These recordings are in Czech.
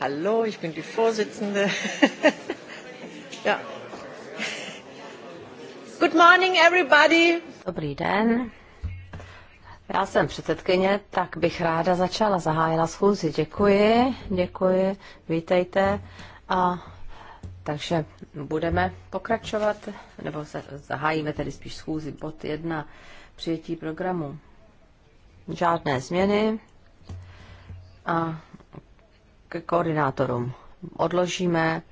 Hallo, ich bin die Vorsitzende. ja. Good morning, everybody. Dobrý den. Já jsem předsedkyně, tak bych ráda začala, zahájila schůzi. Děkuji, děkuji, vítejte. A takže budeme pokračovat, nebo zahájíme tedy spíš schůzi bod 1, přijetí programu. Žádné změny. A k koordinátorům. Odložíme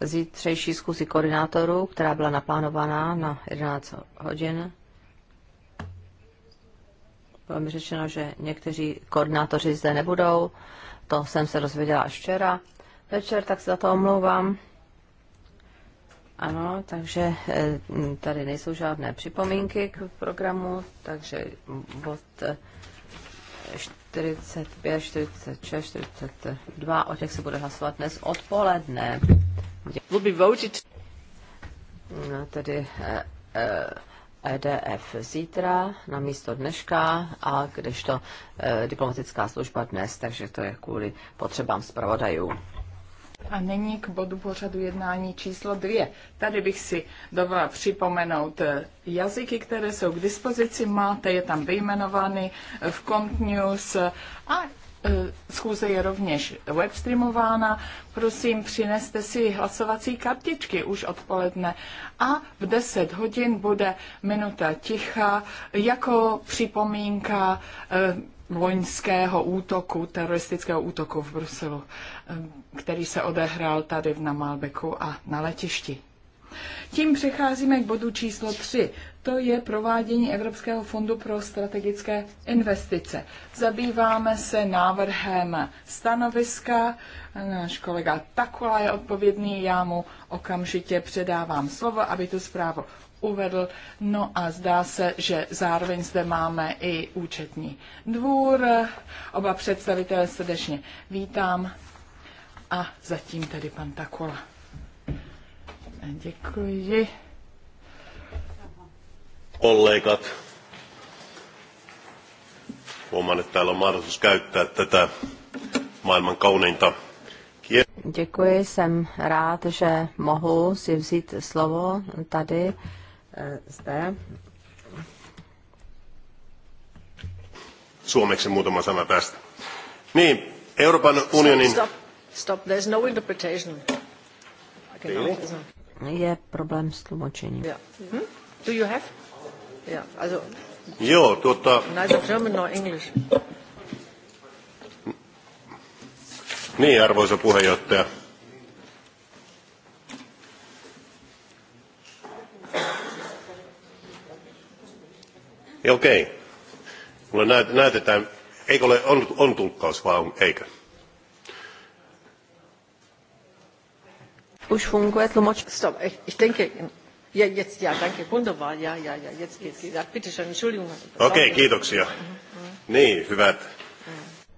zítřejší zkusy koordinátorů, která byla naplánovaná na 11 hodin. Bylo mi řečeno, že někteří koordinátoři zde nebudou. To jsem se dozvěděla až včera večer, tak se za to omlouvám. Ano, takže eh, tady nejsou žádné připomínky k programu, takže bod eh, 45, 46, 42, o těch se bude hlasovat dnes odpoledne. Will be voted. No, tedy eh, eh, EDF zítra na místo dneška a kdežto eh, diplomatická služba dnes, takže to je kvůli potřebám zpravodajů. A nyní k bodu pořadu jednání číslo dvě. Tady bych si dovolila připomenout eh, jazyky, které jsou k dispozici. Máte je tam vyjmenovány eh, v Comp News a eh, Schůze je rovněž webstreamována. Prosím, přineste si hlasovací kartičky už odpoledne a v 10 hodin bude minuta ticha jako připomínka loňského útoku, teroristického útoku v Bruselu, který se odehrál tady na Malbeku a na letišti. Tím přecházíme k bodu číslo 3. To je provádění Evropského fondu pro strategické investice. Zabýváme se návrhem stanoviska. Náš kolega Takula je odpovědný, já mu okamžitě předávám slovo, aby tu zprávu uvedl. No a zdá se, že zároveň zde máme i účetní dvůr. Oba představitelé srdečně vítám. A zatím tedy pan Takola. Děkuji. Kollegat, huomaan, että täällä on mahdollisuus käyttää tätä maailman kauneinta Děkuji, jsem rád, že mohu si vzít slovo tady zde. Suomeksi muutama sana tästä. Niin, Euroopan unionin... Stop, stop, there's no interpretation. Really? Je problém s tlumočením. Yeah. Hmm? Do you have? Yeah, also... Joo, tuota... Neither German nor English. Niin, arvoisa puheenjohtaja. Okei. Okay. Mulle näyt, näytetään, eikö ole, on, on tulkkaus vai on, eikö? Už funguje tlumoč. Stop, ich denke, ja, jetzt, ja, danke, wunderbar, ja, ja, ja, jetzt geht's, ja, bitte schön, Entschuldigung. Okei, okay, kiitoksia. Niin, hyvät.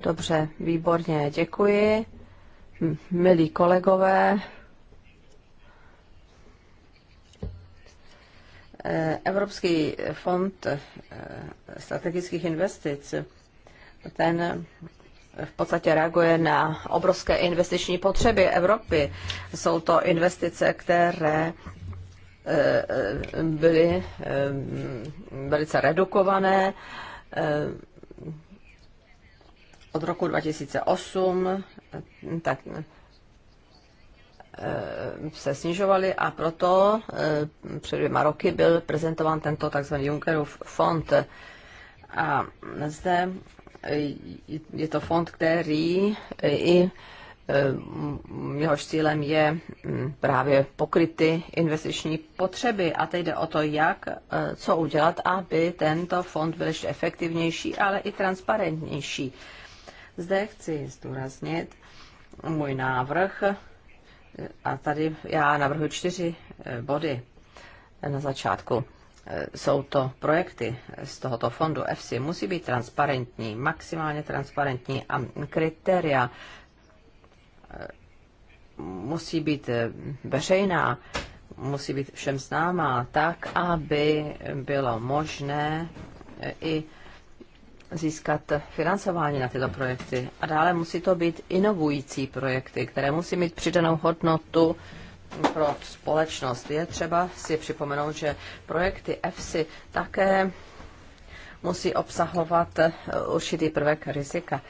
Dobře, výborně, děkuji. Milí kolegové, Eh, Evropský fond eh, strategických investic, ten eh, v podstatě reaguje na obrovské investiční potřeby Evropy. Jsou to investice, které byly velice redukované od roku 2008, tak Eh, se snižovaly a proto eh, před dvěma roky byl prezentován tento tzv. Junckerův fond. A zde eh, je to fond, který i jehož cílem je mm, právě pokryty investiční potřeby. A teď jde o to, jak, co udělat, aby tento fond byl ještě efektivnější, ale i transparentnější. Zde chci zdůraznit můj návrh a tady já navrhuji čtyři eh, body na začátku. Eh, jsou to projekty z tohoto fondu EFSI. Musí být transparentní, maximálně transparentní a kritéria eh, musí být veřejná, musí být všem známá, tak, aby bylo možné i získat financování na tyto projekty. A dále musí to být inovující projekty, které musí mít přidanou hodnotu pro společnost. Je třeba si připomenout, že projekty EFSI také musí obsahovat eh, určitý prvek rizika.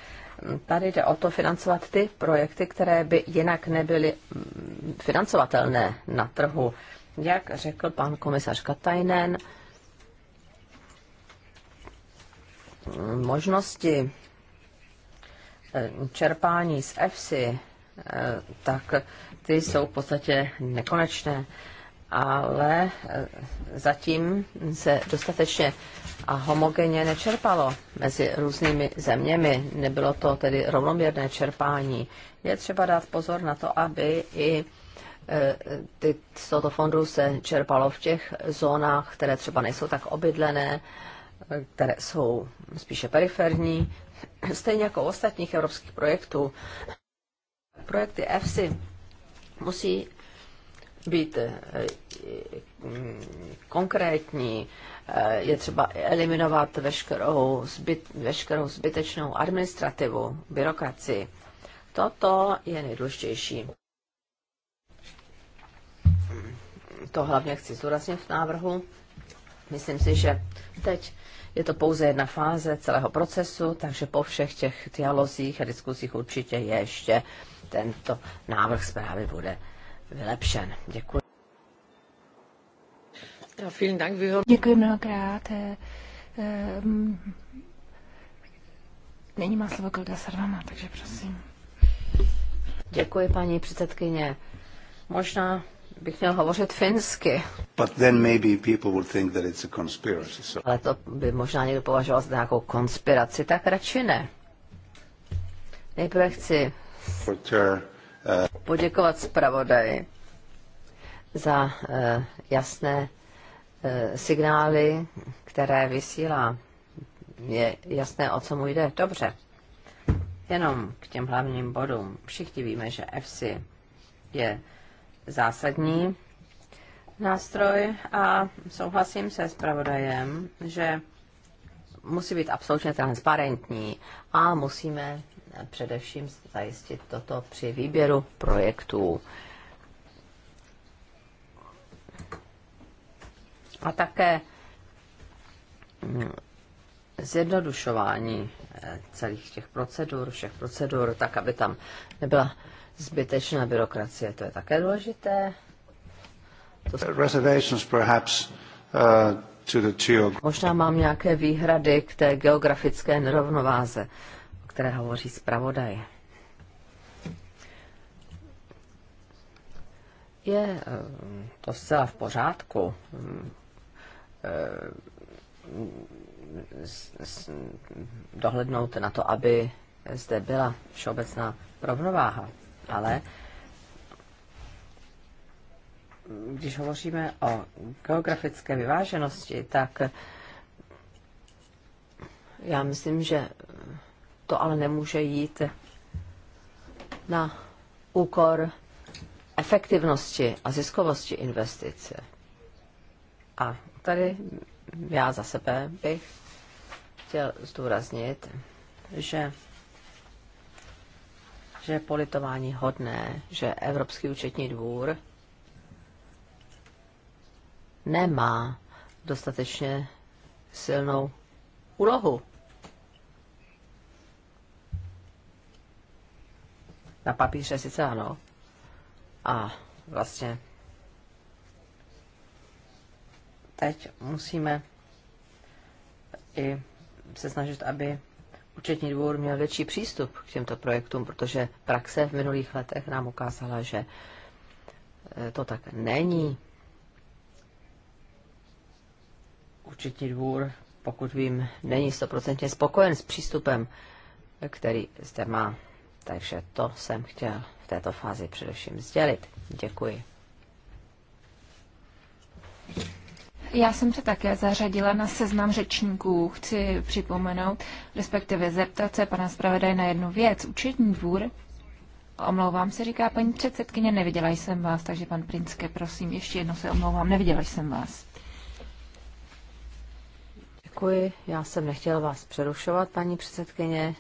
Tady jde o to financovat ty projekty, které by jinak nebyly mm, financovatelné na trhu. Jak řekl pan komisař Katajnen, možnosti eh, čerpání z EFSI, eh, tak ty jsou v podstatě nekonečné. Ale eh, zatím se dostatečně a homogenně nečerpalo mezi různými zeměmi. Nebylo to tedy rovnoměrné čerpání. Je třeba dát pozor na to, aby i ty, z tohoto fondu se čerpalo v těch zónách, které třeba nejsou tak obydlené které jsou spíše periferní, stejně jako ostatních evropských projektů. Projekty EFSI musí být eh, mm, konkrétní, eh, je třeba eliminovat veškerou, zbyt, veškerou zbytečnou administrativu, byrokracii. Toto je nejdůležitější. To hlavně chci zúraznit v návrhu. Myslím si, že teď je to pouze jedna fáze celého procesu, takže po všech těch dialozích a diskuzích určitě ještě tento návrh zprávy bude vylepšen. Děkuji. Děkuji mnohokrát. Eh, ehm, Není má slovo kolega Sarvana, takže prosím. Děkuji, paní předsedkyně. Možná bych měl hovořit finsky. But then maybe people would think that it's a conspiracy, so. Ale to by možná někdo považoval za nějakou konspiraci, tak radši ne. Nejprve chci eh, poděkovat zpravodaji za eh, jasné eh, signály, které vysílá. Je jasné, o co mu jde. Dobře. Jenom k těm hlavním bodům. Všichni víme, že FC je zásadní nástroj a souhlasím se zpravodajem, že musí být absolutně transparentní a musíme především zajistit toto při výběru projektů. A také mm, zjednodušování eh, celých těch procedur, všech procedur, tak, aby tam nebyla zbytečná byrokracie, to je také důležité. To... Reservations perhaps, uh, to the geo... Možná mám nějaké výhrady k té geografické nerovnováze, o které hovoří zpravodaj. Je eh, to zcela v pořádku. Mm, eh, dohlednout na to, aby zde byla všeobecná rovnováha ale když hovoříme o geografické vyváženosti, tak já myslím, že to ale nemůže jít na úkor efektivnosti a ziskovosti investice. A tady já za sebe bych chtěl zdůraznit, že že je politování hodné, že Evropský účetní dvůr nemá dostatečně silnou úlohu. Na papíře sice ano. A vlastně teď musíme i se snažit, aby účetní dvůr měl větší přístup k těmto projektům, protože praxe v minulých letech nám ukázala, že e, to tak není. Účetní dvůr, pokud vím, není stoprocentně spokojen s přístupem, který zde má. Takže to jsem chtěl v této fázi především sdělit. Děkuji. Já jsem se také zařadila na seznam řečníků. Chci připomenout, respektive zeptat se pana zpravodaje na jednu věc. Učetní dvůr, omlouvám se, říká paní předsedkyně, neviděla jsem vás, takže pan Prinské, prosím, ještě jednou se omlouvám, neviděla jsem vás. Děkuji, já jsem nechtěla vás přerušovat, paní předsedkyně.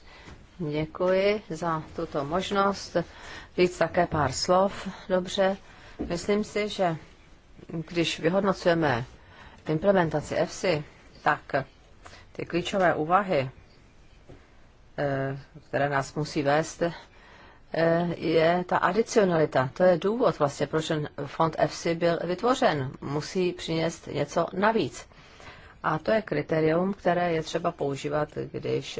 Děkuji za tuto možnost říct také pár slov. Dobře, myslím si, že když vyhodnocujeme implementaci EFSI, tak ty klíčové úvahy, eh, které nás musí vést, eh, je ta adicionalita. To je důvod vlastně, proč ten fond EFSI byl vytvořen. Musí přinést něco navíc. A to je kritérium, které je třeba používat, když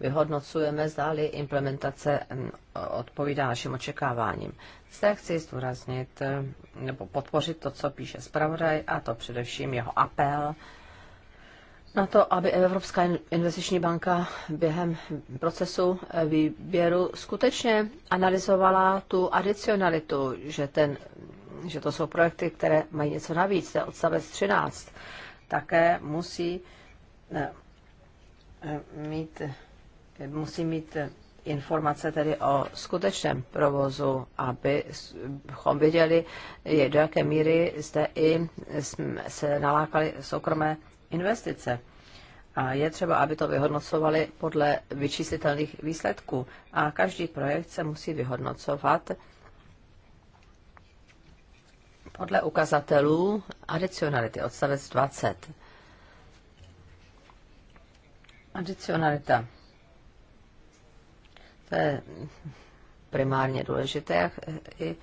vyhodnocujeme, zdáli implementace mm, odpovídá našim očekáváním. Zde chci zdůraznit eh, nebo podpořit to, co píše zpravodaj, a to především jeho apel na to, aby Evropská investiční banka během procesu eh, výběru skutečně analyzovala tu adicionalitu, že, ten, že to jsou projekty, které mají něco navíc, to je odstavec 13, také musí eh, mít musí mít eh, informace tedy o skutečném provozu, abychom věděli, do jaké míry jste i se nalákali soukromé investice. A je třeba, aby to vyhodnocovali podle vyčíslitelných výsledků. A každý projekt se musí vyhodnocovat podle ukazatelů adicionality, odstavec 20. Adicionalita to je primárně důležité, jak eh, i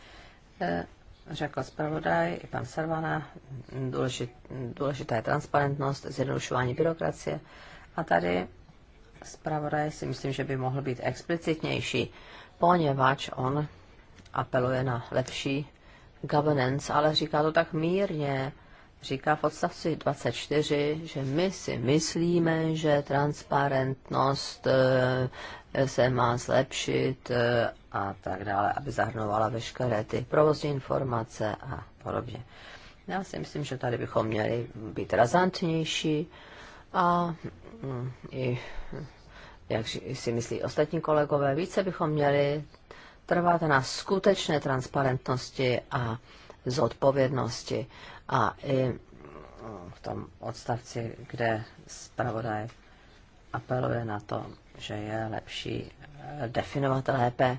eh, řekl zpravodaj, i pan Servana, důležitá je transparentnost, zjednodušování byrokracie. A tady zpravodaj si myslím, že by mohl být explicitnější, poněvadž on apeluje na lepší governance, ale říká to tak mírně. Říká v odstavci 24, že my si myslíme, že transparentnost eh, se má zlepšit e, a tak dále, aby zahrnovala veškeré ty provozní informace a podobně. Já si myslím, že tady bychom měli být razantnější a mm, i, jak si myslí ostatní kolegové, více bychom měli trvat na skutečné transparentnosti a zodpovědnosti. A i mm, v tom odstavci, kde zpravodaj apeluje na to, že je lepší eh, definovat lépe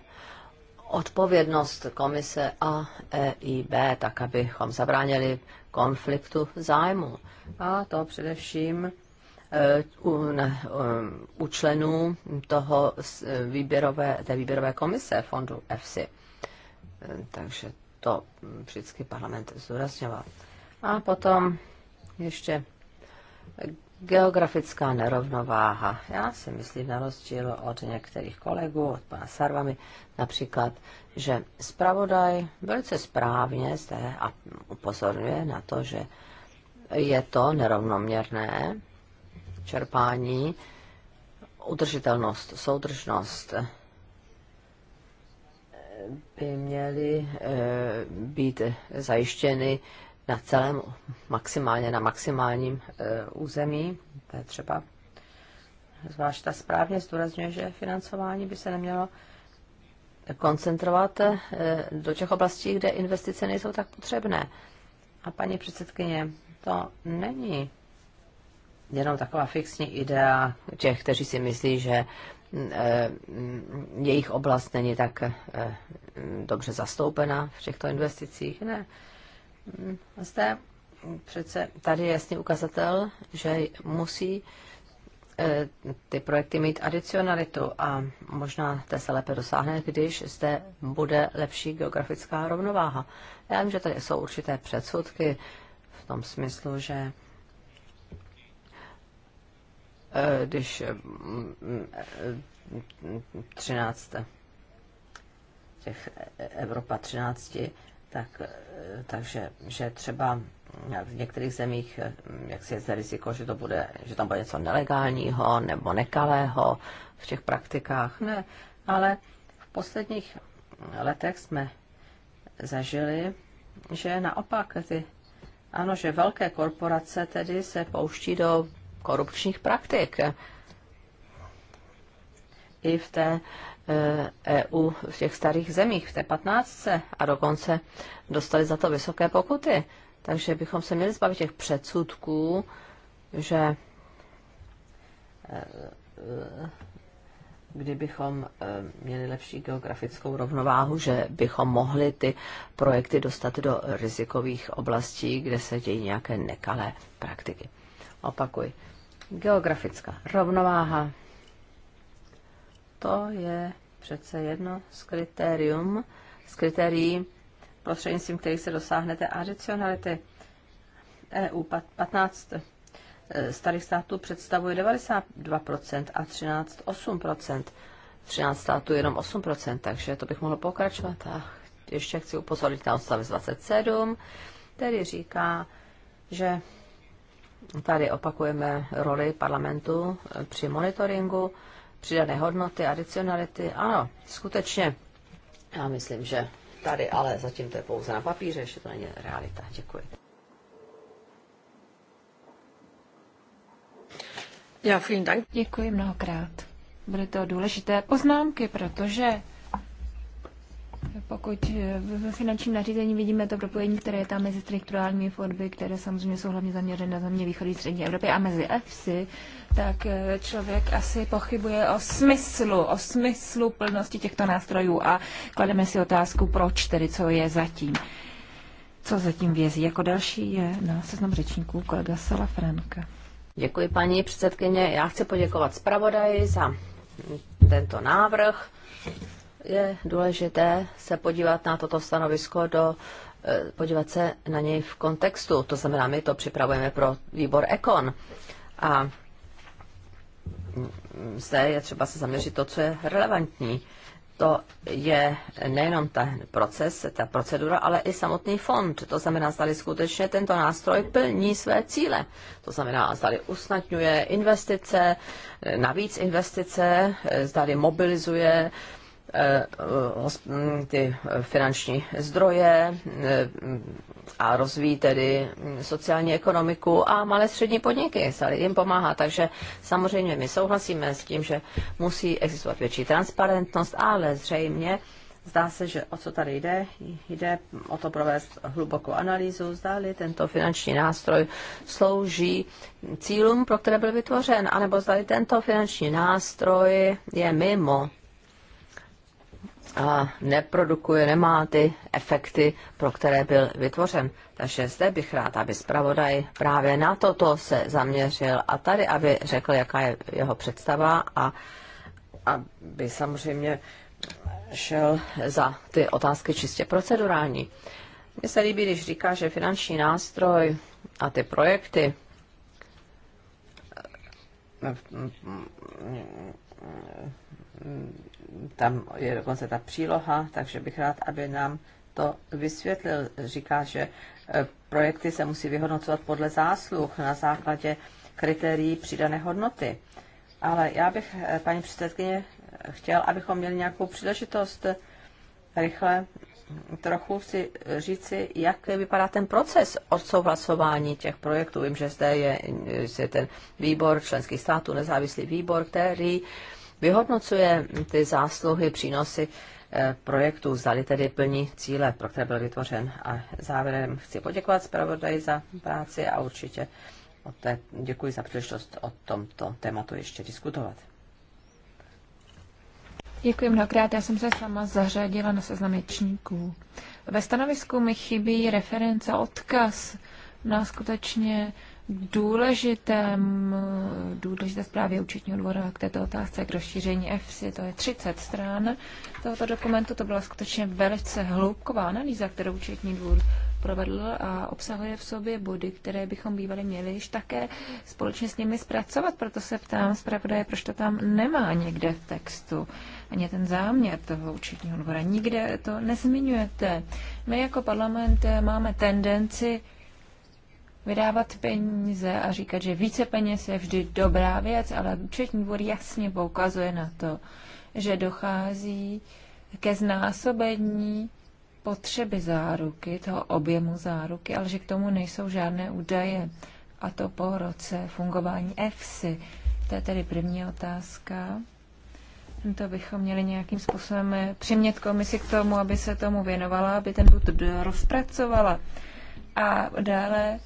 odpovědnost komise a EIB, tak abychom zabránili konfliktu zájmu. A to především eh, u, ne, eh, u členů toho výběrové, té výběrové komise fondu EFSI. Takže to vždycky parlament zúrazňoval. A potom ještě Geografická nerovnováha. Já si myslím, na rozdíl od některých kolegů, od pana Sarvami například, že zpravodaj velice správně zde a upozorňuje na to, že je to nerovnoměrné čerpání, udržitelnost, soudržnost by měly eh, být zajištěny na celém, maximálně na maximálním e, území, to je třeba zvlášť ta správně zdůrazňuje, že financování by se nemělo koncentrovat e, do těch oblastí, kde investice nejsou tak potřebné. A paní předsedkyně, to není jenom taková fixní idea těch, kteří si myslí, že e, jejich oblast není tak dobře zastoupena v těchto investicích. Ne, zde přece tady je jasný ukazatel, že musí eh, ty projekty mít adicionalitu a možná to se lépe dosáhne, když zde bude lepší geografická rovnováha. Já vím, že tady jsou určité předsudky v tom smyslu, že eh, když 13 mm, mm, mm, eh, těch Evropa 13 tak, e, takže že třeba v některých zemích, e, jak si je zde riziko, že, to bude, že tam bude něco nelegálního nebo nekalého v těch praktikách. Ne, ale v posledních letech jsme zažili, že naopak ty, ano, že velké korporace tedy se pouští do korupčních praktik. I v té EU eh, e v těch starých zemích, v té 15. a dokonce dostali za to vysoké pokuty. Takže bychom se měli zbavit těch předsudků, že eh, kdybychom eh, měli lepší geografickou rovnováhu, že bychom mohli ty projekty dostat do rizikových oblastí, kde se dějí nějaké nekalé praktiky. Opakuj. Geografická rovnováha to je přece jedno z kritérium, z kritérií, prostřednictvím kterých se dosáhnete adicionality. EU 15 e, starých států představuje 92% a 13 8%. 13 států jenom 8%, takže to bych mohl pokračovat. A ještě chci upozornit na odstavec 27, který říká, že tady opakujeme roli parlamentu e, při monitoringu přidané hodnoty, adicionality. Ano, skutečně. Já myslím, že tady, ale zatím to je pouze na papíře, že to není realita. Děkuji. Já Děkuji mnohokrát. Bude to důležité poznámky, protože pokud eh, ve finančním nařízení vidíme to propojení, které je tam mezi strukturálními fondy, které samozřejmě jsou hlavně zaměřené na země východní střední Evropy a mezi EFSI, tak eh, člověk asi pochybuje o smyslu, o smyslu plnosti těchto nástrojů a klademe si otázku, proč tedy, co je zatím. Co zatím vězí? Jako další je na seznam řečníků kolega Sala Franka. Děkuji paní předsedkyně. Já chci poděkovat zpravodaji za tento návrh je důležité se podívat na toto stanovisko do e, podívat se na něj v kontextu. To znamená, my to připravujeme pro výbor Ekon. A zde je třeba se zaměřit to, co je relevantní. To je nejenom ten proces, ta procedura, ale i samotný fond. To znamená, zdali skutečně tento nástroj plní své cíle. To znamená, zdali usnadňuje investice, navíc investice, e, zdali mobilizuje eh, Eh, mm, ty finanční zdroje eh, a rozvíjí tedy sociální ekonomiku a malé střední podniky se jim pomáhá. Takže samozřejmě my souhlasíme s tím, že musí existovat větší transparentnost, ale zřejmě Zdá se, že o co tady jde, jde o to provést hlubokou analýzu, zdali tento finanční nástroj slouží cílům, pro které byl vytvořen, anebo zdali tento finanční nástroj je mimo a neprodukuje, nemá ty efekty, pro které byl vytvořen. Takže zde bych rád, aby zpravodaj právě na toto se zaměřil a tady, aby řekl, jaká je jeho představa a aby samozřejmě šel za ty otázky čistě procedurální. Mně se líbí, když říká, že finanční nástroj a ty projekty tam je dokonce ta příloha, takže bych rád, aby nám to vysvětlil. Říká, že eh, projekty se musí vyhodnocovat podle zásluh na základě kritérií přidané hodnoty. Ale já bych, eh, paní předsedkyně, chtěl, abychom měli nějakou příležitost eh, rychle trochu si říci, jak vypadá ten proces odsouhlasování těch projektů. Vím, že zde je, je ten výbor členských států, nezávislý výbor, který vyhodnocuje ty zásluhy, přínosy eh, projektu, zdali tedy plní cíle, pro které byl vytvořen. A závěrem chci poděkovat zpravodaji za práci a určitě o té, děkuji za příležitost o tomto tématu ještě diskutovat. Děkuji mnohokrát. Já jsem se sama zařadila na seznam ječníků. Ve stanovisku mi chybí reference, odkaz na skutečně důležitém, důležité zprávě účetního dvora k této otázce, k rozšíření EFSI, to je 30 stran tohoto dokumentu, to byla skutečně velice hloubková analýza, kterou účetní dvůr provedl a obsahuje v sobě body, které bychom bývali měli již také společně s nimi zpracovat, proto se ptám zpravodaje, proč to tam nemá někde v textu. Ani ten záměr toho účetního dvora. Nikde to nezmiňujete. My jako parlament eh, máme tendenci vydávat peníze a říkat, že více peněz je vždy dobrá věc, ale účetní dvůr jasně poukazuje na to, že dochází ke znásobení potřeby záruky, toho objemu záruky, ale že k tomu nejsou žádné údaje. A to po roce fungování EFSI. To je tedy první otázka. To bychom měli nějakým způsobem přimět komisi k tomu, aby se tomu věnovala, aby ten bod rozpracovala. A dále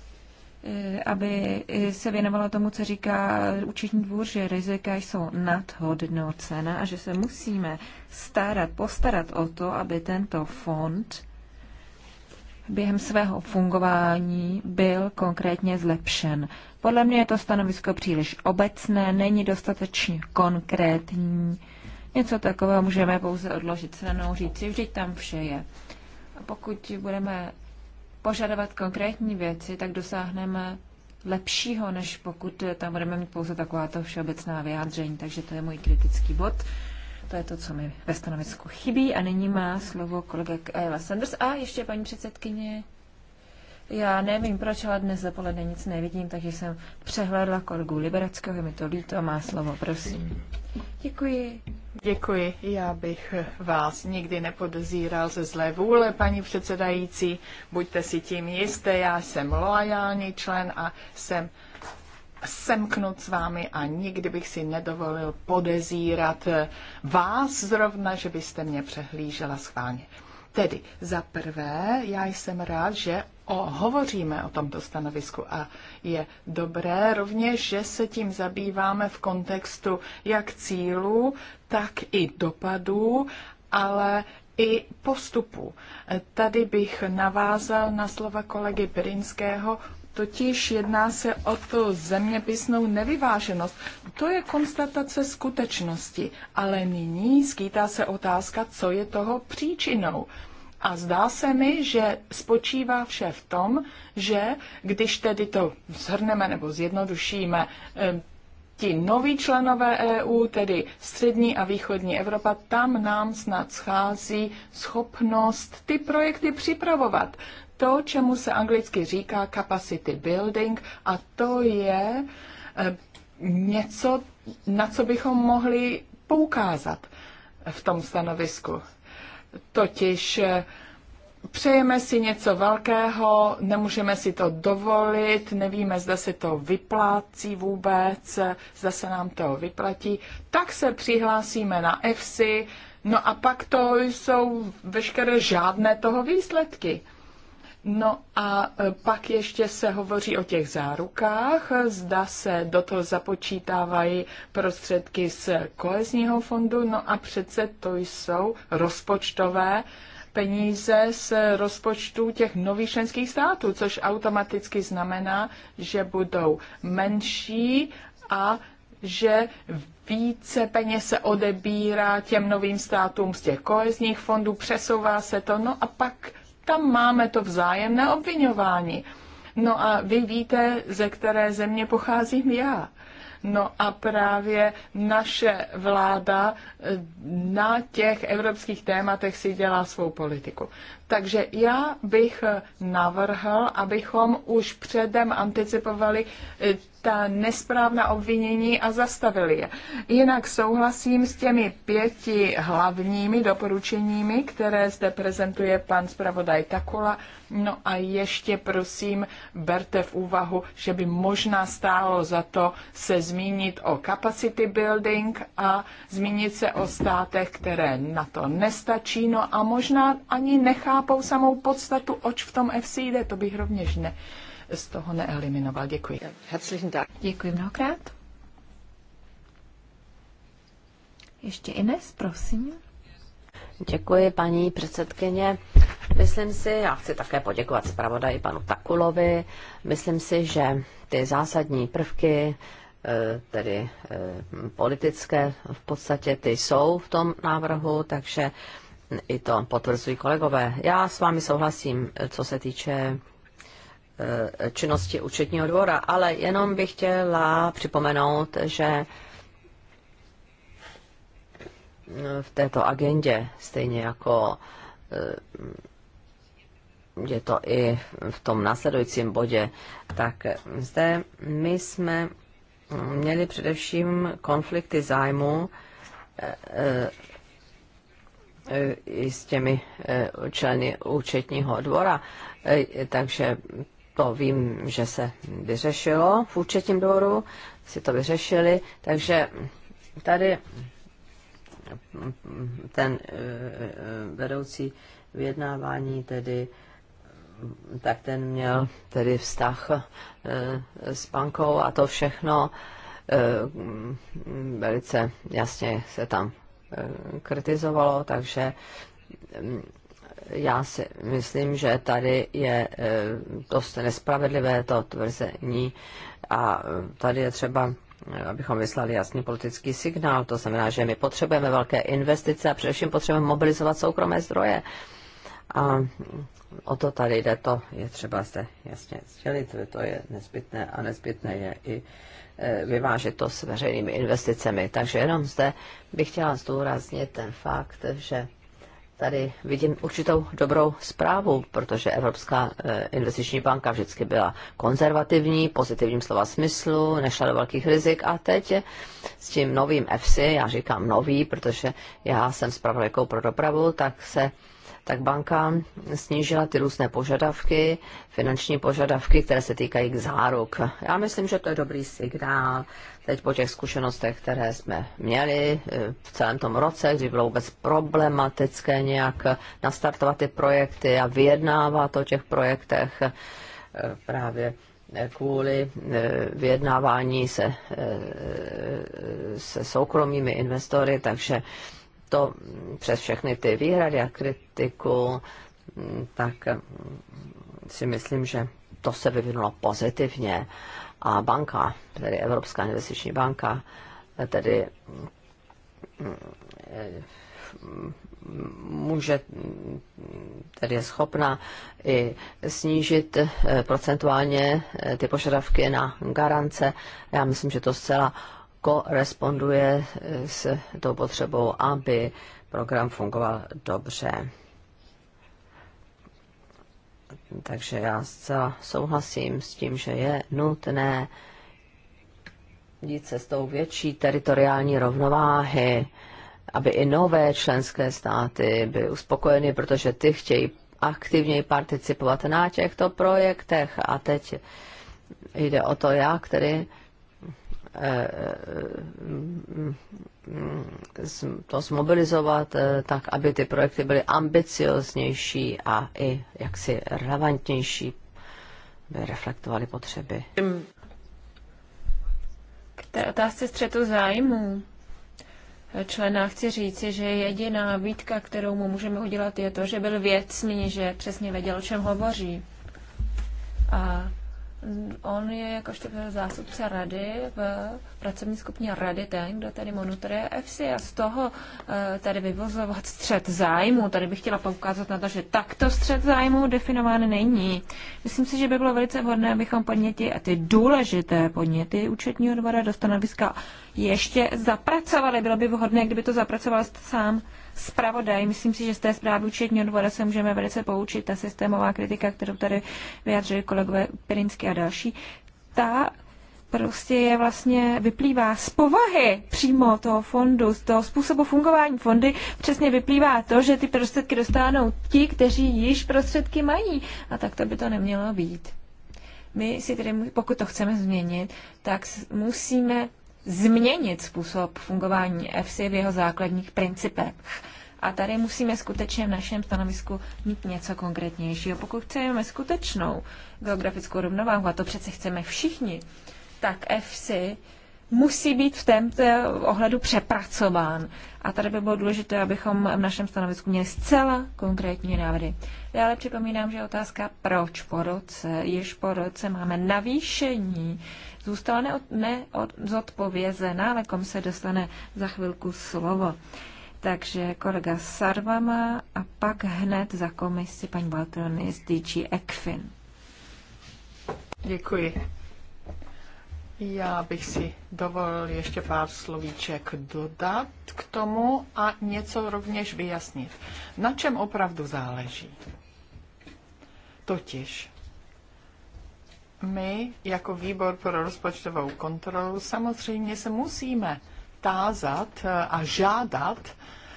Eh, aby eh, se věnovala tomu, co říká účetní dvůr, že rizika jsou nadhodnocena a že se musíme starat, postarat o to, aby tento fond během svého fungování byl konkrétně zlepšen. Podle mě je to stanovisko příliš obecné, není dostatečně konkrétní. Něco takového můžeme pouze odložit stranou, říct si, vždyť tam vše je. A pokud budeme požadovat konkrétní věci, tak dosáhneme lepšího, než pokud tam budeme mít pouze takováto všeobecná vyjádření. Takže to je můj kritický bod. To je to, co mi ve stanovisku chybí. A nyní má slovo kolega Ayla Sanders a ještě paní předsedkyně já nevím proč, ale dnes dopoledne nic nevidím, takže jsem přehlédla kolegu Libereckého, je mi to líto, má slovo, prosím. Děkuji. Děkuji. Já bych vás nikdy nepodezíral ze zlé vůle, paní předsedající. Buďte si tím jisté, já jsem loajální člen a jsem semknut s vámi a nikdy bych si nedovolil podezírat vás zrovna, že byste mě přehlížela schválně. Tedy za prvé, já jsem rád, že o, hovoříme o tomto stanovisku a je dobré rovněž, že se tím zabýváme v kontextu jak cílů, tak i dopadů, ale i postupu. Tady bych navázal na slova kolegy Pirinského, totiž jedná se o tu zeměpisnou nevyváženost. To je konstatace skutečnosti, ale nyní skýtá se otázka, co je toho příčinou. A zdá se mi, že spočívá vše v tom, že když tedy to zhrneme nebo zjednodušíme, eh, ti noví členové EU, tedy střední a východní Evropa, tam nám snad schází schopnost ty projekty připravovat. To, čemu se anglicky říká capacity building, a to je eh, něco, na co bychom mohli poukázat v tom stanovisku. Totiž eh, přejeme si něco velkého, nemůžeme si to dovolit, nevíme, zda se to vyplácí vůbec, zda se nám to vyplatí, tak se přihlásíme na EFSI, no a pak to jsou veškeré žádné toho výsledky. No a e, pak ještě se hovoří o těch zárukách. Zda se do toho započítávají prostředky z kohezního fondu. No a přece to jsou rozpočtové peníze z rozpočtu těch nových členských států, což automaticky znamená, že budou menší a že více peněz se odebírá těm novým státům z těch kohezních fondů, přesouvá se to, no a pak tam máme to vzájemné obvinování. No a vy víte, ze které země pocházím já. No a právě naše vláda eh, na těch evropských tématech si dělá svou politiku. Takže já bych navrhl, abychom už předem anticipovali eh, ta nesprávná obvinění a zastavili je. Jinak souhlasím s těmi pěti hlavními doporučeními, které zde prezentuje pan zpravodaj Takula. No a ještě prosím, berte v úvahu, že by možná stálo za to se zmínit o capacity building a zmínit se o státech, které na to nestačí, no a možná ani nechápu, nechápou samou podstatu, oč v tom FC jde, to bych rovněž ne, z toho neeliminoval. Děkuji. Herzlichen Dank. Děkuji mnohokrát. Ještě Ines, prosím. Děkuji, paní předsedkyně. Myslím si, já chci také poděkovat zpravodaji panu Takulovi, myslím si, že ty zásadní prvky, eh, tedy eh, politické v podstatě, ty jsou v tom návrhu, takže i to potvrzují kolegové. Já s vámi souhlasím, co se týče eh, činnosti účetního dvora, ale jenom bych chtěla připomenout, že eh, v této agendě, stejně jako eh, je to i v tom následujícím bodě, tak zde my jsme měli především konflikty zájmu E, i s těmi e, členy účetního dvora. E, takže to vím, že se vyřešilo v účetním dvoru, si to vyřešili, takže tady ten vedoucí vyjednávání tedy tak ten měl tedy vztah s bankou a to všechno velice jasně se tam Eh, kritizovalo, takže mm, já si myslím, že tady je eh, dost nespravedlivé to tvrzení a eh, tady je třeba abychom vyslali jasný politický signál. To znamená, že my potřebujeme velké investice a především potřebujeme mobilizovat soukromé zdroje. A mm, o to tady jde, to je třeba zde jasně sdělit, to je nezbytné a nezbytné je i Eh, vyvážet to s veřejnými investicemi. Takže jenom zde bych chtěla zdůraznit ten fakt, že tady vidím určitou dobrou zprávu, protože Evropská eh, investiční banka vždycky byla konzervativní, pozitivním slova smyslu, nešla do velkých rizik a teď s tím novým EFSI, já říkám nový, protože já jsem zpravodajkou pro dopravu, tak se tak banka snížila ty různé požadavky, finanční požadavky, které se týkají k záruk. Já myslím, že to je dobrý signál teď po těch zkušenostech, které jsme měli eh, v celém tom roce, kdy bylo vůbec problematické nějak nastartovat ty projekty a vyjednávat o těch projektech eh, právě kvůli eh, vyjednávání se, se soukromými investory, takže to přes všechny ty výhrady a kritiku, tak si myslím, že to se vyvinulo pozitivně. A banka, tedy Evropská investiční banka, tedy mm, může, tedy je schopna i snížit eh, procentuálně eh, ty požadavky na garance. Já myslím, že to zcela koresponduje eh, s tou potřebou, aby program fungoval dobře. Takže já zcela souhlasím s tím, že je nutné jít cestou větší teritoriální rovnováhy, aby i nové členské státy byly uspokojeny, protože ty chtějí aktivněji participovat na těchto projektech. A teď jde o to, jak tedy Eh, eh, mm, mm, to zmobilizovat eh, tak, aby ty projekty byly ambicioznější a i jaksi relevantnější, by reflektovaly potřeby. K té otázce střetu zájmu člena chci říci, že jediná výtka, kterou mu můžeme udělat, je to, že byl věcný, že přesně věděl, o čem hovoří. A On je jakožto zástupce rady v pracovní skupině rady ten, kdo tady monitoruje FC a z toho eh, tady vyvozovat střed zájmu. Tady bych chtěla poukázat na to, že takto střed zájmu definován není. Myslím si, že by bylo velice vhodné, abychom podněti a ty důležité podněty účetního dvora do stanoviska ještě zapracovali. Bylo by vhodné, kdyby to zapracoval sám zpravodaj. Myslím si, že z té zprávy účetního odbora se můžeme velice poučit. Ta systémová kritika, kterou tady vyjadřili kolegové Pirinsky a další, ta prostě je vlastně vyplývá z povahy přímo toho fondu, z toho způsobu fungování fondy, přesně vyplývá to, že ty prostředky dostanou ti, kteří již prostředky mají. A tak to by to nemělo být. My si tedy, pokud to chceme změnit, tak musíme změnit způsob fungování EFSI v jeho základních principech. A tady musíme skutečně v našem stanovisku mít něco konkrétnějšího. Pokud chceme skutečnou geografickou rovnováhu, a to přece chceme všichni, tak EFSI musí být v tomto eh, ohledu přepracován. A tady by bylo důležité, abychom v našem stanovisku měli zcela konkrétní návrhy. Dále připomínám, že otázka proč po roce, již po roce máme navýšení, zůstala neodpovězená, ale kom se dostane za chvilku slovo. Takže kolega Sarvama a pak hned za komisi paní Baltrony z DG Ekfin. Děkuji. Já bych si dovolil ještě pár slovíček dodat k tomu a něco rovněž vyjasnit. Na čem opravdu záleží? Totiž my jako výbor pro rozpočtovou kontrolu samozřejmě se musíme tázat eh, a žádat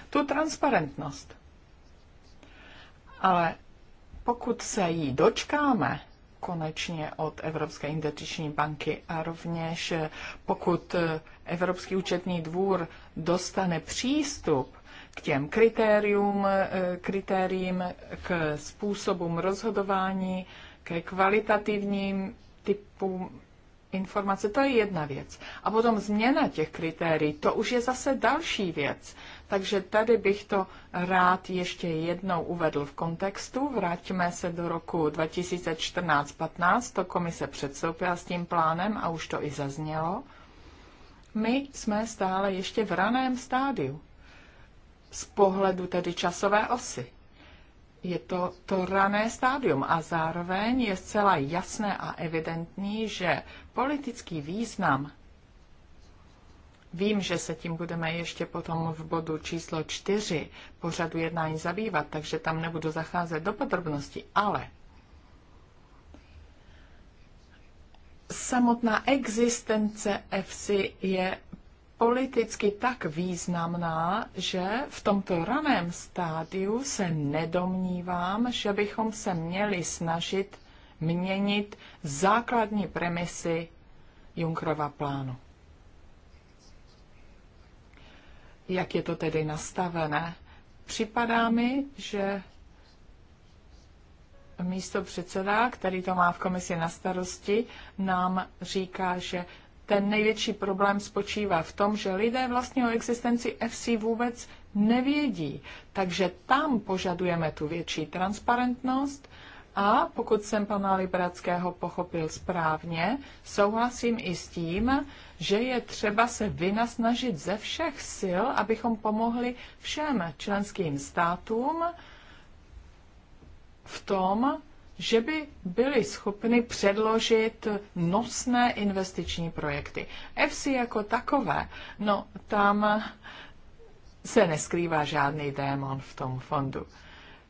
tu transparentnost. Ale pokud se jí dočkáme, konečně od Evropské investiční banky. A rovněž pokud Evropský účetní dvůr dostane přístup k těm kritérium, eh, kritériím, k způsobům rozhodování, ke kvalitativním typům informace, to je jedna věc. A potom změna těch kritérií, to už je zase další věc. Takže tady bych to rád ještě jednou uvedl v kontextu. Vrátíme se do roku 2014-15, to komise předstoupila s tím plánem a už to i zaznělo. My jsme stále ještě v raném stádiu z pohledu tedy časové osy. Je to to rané stádium a zároveň je zcela jasné a evidentní, že politický význam Vím, že se tím budeme ještě potom v bodu číslo čtyři pořadu jednání zabývat, takže tam nebudu zacházet do podrobností, ale samotná existence FC je politicky tak významná, že v tomto raném stádiu se nedomnívám, že bychom se měli snažit měnit základní premisy Junkrova plánu. jak je to tedy nastavené. Připadá mi, že místo předseda, který to má v komisi na starosti, nám říká, že ten největší problém spočívá v tom, že lidé vlastně o existenci FC vůbec nevědí. Takže tam požadujeme tu větší transparentnost a pokud jsem pana Libradského pochopil správně, souhlasím i s tím, že je třeba se vynasnažit ze všech sil, abychom pomohli všem členským státům v tom, že by byli schopni předložit nosné investiční projekty. FC jako takové, no tam se neskrývá žádný démon v tom fondu.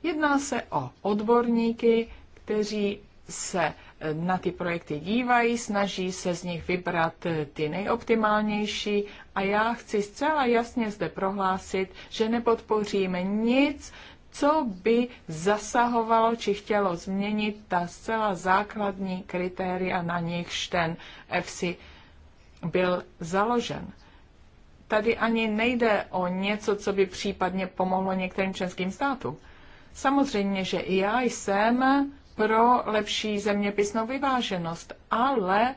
Jedná se o odborníky, kteří se na ty projekty dívají, snaží se z nich vybrat eh, ty nejoptimálnější a já chci zcela jasně zde prohlásit, že nepodpoříme nic, co by zasahovalo či chtělo změnit ta zcela základní kritéria, na nichž ten EFSI byl založen. Tady ani nejde o něco, co by případně pomohlo některým členským státům. Samozřejmě, že i já jsem pro lepší zeměpisnou vyváženost, ale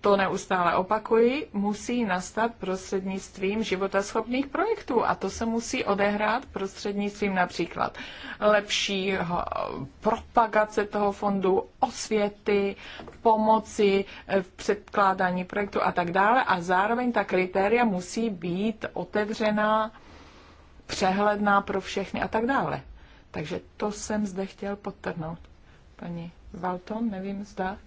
to neustále opakuji, musí nastat prostřednictvím životaschopných projektů a to se musí odehrát prostřednictvím například lepší propagace toho fondu, osvěty, pomoci v předkládání projektu a tak dále a zároveň ta kritéria musí být otevřená, přehledná pro všechny a tak dále. Takže to jsem zde chtěl podtrhnout. Paní Valton, nevím, zda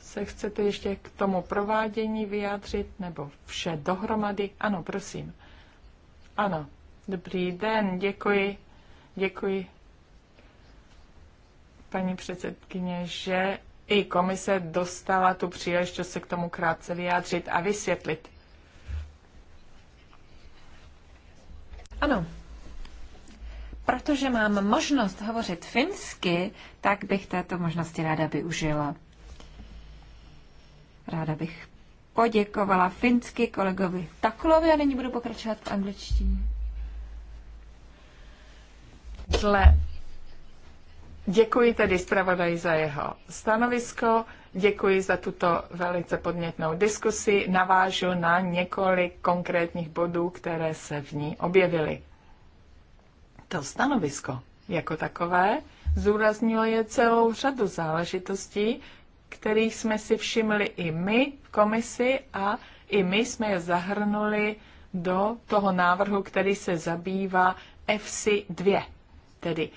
se chcete ještě k tomu provádění vyjádřit, nebo vše dohromady? Ano, prosím. Ano, dobrý den, děkuji, děkuji paní předsedkyně, že i komise dostala tu příležitost se k tomu krátce vyjádřit a vysvětlit. Ano, protože mám možnost hovořit finsky, tak bych této možnosti ráda využila. Ráda bych poděkovala finsky kolegovi Taklovi a nyní budu pokračovat v angličtině. Zle. Děkuji tedy zpravodaji za jeho stanovisko, děkuji za tuto velice podnětnou diskusi, navážu na několik konkrétních bodů, které se v ní objevily. To stanovisko jako takové zúraznilo je celou řadu záležitostí, kterých jsme si všimli i my v komisi a i my jsme je zahrnuli do toho návrhu, který se zabývá FC 2, tedy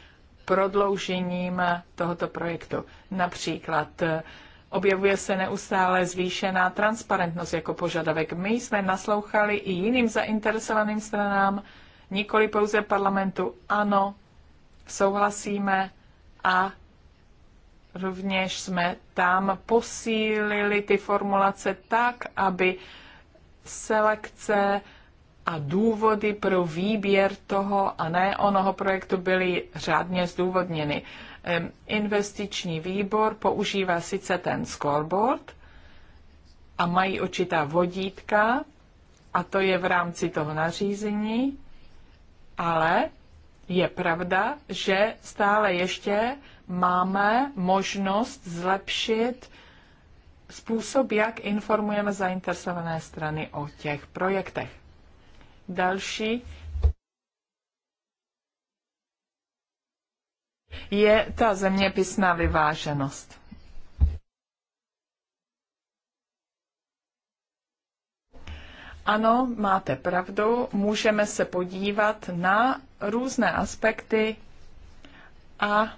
prodloužením tohoto projektu. Například eh, objevuje se neustále zvýšená transparentnost jako požadavek. My jsme naslouchali i jiným zainteresovaným stranám, nikoli pouze parlamentu. Ano, souhlasíme a rovněž jsme tam posílili ty formulace tak, aby selekce a důvody pro výběr toho a ne onoho projektu byly řádně zdůvodněny. Investiční výbor používá sice ten scoreboard a mají určitá vodítka, a to je v rámci toho nařízení, ale je pravda, že stále ještě máme možnost zlepšit způsob, jak informujeme zainteresované strany o těch projektech. Další je ta zeměpisná vyváženost. Ano, máte pravdu, můžeme se podívat na různé aspekty a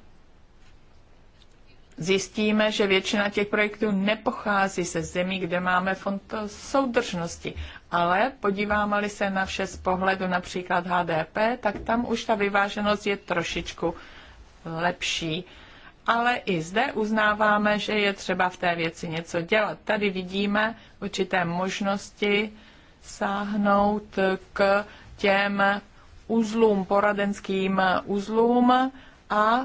zjistíme, že většina těch projektů nepochází ze zemí, kde máme fond soudržnosti. Ale podíváme-li se na vše z pohledu například HDP, tak tam už ta vyváženost je trošičku lepší. Ale i zde uznáváme, že je třeba v té věci něco dělat. Tady vidíme určité možnosti sáhnout k těm uzlům, poradenským uzlům a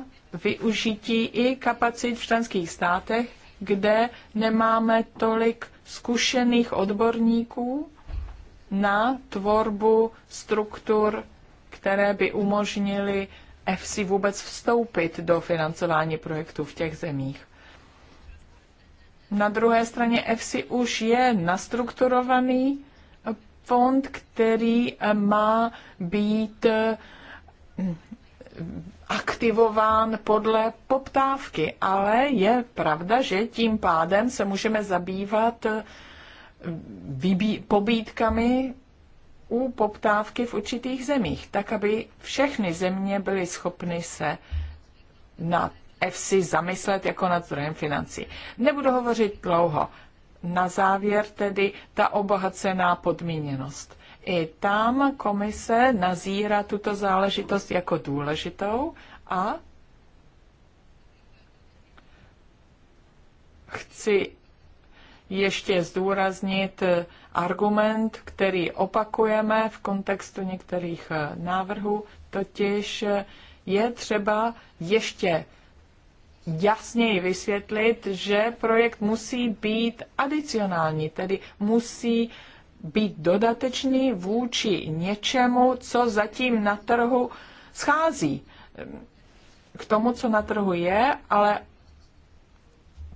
využití i kapacit v členských státech, kde nemáme tolik zkušených odborníků na tvorbu struktur, které by umožnily FC vůbec vstoupit do financování projektů v těch zemích. Na druhé straně EFSI už je nastrukturovaný fond, který eh, má být eh, aktivován podle poptávky, ale je pravda, že tím pádem se můžeme zabývat eh, vybí- pobídkami u poptávky v určitých zemích, tak aby všechny země byly schopny se na EFSI zamyslet jako nad zdrojem financí. Nebudu hovořit dlouho na závěr tedy ta obohacená podmíněnost. I tam komise nazírá tuto záležitost jako důležitou a chci ještě zdůraznit argument, který opakujeme v kontextu některých návrhů, totiž je třeba ještě jasněji vysvětlit, že projekt musí být adicionální, tedy musí být dodatečný vůči něčemu, co zatím na trhu schází. K tomu, co na trhu je, ale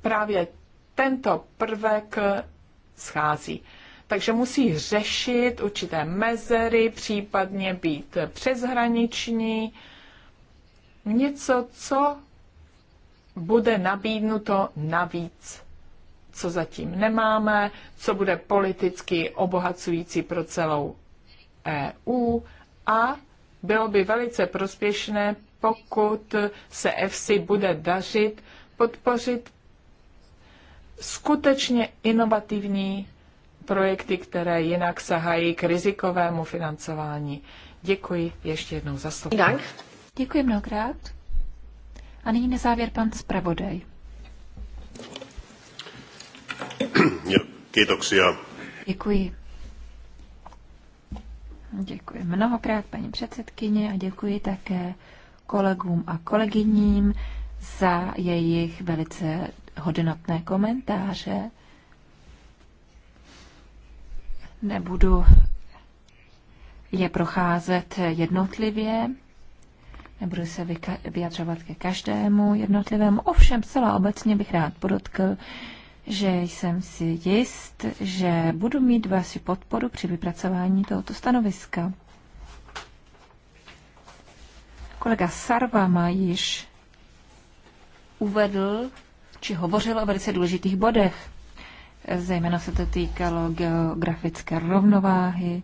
právě tento prvek schází. Takže musí řešit určité mezery, případně být přeshraniční, něco, co bude nabídnuto navíc, co zatím nemáme, co bude politicky obohacující pro celou EU a bylo by velice prospěšné, pokud se EFSI bude dařit podpořit skutečně inovativní projekty, které jinak sahají k rizikovému financování. Děkuji ještě jednou za slovo. Děkuji mnohokrát. A nyní na závěr pan zpravodaj. Děkuji. Děkuji mnohokrát paní předsedkyně a děkuji také kolegům a kolegyním za jejich velice hodnotné komentáře. Nebudu je procházet jednotlivě. Nebudu se vyjadřovat ke každému jednotlivému. Ovšem, celá obecně bych rád podotkl, že jsem si jist, že budu mít vaši podporu při vypracování tohoto stanoviska. Kolega Sarva má již uvedl či hovořil o velice důležitých bodech. Zejména se to týkalo geografické rovnováhy,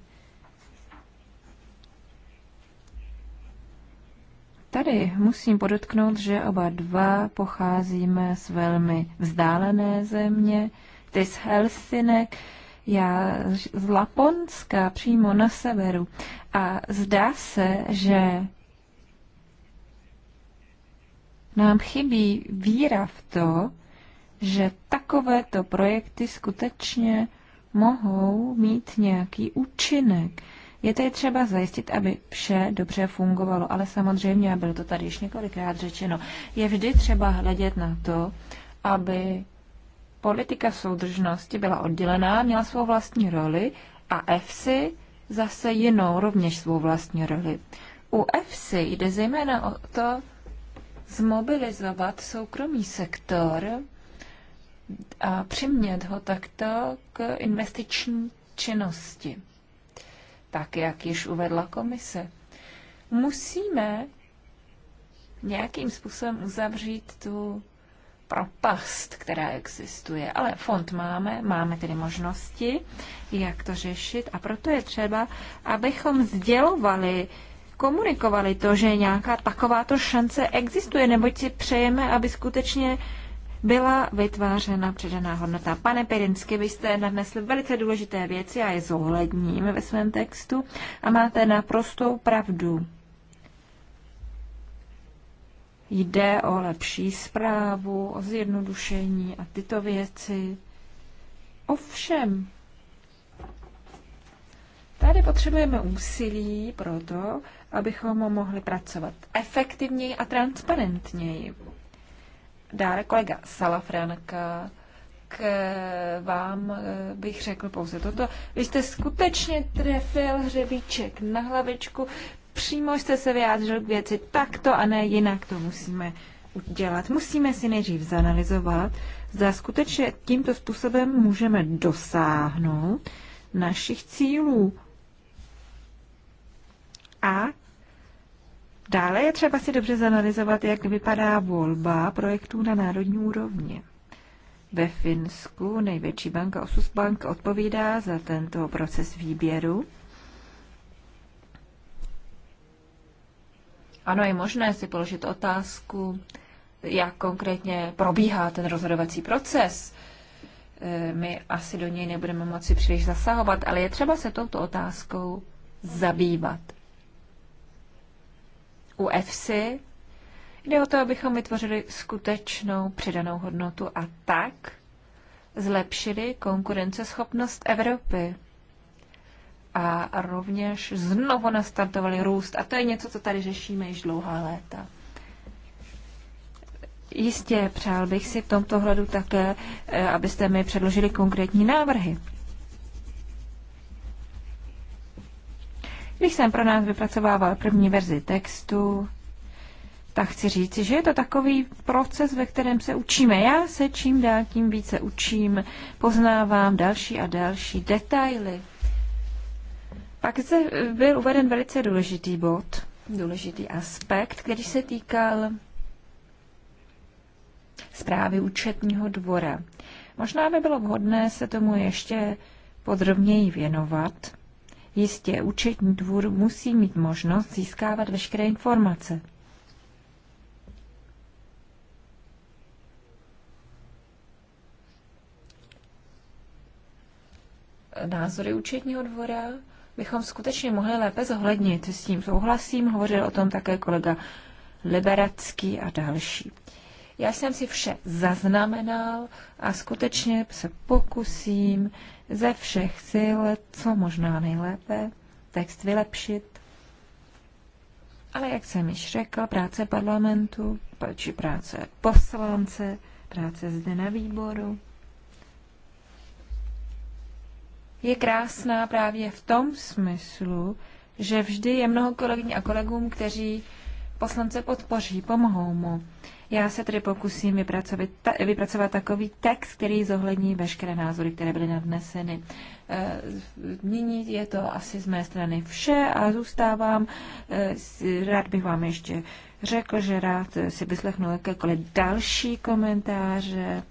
Tady musím podotknout, že oba dva pocházíme z velmi vzdálené země, ty z Helsinek, já z Laponska, přímo na severu. A zdá se, že nám chybí víra v to, že takovéto projekty skutečně mohou mít nějaký účinek, je tedy třeba zajistit, aby vše dobře fungovalo, ale samozřejmě, a bylo to tady již několikrát řečeno, je vždy třeba hledět na to, aby politika soudržnosti byla oddělená, měla svou vlastní roli a EFSI zase jinou, rovněž svou vlastní roli. U EFSI jde zejména o to zmobilizovat soukromý sektor a přimět ho takto k investiční činnosti tak jak již uvedla komise. Musíme nějakým způsobem uzavřít tu propast, která existuje. Ale fond máme, máme tedy možnosti, jak to řešit a proto je třeba, abychom sdělovali, komunikovali to, že nějaká takováto šance existuje, neboť si přejeme, aby skutečně byla vytvářena předaná hodnota. Pane Pirinsky, vy jste nadnesli velice důležité věci a je zohledním ve svém textu a máte naprostou pravdu. Jde o lepší zprávu, o zjednodušení a tyto věci. Ovšem, Tady potřebujeme úsilí pro to, abychom mohli pracovat efektivněji a transparentněji. Dále kolega Salafranka, k vám eh, bych řekl pouze toto. Vy jste skutečně trefil hřebíček na hlavičku, přímo jste se vyjádřil k věci takto a ne jinak. To musíme udělat. Musíme si nejdřív zanalizovat, zda skutečně tímto způsobem můžeme dosáhnout našich cílů. A Dále je třeba si dobře zanalizovat, jak vypadá volba projektů na národní úrovni. Ve Finsku největší banka Osus Bank odpovídá za tento proces výběru. Ano, je možné si položit otázku, jak konkrétně probíhá ten rozhodovací proces. E, my asi do něj nebudeme moci příliš zasahovat, ale je třeba se touto otázkou zabývat u EFSI. Jde o to, abychom vytvořili skutečnou přidanou hodnotu a tak zlepšili konkurenceschopnost Evropy a rovněž znovu nastartovali růst. A to je něco, co tady řešíme již dlouhá léta. Jistě, přál bych si v tomto hledu také, eh, abyste mi předložili konkrétní návrhy. Když jsem pro nás vypracovával první verzi textu, tak chci říct, že je to takový proces, ve kterém se učíme. Já se čím dál tím více učím, poznávám další a další detaily. Pak se byl uveden velice důležitý bod, důležitý aspekt, který se týkal zprávy účetního dvora. Možná by bylo vhodné se tomu ještě podrobněji věnovat, Jistě, účetní dvůr musí mít možnost získávat veškeré informace. Názory účetního dvora bychom skutečně mohli lépe zohlednit. S tím souhlasím, hovořil o tom také kolega Liberacký a další. Já jsem si vše zaznamenal a skutečně se pokusím ze všech sil, co možná nejlépe, text vylepšit. Ale jak jsem již řekl, práce parlamentu, či práce poslance, práce zde na výboru, je krásná právě v tom smyslu, že vždy je mnoho kolegyň a kolegům, kteří poslance podpoří, pomohou mu. Já se tedy pokusím vypracovat, ta, vypracovat takový text, který zohlední veškeré názory, které byly nadneseny. Eh, nyní je to asi z mé strany vše a zůstávám. Eh, rád bych vám ještě řekl, že rád si vyslechnu jakékoliv další komentáře.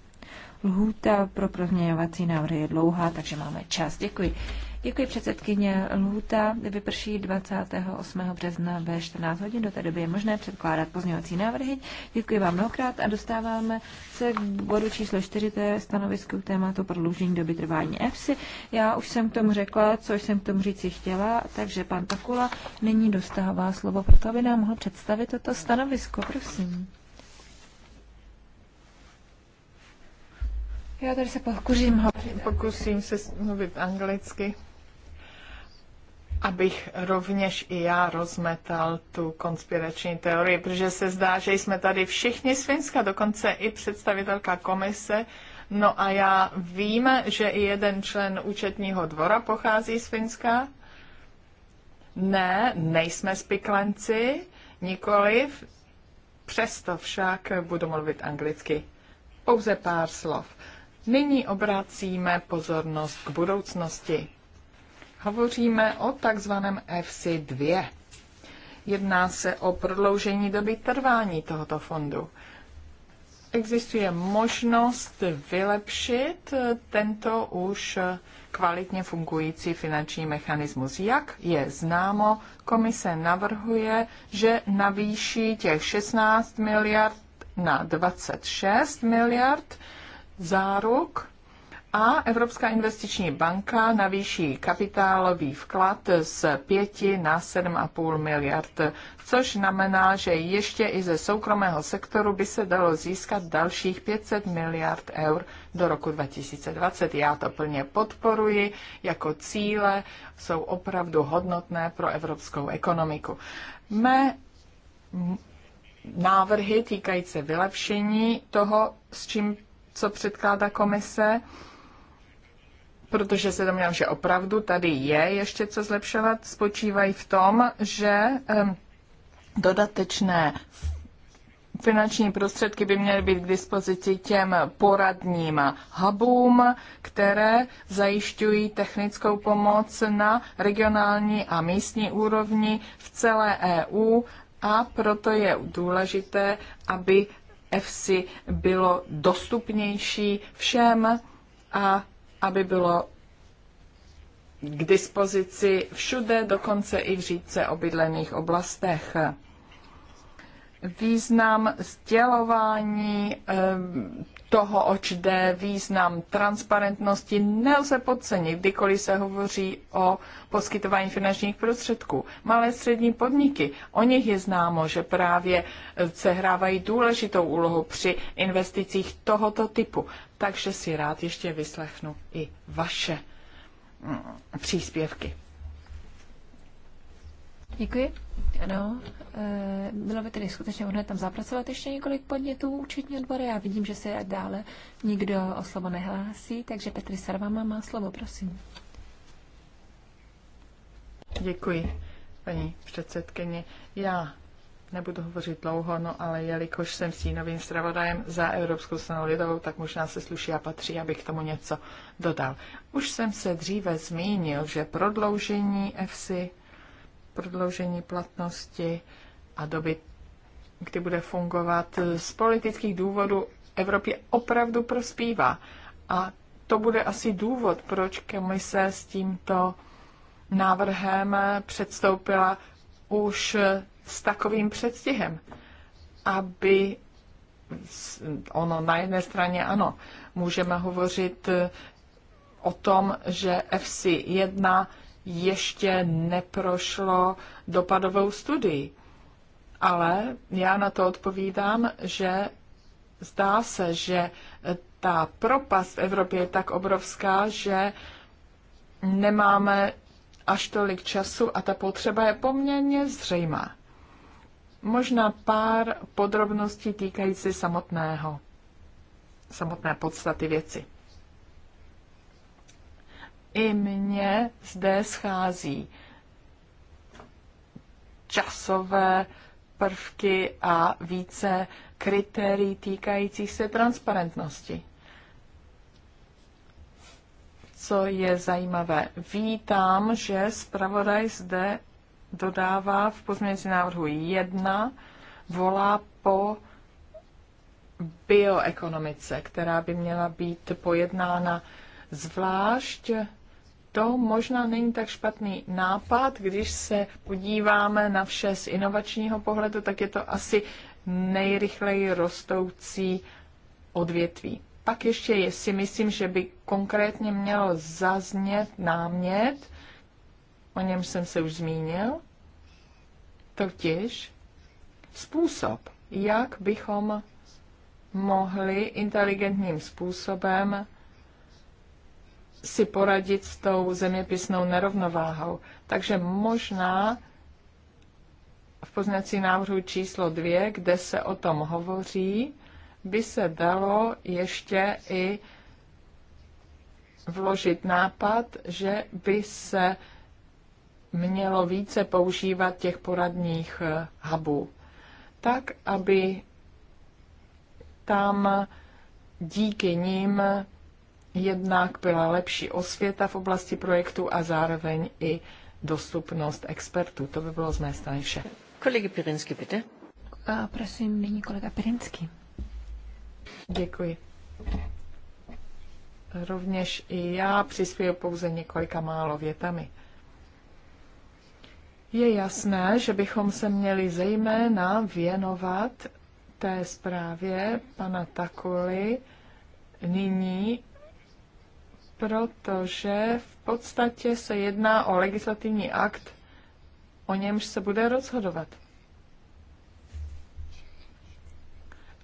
Lhůta pro prozměňovací návrhy je dlouhá, takže máme čas. Děkuji. Děkuji předsedkyně Lhuta. Vyprší 28. března ve 14 hodin. Do té doby je možné předkládat pozměňovací návrhy. Děkuji vám mnohokrát a dostáváme se k bodu číslo 4, to je stanovisko k tématu prodloužení doby trvání EFSI. Já už jsem k tomu řekla, co jsem k tomu říci chtěla, takže pan Takula nyní dostává slovo proto, aby nám mohl představit toto stanovisko. Prosím. Já tady se pokusím ho. Pokusím se mluvit anglicky abych rovněž i já rozmetal tu konspirační teorii, protože se zdá, že jsme tady všichni z Finska, dokonce i představitelka komise. No a já vím, že i jeden člen účetního dvora pochází z Finska. Ne, nejsme spiklenci, nikoliv. Přesto však budu mluvit anglicky. Pouze pár slov. Nyní obracíme pozornost k budoucnosti. Hovoříme o takzvaném FC2. Jedná se o prodloužení doby trvání tohoto fondu. Existuje možnost vylepšit tento už kvalitně fungující finanční mechanismus. Jak je známo, komise navrhuje, že navýší těch 16 miliard na 26 miliard záruk a Evropská investiční banka navýší kapitálový vklad z 5 na 7,5 miliard, což znamená, že ještě i ze soukromého sektoru by se dalo získat dalších 500 miliard eur do roku 2020. Já to plně podporuji, jako cíle jsou opravdu hodnotné pro evropskou ekonomiku. Mé návrhy týkající vylepšení toho, s čím co předkládá komise, protože se domnívám, že opravdu tady je ještě co zlepšovat, spočívají v tom, že dodatečné finanční prostředky by měly být k dispozici těm poradním hubům, které zajišťují technickou pomoc na regionální a místní úrovni v celé EU a proto je důležité, aby EFSI bylo dostupnější všem a aby bylo k dispozici všude, dokonce i v řídce obydlených oblastech. Význam sdělování ehm, toho, oč jde, význam transparentnosti nelze podcenit, kdykoliv se hovoří o poskytování finančních prostředků. Malé střední podniky, o nich je známo, že právě sehrávají důležitou úlohu při investicích tohoto typu takže si rád ještě vyslechnu i vaše mm, příspěvky. Děkuji. Ano, eh, bylo by tedy skutečně možné tam zapracovat ještě několik podnětů účetní odbory. Já vidím, že se dále nikdo o slovo nehlásí, takže Petri Sarvama má slovo, prosím. Děkuji, paní předsedkyně. Já Nebudu hovořit dlouho, no ale jelikož jsem stínovým stravodajem za Evropskou stranu lidovou, tak možná se sluší a patří, abych k tomu něco dodal. Už jsem se dříve zmínil, že prodloužení EFSI, prodloužení platnosti a doby, kdy bude fungovat, z politických důvodů Evropě opravdu prospívá. A to bude asi důvod, proč komise s tímto návrhem předstoupila už s takovým předstihem, aby ono na jedné straně ano, můžeme hovořit eh, o tom, že FC1 ještě neprošlo dopadovou studii. Ale já na to odpovídám, že zdá se, že eh, ta propast v Evropě je tak obrovská, že nemáme až tolik času a ta potřeba je poměrně zřejmá. Možná pár podrobností týkající samotného, samotné podstaty věci. I mně zde schází časové prvky a více kritérií týkajících se transparentnosti. Co je zajímavé, vítám, že zpravodaj zde dodává v pozměňovacím návrhu 1, volá po bioekonomice, která by měla být pojednána zvlášť. To možná není tak špatný nápad, když se podíváme na vše z inovačního pohledu, tak je to asi nejrychleji rostoucí odvětví. Pak ještě si myslím, že by konkrétně mělo zaznět námět, o něm jsem se už zmínil, totiž způsob, jak bychom mohli inteligentním způsobem si poradit s tou zeměpisnou nerovnováhou. Takže možná v poznací návrhu číslo dvě, kde se o tom hovoří, by se dalo ještě i vložit nápad, že by se mělo více používat těch poradních eh, hubů, tak aby tam díky nim jednak byla lepší osvěta v oblasti projektu a zároveň i dostupnost expertů. To by bylo z mé strany vše. Kolegy Pirinsky, bitte. A prosím, nyní kolega Pirinsky. Děkuji. Rovněž i já přispěju pouze několika málo větami. Je jasné, že bychom se měli zejména věnovat té zprávě pana Takuly nyní, protože v podstatě se jedná o legislativní akt, o němž se bude rozhodovat.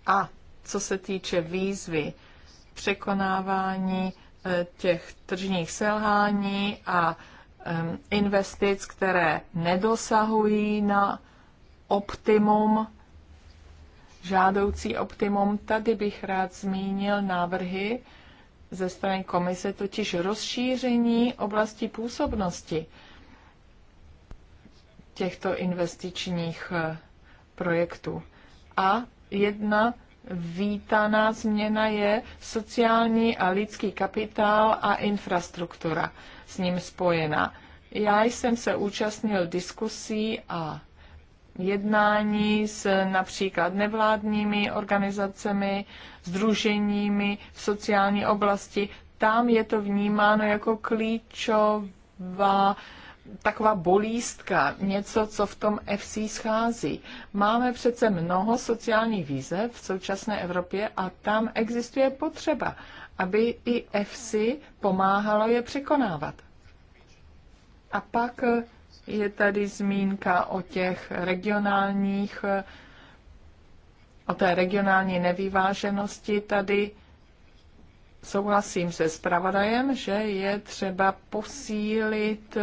A co se týče výzvy překonávání eh, těch tržních selhání a investic, které nedosahují na optimum, žádoucí optimum. Tady bych rád zmínil návrhy ze strany komise, totiž rozšíření oblasti působnosti těchto investičních eh, projektů. A jedna vítaná změna je sociální a lidský kapitál a infrastruktura s ním spojená. Já jsem se účastnil diskusí a jednání s například nevládními organizacemi, združeními v sociální oblasti. Tam je to vnímáno jako klíčová taková bolístka, něco, co v tom FC schází. Máme přece mnoho sociálních výzev v současné Evropě a tam existuje potřeba, aby i FC pomáhalo je překonávat. A pak je tady zmínka o těch regionálních, o té regionální nevýváženosti. tady souhlasím se zpravodajem, že je třeba posílit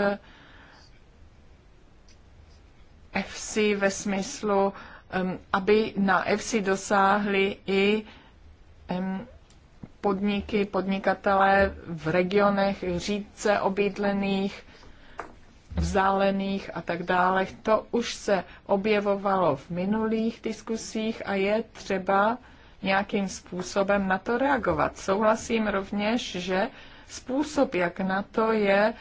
EFSI ve smyslu, aby na EFSI dosáhly i podniky, podnikatelé v regionech řídce obydlených, vzdálených a tak dále. To už se objevovalo v minulých diskusích a je třeba nějakým způsobem na to reagovat. Souhlasím rovněž, že způsob, jak na to je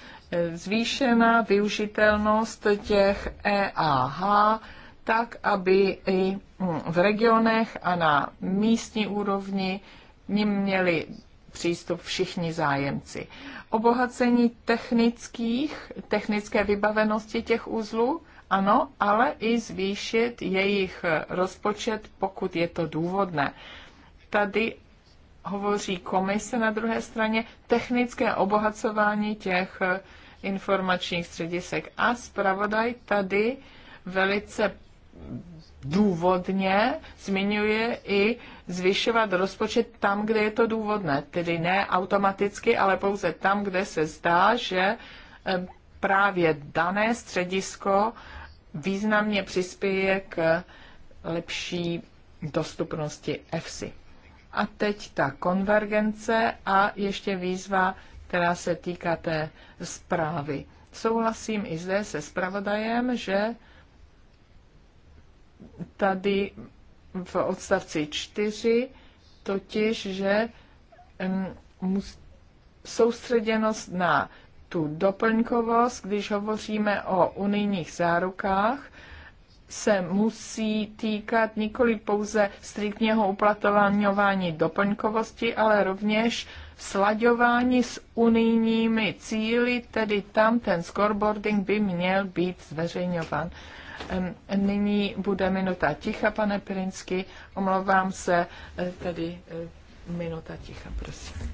zvýšená využitelnost těch EAH, tak, aby i mm, v regionech a na místní úrovni ním měli přístup všichni zájemci. Obohacení technických, technické vybavenosti těch uzlů, ano, ale i zvýšit jejich rozpočet, pokud je to důvodné. Tady hovoří komise na druhé straně, technické obohacování těch eh, informačních středisek. A zpravodaj tady velice důvodně zmiňuje i zvyšovat rozpočet tam, kde je to důvodné. Tedy ne automaticky, ale pouze tam, kde se zdá, že eh, právě dané středisko významně přispěje k lepší dostupnosti EFSI. A teď ta konvergence a ještě výzva, která se týká té zprávy. Souhlasím i zde se zpravodajem, že tady v odstavci 4 totiž, že soustředěnost na tu doplňkovost, když hovoříme o unijních zárukách, se musí týkat nikoli pouze striktního uplatňování doplňkovosti, ale rovněž slaďování s unijními cíly, tedy tam ten scoreboarding by měl být zveřejňován. Nyní bude minuta ticha, pane Pirinsky. Omlouvám se, eh, tedy eh, minuta ticha, prosím.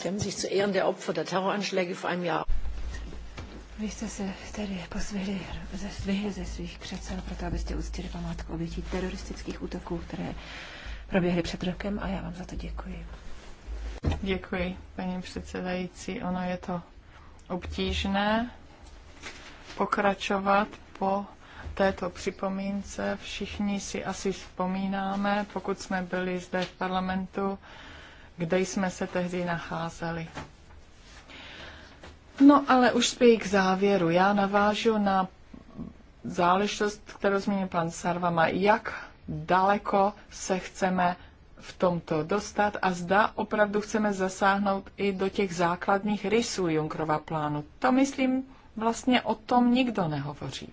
Sie haben sich zu Ehren der Opfer der Terroranschläge vor einem Jahr. Vy jste se tedy posvihli ze, vyhli ze svých křesel, proto abyste uctili památku obětí teroristických útoků, které proběhly před rokem a já vám za to děkuji. Děkuji, paní předsedající. Ono je to obtížné pokračovat po této připomínce. Všichni si asi vzpomínáme, pokud jsme byli zde v parlamentu kde jsme se tehdy nacházeli. No ale už spěji k závěru. Já navážu na záležitost, kterou zmínil pan Sarvama, jak daleko se chceme v tomto dostat a zda opravdu chceme zasáhnout i do těch základních rysů Junkrova plánu. To myslím, vlastně o tom nikdo nehovoří.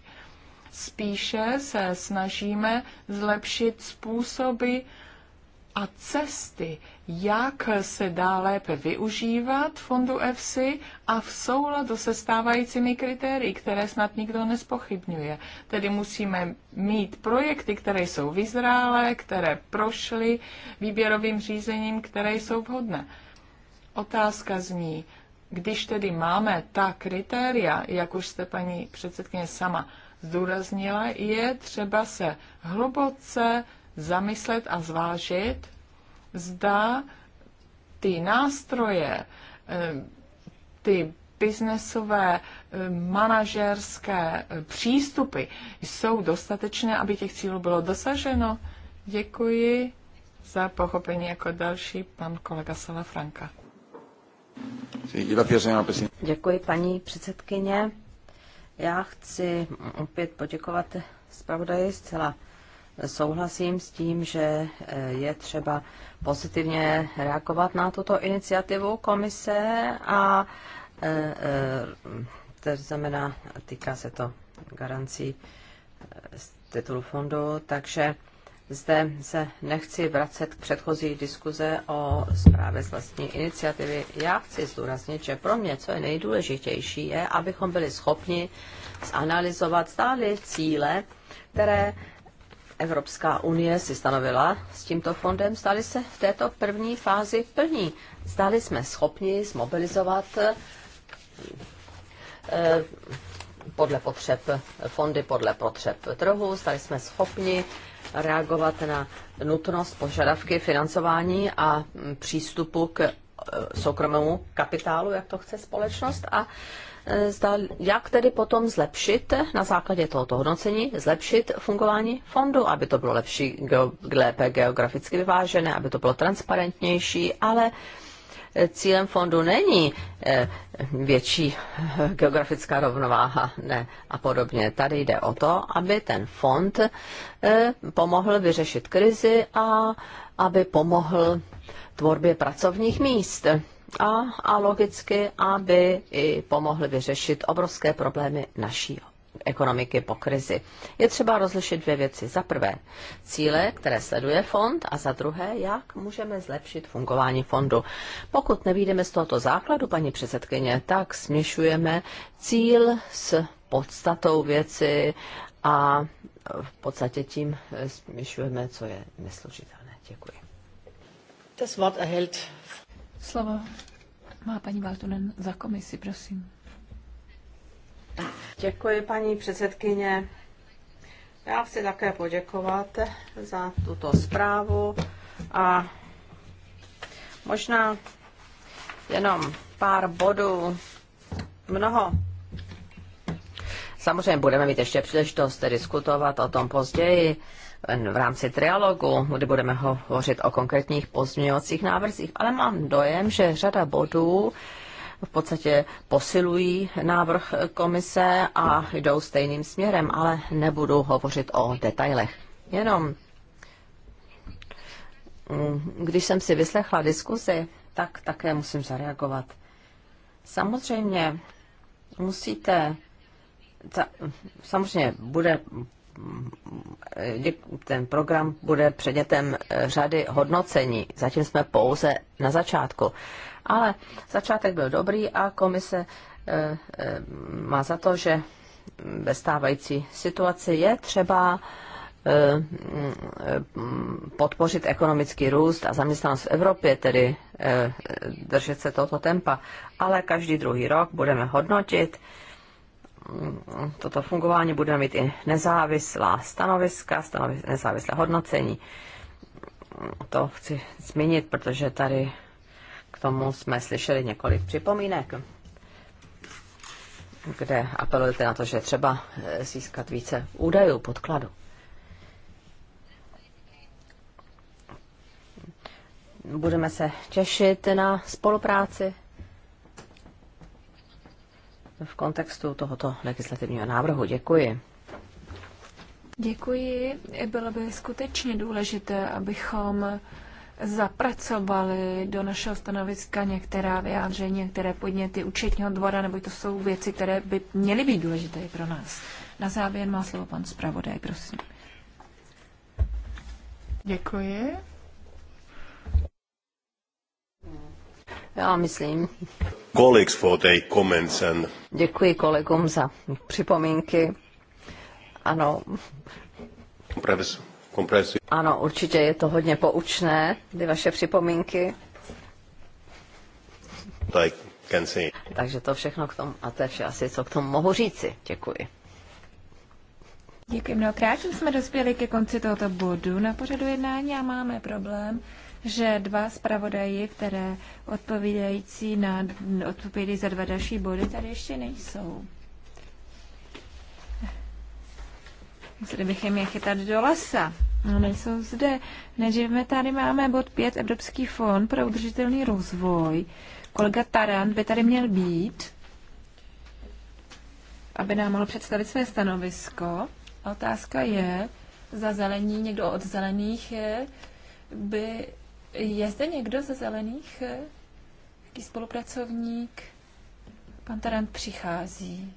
Spíše se snažíme zlepšit způsoby, a cesty, jak se dá lépe využívat fondu EFSI a v souladu se stávajícími kritérii, které snad nikdo nespochybňuje. Tedy musíme mít projekty, které jsou vyzrálé, které prošly výběrovým řízením, které jsou vhodné. Otázka zní, když tedy máme ta kritéria, jak už jste paní předsedkyně sama zdůraznila, je třeba se hluboce zamyslet a zvážit, zda ty nástroje, eh, ty biznesové, eh, manažerské eh, přístupy jsou dostatečné, aby těch cílů bylo dosaženo. Děkuji za pochopení jako další pan kolega Franka. Děkuji, paní předsedkyně. Já chci opět poděkovat zpravodaji zcela souhlasím s tím, že eh, je třeba pozitivně reagovat na tuto iniciativu komise a eh, eh, to znamená, týká se to garancí z titulu fondu, takže zde se nechci vracet k předchozí diskuze o zprávě z vlastní iniciativy. Já chci zdůraznit, že pro mě, co je nejdůležitější, je, abychom byli schopni zanalizovat stále cíle, které Evropská unie si stanovila s tímto fondem, stali se v této první fázi plní. Stali jsme schopni zmobilizovat eh, podle potřeb fondy, podle potřeb trhu, Stali jsme schopni reagovat na nutnost požadavky financování a mm, přístupu k eh, soukromému kapitálu, jak to chce společnost a Eh, zda, jak tedy potom zlepšit na základě tohoto hodnocení, zlepšit fungování fondu, aby to bylo lepší, lépe geograficky vyvážené, aby to bylo transparentnější, ale eh, cílem fondu není eh, větší geografická rovnováha ne, a podobně. Tady jde o to, aby ten fond pomohl vyřešit krizi a aby pomohl tvorbě pracovních míst a, a logicky, aby i pomohly vyřešit obrovské problémy naší ekonomiky po krizi. Je třeba rozlišit dvě věci. Za prvé cíle, které sleduje fond a za druhé, jak můžeme zlepšit fungování fondu. Pokud nevídeme z tohoto základu, paní předsedkyně, tak směšujeme cíl s podstatou věci a v podstatě tím eh, směšujeme, co je neslučitelné. Děkuji. Das Wort erhält Slovo má paní Valtunen za komisi, prosím. Děkuji, paní předsedkyně. Já chci také poděkovat za tuto zprávu a možná jenom pár bodů. Mnoho. Samozřejmě budeme mít ještě příležitost diskutovat o tom později v rámci trialogu, kdy budeme hovořit o konkrétních pozměňovacích návrzích, ale mám dojem, že řada bodů v podstatě posilují návrh komise a jdou stejným směrem, ale nebudu hovořit o detailech. Jenom když jsem si vyslechla diskuzi, tak také musím zareagovat. Samozřejmě musíte, ta, samozřejmě bude ten program bude předmětem eh, řady hodnocení. Zatím jsme pouze na začátku. Ale začátek byl dobrý a komise eh, eh, má za to, že ve stávající situaci je třeba mm, podpořit ekonomický růst a zaměstnanost v Evropě, tedy držet se tohoto tempa. Ale každý druhý rok budeme hodnotit, toto fungování budeme mít i nezávislá stanoviska, stanovis, nezávislé hodnocení. To chci zmínit, protože tady k tomu jsme slyšeli několik připomínek, kde apelujete na to, že třeba eh, získat více údajů, podkladu. Budeme se těšit na spolupráci v kontextu tohoto legislativního návrhu. Děkuji. Děkuji. Bylo by skutečně důležité, abychom zapracovali do našeho stanoviska některá vyjádření, některé podněty účetního dvora, nebo to jsou věci, které by měly být důležité pro nás. Na závěr má slovo pan zpravodaj, prosím. Děkuji. Já myslím. Colleagues for their comments and... Děkuji kolegům za připomínky. Ano. Kompresu. Ano, určitě je to hodně poučné, ty vaše připomínky. can see. Takže to všechno k tomu, a to je vše asi, co k tomu mohu říci. Děkuji. Děkuji mnohokrát, jsme dospěli ke konci tohoto bodu na pořadu jednání a máme problém že dva zpravodaji, které odpovídající na odpovědi za dva další body, tady ještě nejsou. Museli bychom je chytat do lesa. No, nejsou zde. Nežijeme tady, máme bod 5, Evropský fond pro udržitelný rozvoj. Kolega Tarant by tady měl být, aby nám mohl představit své stanovisko. Otázka je, za zelení, někdo od zelených je, by je zde někdo ze zelených? Jaký spolupracovník? Pan Tarant přichází.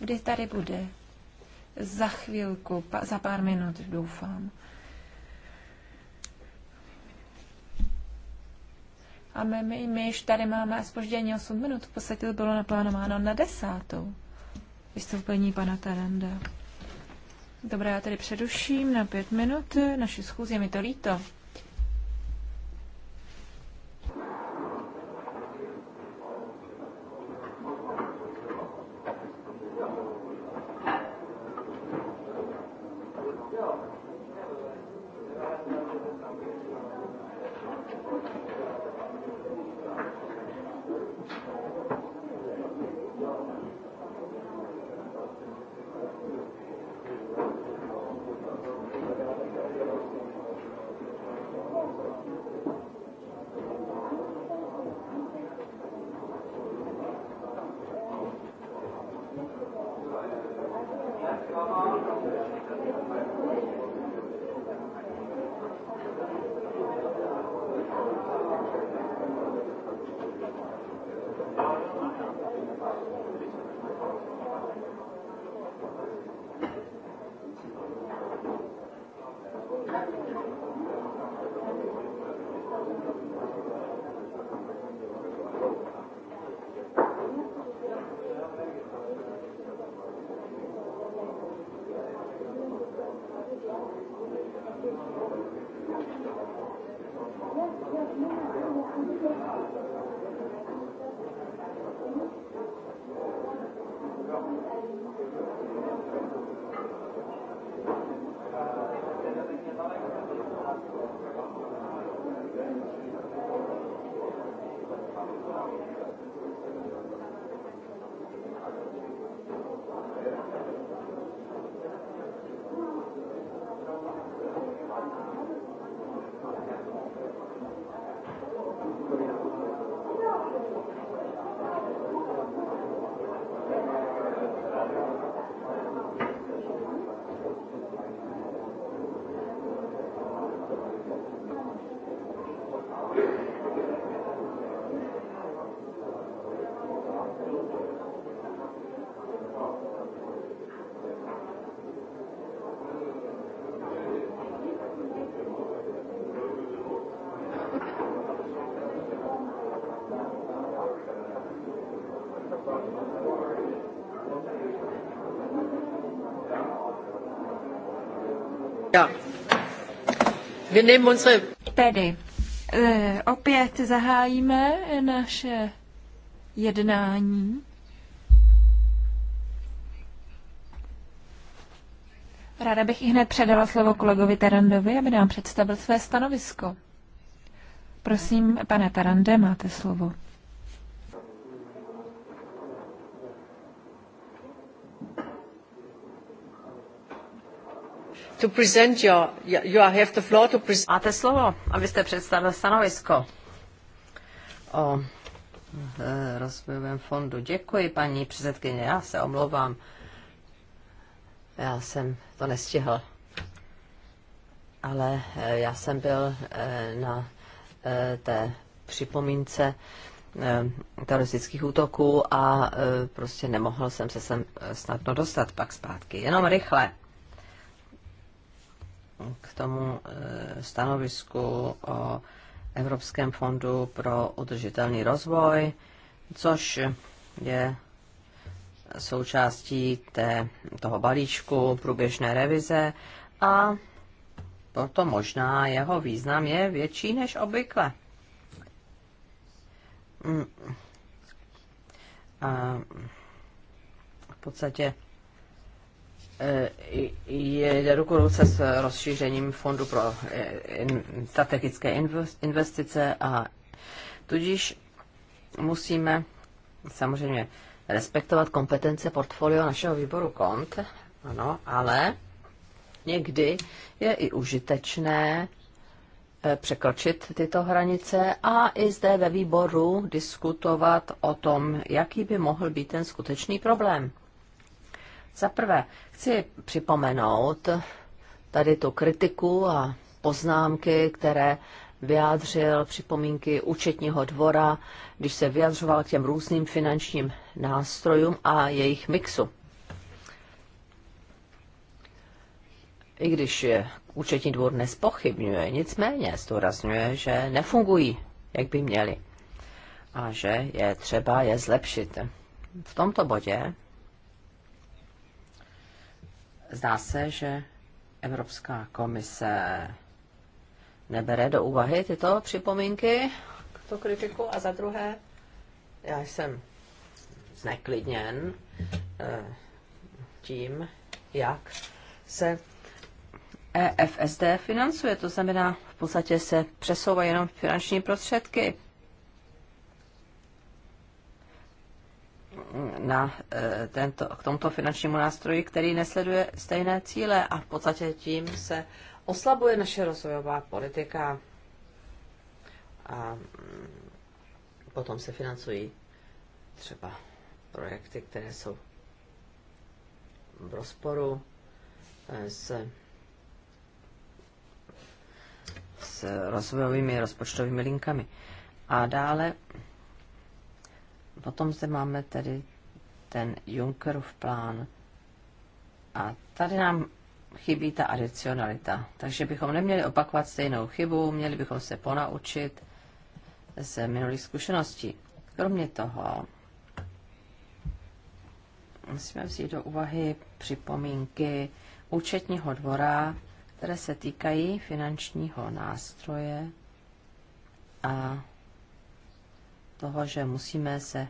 Kdy tady bude? Za chvilku, pa, za pár minut, doufám. A my, my, my již tady máme spoždění 8 minut. V podstatě to bylo naplánováno na desátou vystoupení pana Taranda. Dobrá, já tady předuším na pět minut. Naši schůzi je mi to líto. Ja. Wir nehmen unsere... Tedy, eh, opět zahájíme naše jednání. Ráda bych i hned předala slovo kolegovi Tarandovi, aby nám představil své stanovisko. Prosím, pane Tarande, máte slovo. to present your, you have the floor to present. Máte slovo, abyste představil stanovisko o eh, rozvojovém fondu. Děkuji, paní předsedkyně, já se omlouvám. Já jsem to nestihl. Ale eh, já jsem byl eh, na té připomínce teroristických útoků a prostě nemohl jsem se sem snadno dostat pak zpátky. Jenom rychle k tomu eh, stanovisku o Evropském fondu pro udržitelný rozvoj, což je součástí té, toho balíčku průběžné revize a proto možná jeho význam je větší než obvykle. Mm. A v podstatě jde ruku ruce s rozšířením fondu pro eh, strategické investice a tudíž musíme samozřejmě respektovat kompetence portfolio našeho výboru kont, ano, ale někdy je i užitečné eh, překročit tyto hranice a i zde ve výboru diskutovat o tom, jaký by mohl být ten skutečný problém. Za prvé, chci připomenout tady tu kritiku a poznámky, které vyjádřil připomínky účetního dvora, když se vyjadřoval k těm různým finančním nástrojům a jejich mixu. I když je účetní dvůr nespochybňuje, nicméně zdůrazňuje, že nefungují, jak by měli a že je třeba je zlepšit. V tomto bodě Zdá se, že Evropská komise nebere do úvahy tyto připomínky, k tu kritiku, a za druhé, já jsem zneklidněn eh, tím, jak se EFSD financuje, to znamená, v podstatě se přesouvají jenom finanční prostředky na e, tento, k tomuto finančnímu nástroji, který nesleduje stejné cíle a v podstatě tím se oslabuje naše rozvojová politika a mm, potom se financují třeba projekty, které jsou v rozporu e, s, s rozvojovými rozpočtovými linkami. A dále Potom zde máme tedy ten Junckerův plán. A tady nám chybí ta adicionalita. Takže bychom neměli opakovat stejnou chybu, měli bychom se ponaučit z minulých zkušeností. Kromě toho musíme vzít do úvahy připomínky účetního dvora, které se týkají finančního nástroje a toho, že musíme se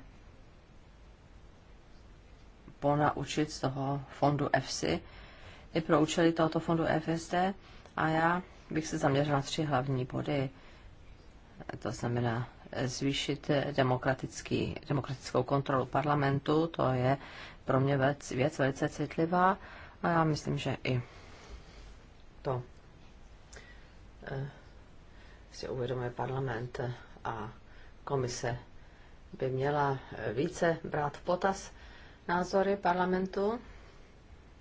ponaučit z toho fondu FC i pro účely tohoto fondu FSD a já bych se zaměřila na tři hlavní body. To znamená zvýšit demokratický, demokratickou kontrolu parlamentu, to je pro mě věc, věc velice citlivá a já myslím, že i to eh, si uvědomuje parlament a komise by měla eh, více brát v potaz názory parlamentu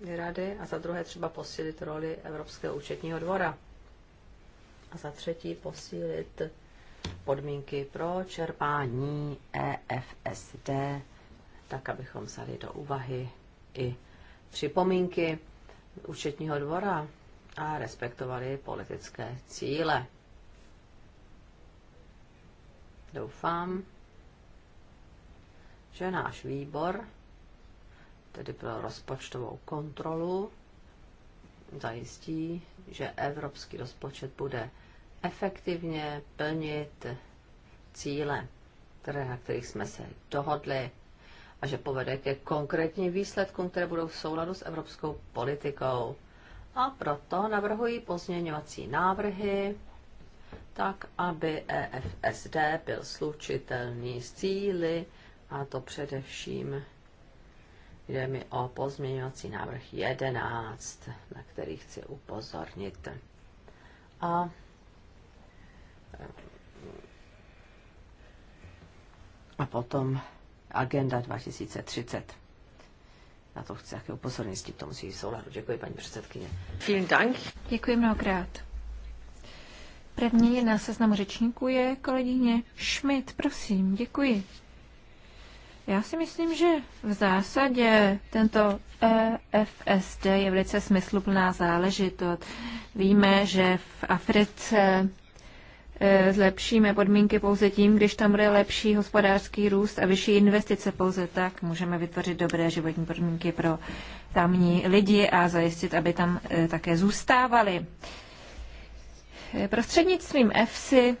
i rady a za druhé třeba posílit roli Evropského účetního dvora a za třetí posílit podmínky pro čerpání EFSD, tak abychom vzali do úvahy i připomínky účetního dvora a respektovali politické cíle doufám, že náš výbor, tedy pro rozpočtovou kontrolu, zajistí, že evropský rozpočet bude efektivně plnit cíle, které, na kterých jsme se dohodli a že povede ke konkrétním výsledkům, které budou v souladu s evropskou politikou. A proto navrhuji pozměňovací návrhy, tak aby EFSD byl slučitelný s cíly, a to především jde mi o pozměňovací návrh 11, na který chci upozornit. A a potom Agenda 2030. Na to chci také upozornit, s tím to musí souladu. Děkuji, paní předsedkyně. Vielen Dank. Děkuji mnohokrát. První na seznamu řečníků je kolegyně Schmidt. Prosím, děkuji. Já si myslím, že v zásadě tento EFSD je velice smysluplná záležitost. Víme, že v Africe e, zlepšíme podmínky pouze tím, když tam bude lepší hospodářský růst a vyšší investice pouze tak, můžeme vytvořit dobré životní podmínky pro tamní lidi a zajistit, aby tam e, také zůstávali. Prostřednictvím EFSI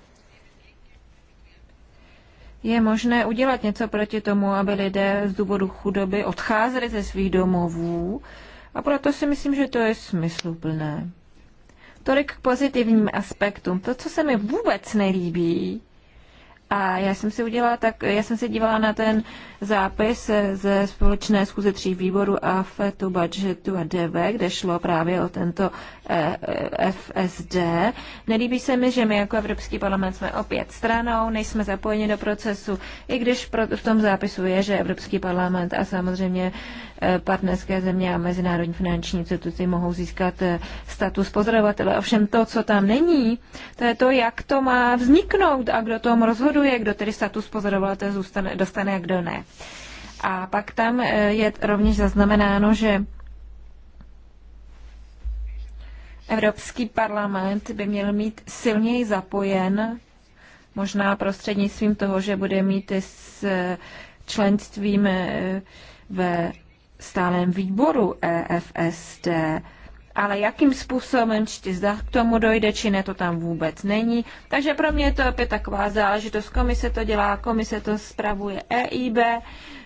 je možné udělat něco proti tomu, aby lidé z důvodu chudoby odcházeli ze svých domovů a proto si myslím, že to je smysluplné. Tolik k pozitivním aspektům. To, co se mi vůbec nelíbí, a já jsem si udělala tak, já jsem se dívala na ten zápis ze společné schůze tří výborů AFETu, budžetu a DV, kde šlo právě o tento eh, eh, FSD. Nelíbí se mi, že my jako Evropský parlament jsme opět stranou, nejsme zapojeni do procesu, i když v tom zápisu je, že Evropský parlament a samozřejmě eh, partnerské země a mezinárodní finanční instituci mohou získat status pozorovatele. Ovšem to, co tam není, to je to, jak to má vzniknout a kdo tom rozhodne rozhoduje, kdo tedy status pozorovatele zůstane, dostane a kdo ne. A pak tam eh, je rovněž zaznamenáno, že Evropský parlament by měl mít silněji zapojen, možná prostřednictvím toho, že bude mít s členstvím eh, ve stálém výboru EFSD ale jakým způsobem, či zda k tomu dojde, či ne, to tam vůbec není. Takže pro mě je to opět taková záležitost. Komise to dělá, komise to spravuje EIB,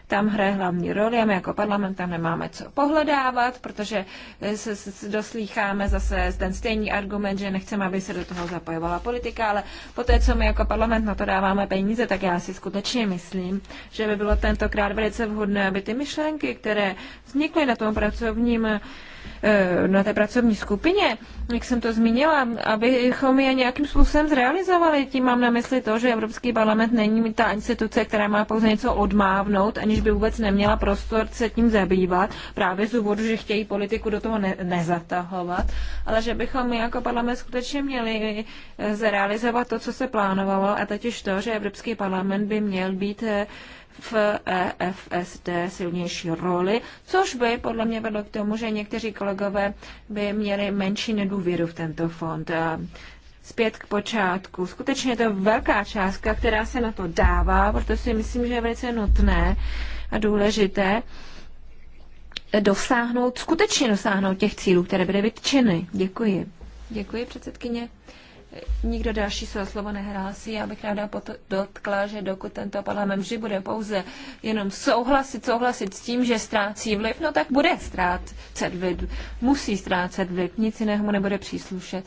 tam hraje hlavní roli a my jako parlament tam nemáme co pohledávat, protože eh, se, se doslýcháme zase ten stejný argument, že nechceme, aby se do toho zapojovala politika, ale po té, co my jako parlament na to dáváme peníze, tak já si skutečně myslím, že by bylo tentokrát velice vhodné, aby ty myšlenky, které vznikly na tom pracovním E, na té pracovní skupině, jak jsem to zmínila, abychom je nějakým způsobem zrealizovali. Tím mám na mysli to, že Evropský parlament není ta instituce, která má pouze něco odmávnout, aniž by vůbec neměla prostor se tím zabývat, právě z důvodu, že chtějí politiku do toho ne- nezatahovat, ale že bychom my jako parlament skutečně měli e, zrealizovat to, co se plánovalo, a totiž to, že Evropský parlament by měl být e, v EFSD silnější roli, což by podle mě vedlo k tomu, že někteří kolegové by měli menší nedůvěru v tento fond. Zpět k počátku. Skutečně je to velká částka, která se na to dává, proto si myslím, že je velice nutné a důležité dosáhnout, skutečně dosáhnout těch cílů, které byly vytčeny. Děkuji. Děkuji, předsedkyně. Nikdo další se o slovo nehrásí. Já bych ráda dotkla, že dokud tento parlament vždy bude pouze jenom souhlasit, souhlasit s tím, že ztrácí vliv, no tak bude ztrácet vliv. Musí ztrácet vliv, nic jiného mu nebude příslušet.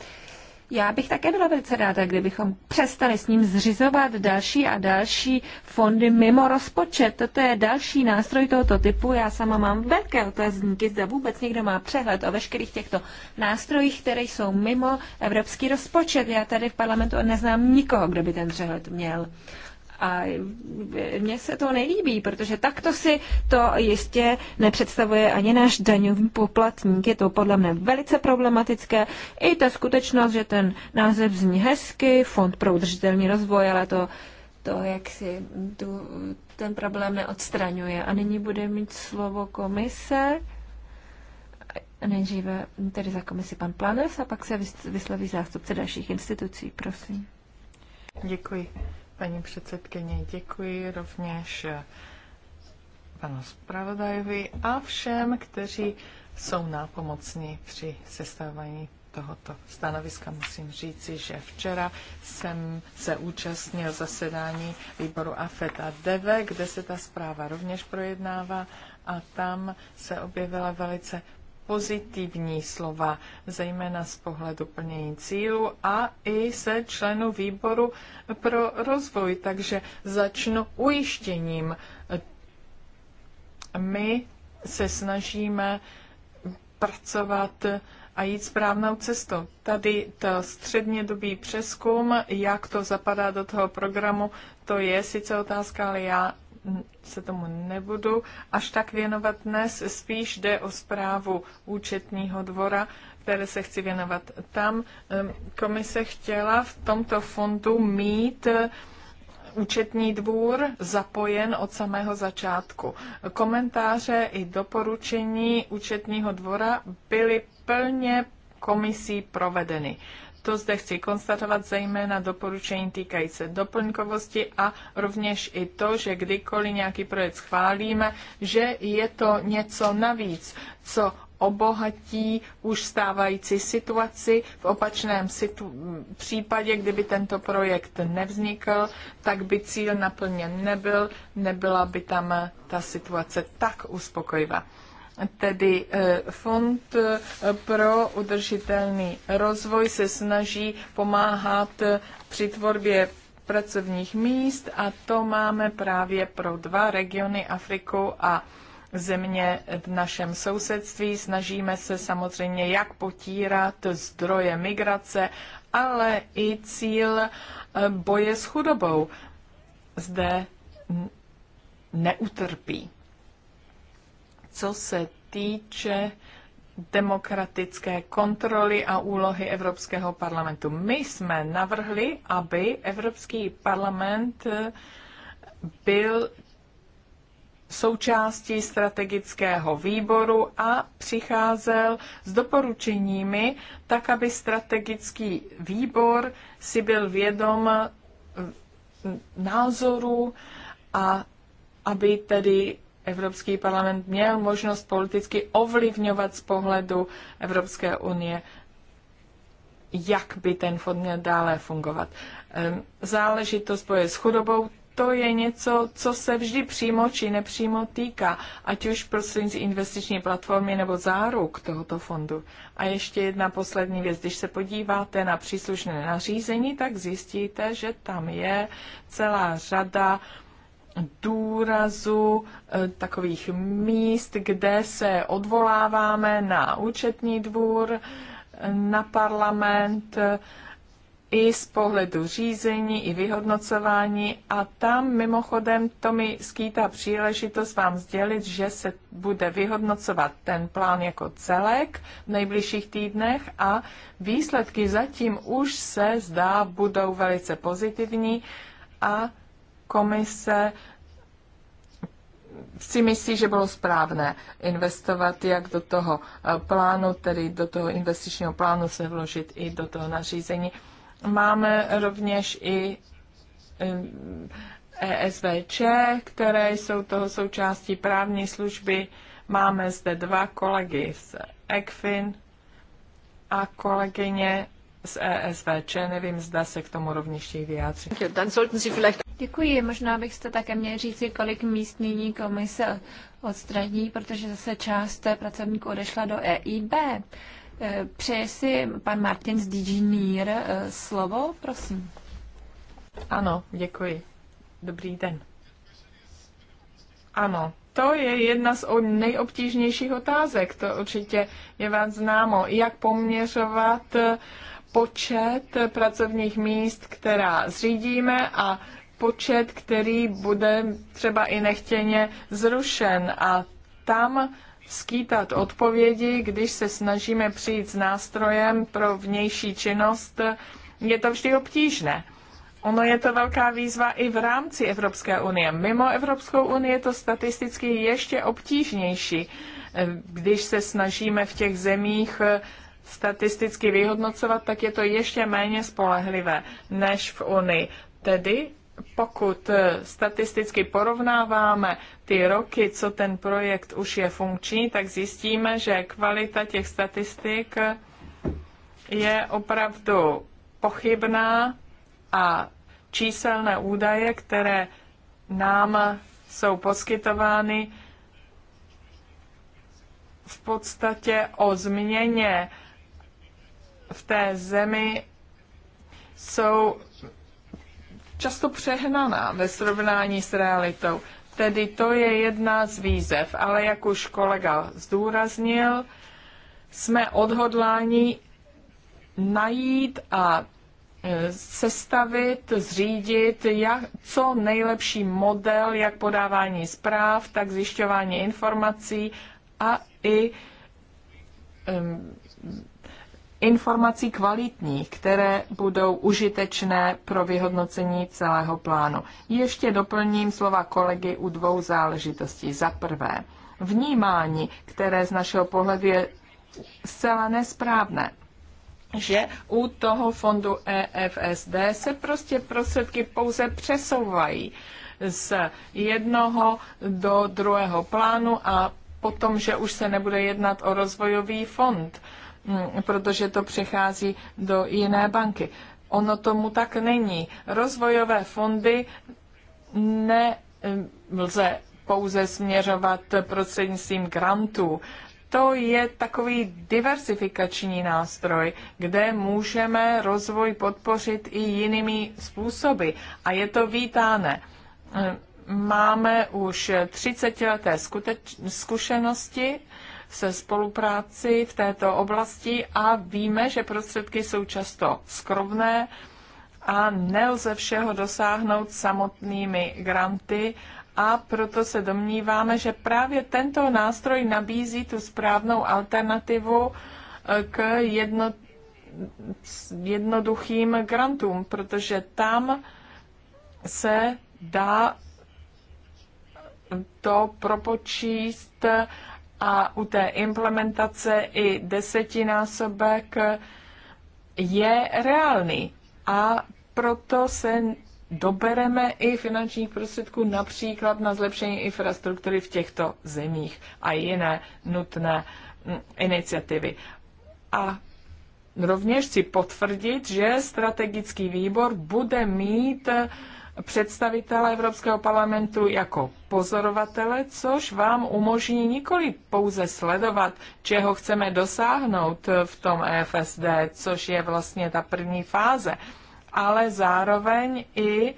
Já bych také byla velice ráda, kdybychom přestali s ním zřizovat další a další fondy mimo rozpočet. Toto je další nástroj tohoto typu. Já sama mám velké otazníky, zda vůbec někdo má přehled o veškerých těchto nástrojích, které jsou mimo evropský rozpočet. Já tady v parlamentu neznám nikoho, kdo by ten přehled měl. A mně se to nelíbí, protože takto si to jistě nepředstavuje ani náš daňový poplatník. Je to podle mě velice problematické. I ta skutečnost, že ten název zní hezky, Fond pro udržitelný rozvoj, ale to to, jak si tu, ten problém neodstraňuje. A nyní bude mít slovo komise. Nejdříve tedy za komisi pan Planes a pak se vysloví zástupce dalších institucí. Prosím. Děkuji. Paní předsedkyně, děkuji rovněž panu zpravodajovi a všem, kteří jsou nápomocní při sestavování tohoto stanoviska. Musím říci, že včera jsem se účastnil zasedání výboru AFET a kde se ta zpráva rovněž projednává a tam se objevila velice pozitivní slova, zejména z pohledu plnění cílu a i se členů výboru pro rozvoj. Takže začnu ujištěním. My se snažíme pracovat a jít správnou cestou. Tady to střednědobý přeskum, jak to zapadá do toho programu, to je sice otázka, ale já se tomu nebudu až tak věnovat dnes. Spíš jde o zprávu účetního dvora, které se chci věnovat. Tam komise chtěla v tomto fondu mít eh, účetní dvůr zapojen od samého začátku. Komentáře i doporučení účetního dvora byly plně komisí provedeny. To zde chci konstatovat zejména doporučení týkající se doplňkovosti a rovněž i to, že kdykoliv nějaký projekt schválíme, že je to něco navíc, co obohatí už stávající situaci. V opačném situ- případě, kdyby tento projekt nevznikl, tak by cíl naplněn nebyl, nebyla by tam ta situace tak uspokojivá. Tedy eh, Fond eh, pro udržitelný rozvoj se snaží pomáhat eh, při tvorbě pracovních míst a to máme právě pro dva regiony Afriku a země v našem sousedství. Snažíme se samozřejmě jak potírat zdroje migrace, ale i cíl boje s chudobou. Zde neutrpí co se týče demokratické kontroly a úlohy Evropského parlamentu. My jsme navrhli, aby Evropský parlament eh, byl součástí strategického výboru a přicházel s doporučeními, tak aby strategický výbor si byl vědom eh, názoru a aby tedy Evropský parlament měl možnost politicky ovlivňovat z pohledu Evropské unie, jak by ten fond měl dále fungovat. Ehm, záležitost boje s chudobou, to je něco, co se vždy přímo či nepřímo týká, ať už prostřednictví investiční platformy nebo záruk tohoto fondu. A ještě jedna poslední věc. Když se podíváte na příslušné nařízení, tak zjistíte, že tam je celá řada uh, důrazu e, takových míst, kde se odvoláváme na účetní dvůr, e, na parlament, e, i z pohledu řízení, i vyhodnocování. A tam mimochodem to mi skýtá příležitost vám sdělit, že se bude vyhodnocovat ten plán jako celek v nejbližších týdnech a výsledky zatím už se zdá budou velice pozitivní a komise si myslí, že bylo správné investovat jak do toho eh, plánu, tedy do toho investičního plánu se vložit i do toho nařízení. Máme rovněž i ESVČ, eh, e které jsou toho součástí právní služby. Máme zde dva kolegy z ECFIN a kolegyně z ESVČ. Nevím, zda se k tomu rovněž vyjádří. Děkuji. Možná bych jste také měli říci, kolik míst nyní komise odstraní, protože zase část pracovníků odešla do EIB. Eh, přeje si pan Martin z DG eh, slovo, prosím. Ano, děkuji. Dobrý den. Ano, to je jedna z nejobtížnějších otázek, to určitě je vám známo, jak poměřovat eh, počet pracovních míst, která zřídíme a počet, který bude třeba i nechtěně zrušen a tam skýtat odpovědi, když se snažíme přijít s nástrojem pro vnější činnost, je to vždy obtížné. Ono je to velká výzva i v rámci Evropské unie. Mimo Evropskou unii je to statisticky ještě obtížnější, když se snažíme v těch zemích eh, statisticky vyhodnocovat, tak je to ještě méně spolehlivé než v Unii. Tedy pokud eh, statisticky porovnáváme ty roky, co ten projekt už je funkční, tak zjistíme, že kvalita těch statistik je opravdu pochybná a číselné údaje, které nám jsou poskytovány, v podstatě o změně v té zemi jsou často přehnaná ve srovnání s realitou. Tedy to je jedna z výzev, ale jak už kolega zdůraznil, jsme odhodláni najít a e, sestavit, zřídit jak, co nejlepší model, jak podávání zpráv, tak zjišťování informací a i um, informací kvalitních, které budou užitečné pro vyhodnocení celého plánu. Ještě doplním slova kolegy u dvou záležitostí. Za prvé, vnímání, které z našeho pohledu je zcela nesprávné že u toho fondu EFSD se prostě prostředky pouze přesouvají z jednoho do druhého plánu a potom, že už se nebude jednat o rozvojový fond. Mm, protože to přechází do jiné banky. Ono tomu tak není. Rozvojové fondy ne mm, lze pouze směřovat prostřednictvím grantů. To je takový diversifikační nástroj, kde můžeme rozvoj podpořit i jinými způsoby. A je to vítáne. Mm, máme už 30 leté zkušenosti se spolupráci v této oblasti a víme, že prostředky jsou často skromné a nelze všeho dosáhnout samotnými granty a proto se domníváme, že právě tento nástroj nabízí tu správnou alternativu eh, k jedno, jednoduchým grantům, protože tam se dá to propočíst a u té implementace i desetinásobek je reálný. A proto se dobereme i finančních prostředků například na zlepšení infrastruktury v těchto zemích a jiné nutné mm, iniciativy. A rovněž si potvrdit, že strategický výbor bude mít představitele Evropského parlamentu jako pozorovatele, což vám umožní nikoli pouze sledovat, čeho chceme dosáhnout v tom EFSD, což je vlastně ta první fáze, ale zároveň i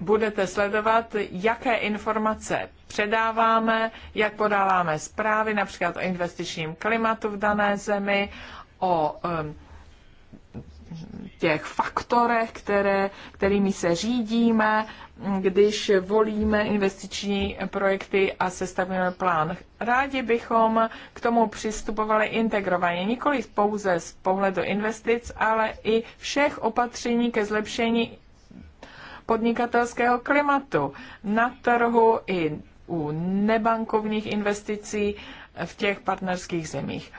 budete sledovat, jaké informace předáváme, jak podáváme zprávy, například o investičním klimatu v dané zemi, o um, těch faktorech, které, kterými se řídíme, když volíme investiční projekty a sestavujeme plán. Rádi bychom k tomu přistupovali integrovaně, nikoli pouze z pohledu investic, ale i všech opatření ke zlepšení podnikatelského klimatu na trhu i u nebankovních investicí v těch partnerských zemích.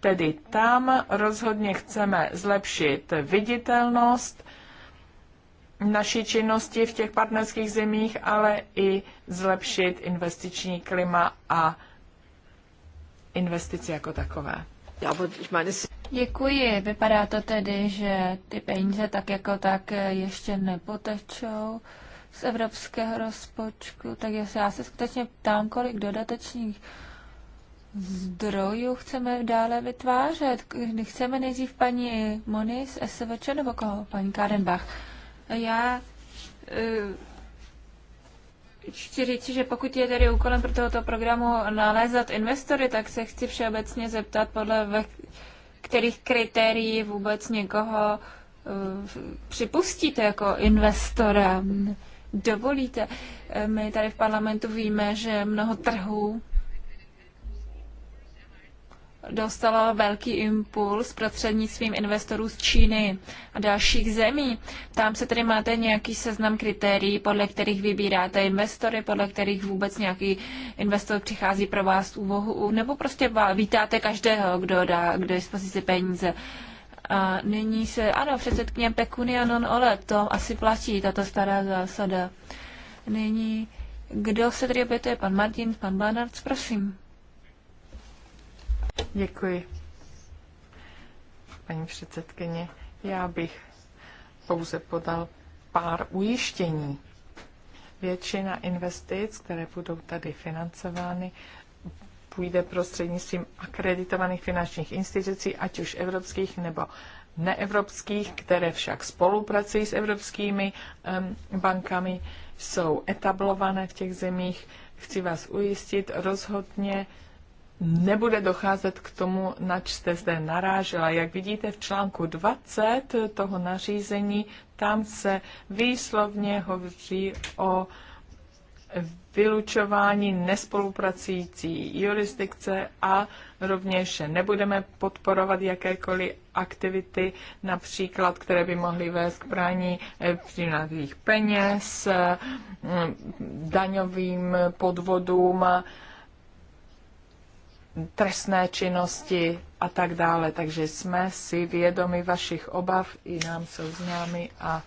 Tedy tam rozhodně chceme zlepšit viditelnost naší činnosti v těch partnerských zemích, ale i zlepšit investiční klima a investici jako takové. Děkuji. Vypadá to tedy, že ty peníze tak jako tak ještě nepotečou z evropského rozpočtu. Tak já se skutečně ptám, kolik dodatečných zdrojů chceme dále vytvářet. Chceme nejdřív paní Moni z SVČ nebo koho? Paní Karenbach. Já eh, chci říct, že pokud je tedy úkolem pro tohoto programu nalézat investory, tak se chci všeobecně zeptat, podle ve kterých kritérií vůbec někoho eh, připustíte jako investora, dovolíte. Eh, my tady v parlamentu víme, že mnoho trhů dostala velký impuls prostřednictvím investorů z Číny a dalších zemí. Tam se tedy máte nějaký seznam kritérií, podle kterých vybíráte investory, podle kterých vůbec nějaký investor přichází pro vás úvohu, nebo prostě vítáte každého, kdo dá k dispozici peníze. A nyní se, ano, předsedkyně Pekunia non ole, to asi platí, tato stará zásada. Nyní, kdo se tedy obětuje? Pan Martin, pan Barnard, prosím. Děkuji. Paní předsedkyně, já bych pouze podal pár ujištění. Většina investic, které budou tady financovány, půjde prostřednictvím akreditovaných finančních institucí, ať už evropských nebo neevropských, které však spolupracují s evropskými um, bankami, jsou etablované v těch zemích. Chci vás ujistit, rozhodně nebude docházet k tomu, nač jste zde narážela. Jak vidíte v článku 20 toho nařízení, tam se výslovně hovoří o vylučování nespolupracující jurisdikce a rovněž nebudeme podporovat jakékoliv aktivity, například, které by mohly vést k brání eh, přinadlých peněz, mm, daňovým podvodům, trestné činnosti a tak dále. Takže jsme si vědomi vašich obav, i nám jsou známy a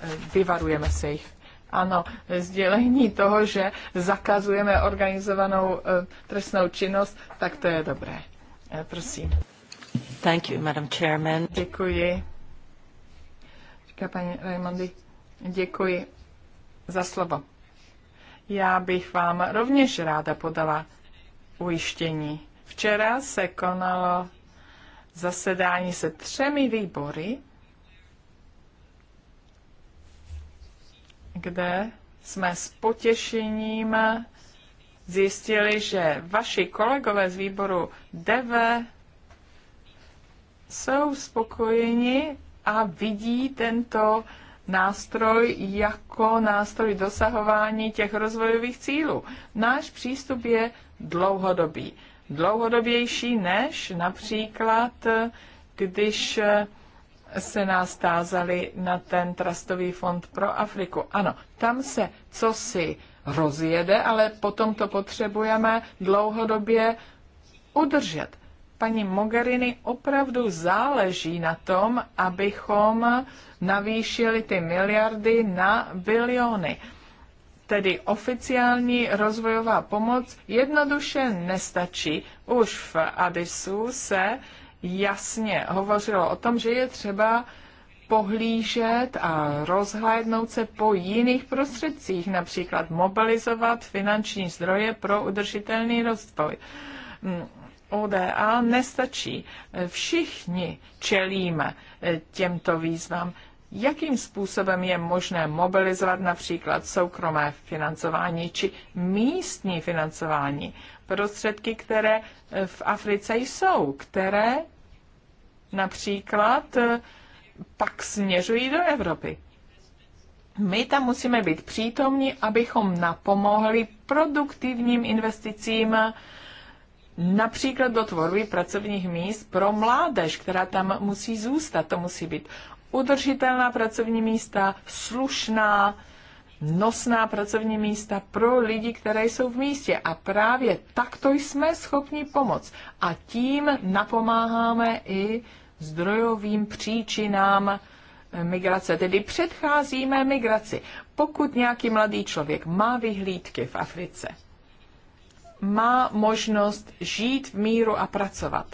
e, vyvarujeme se jich. Ano, sdělení toho, že zakazujeme organizovanou e, trestnou činnost, tak to je dobré. E, prosím. Thank you, Madam Chairman. Děkuji. Říká paní Raimondy, děkuji za slovo. Já bych vám rovněž ráda podala ujištění Včera se konalo zasedání se třemi výbory, kde jsme s potěšením zjistili, že vaši kolegové z výboru DV jsou spokojeni a vidí tento nástroj jako nástroj dosahování těch rozvojových cílů. Náš přístup je dlouhodobý dlouhodobější než například, když se nás tázali na ten trastový fond pro Afriku. Ano, tam se co si rozjede, ale potom to potřebujeme dlouhodobě udržet. Paní Mogherini opravdu záleží na tom, abychom navýšili ty miliardy na biliony tedy oficiální rozvojová pomoc, jednoduše nestačí. Už v Adisu se jasně hovořilo o tom, že je třeba pohlížet a rozhlédnout se po jiných prostředcích, například mobilizovat finanční zdroje pro udržitelný rozvoj. Mm, ODA nestačí. Všichni čelíme eh, těmto výzvám jakým způsobem je možné mobilizovat například soukromé financování či místní financování, prostředky, které eh, v Africe jsou, které například eh, pak směřují do Evropy. My tam musíme být přítomní, abychom napomohli produktivním investicím eh, například do tvorby pracovních míst pro mládež, která tam musí zůstat. To musí být udržitelná pracovní místa, slušná, nosná pracovní místa pro lidi, které jsou v místě. A právě takto jsme schopni pomoct. A tím napomáháme i zdrojovým příčinám eh, migrace, tedy předcházíme migraci. Pokud nějaký mladý člověk má vyhlídky v Africe, má možnost žít v míru a pracovat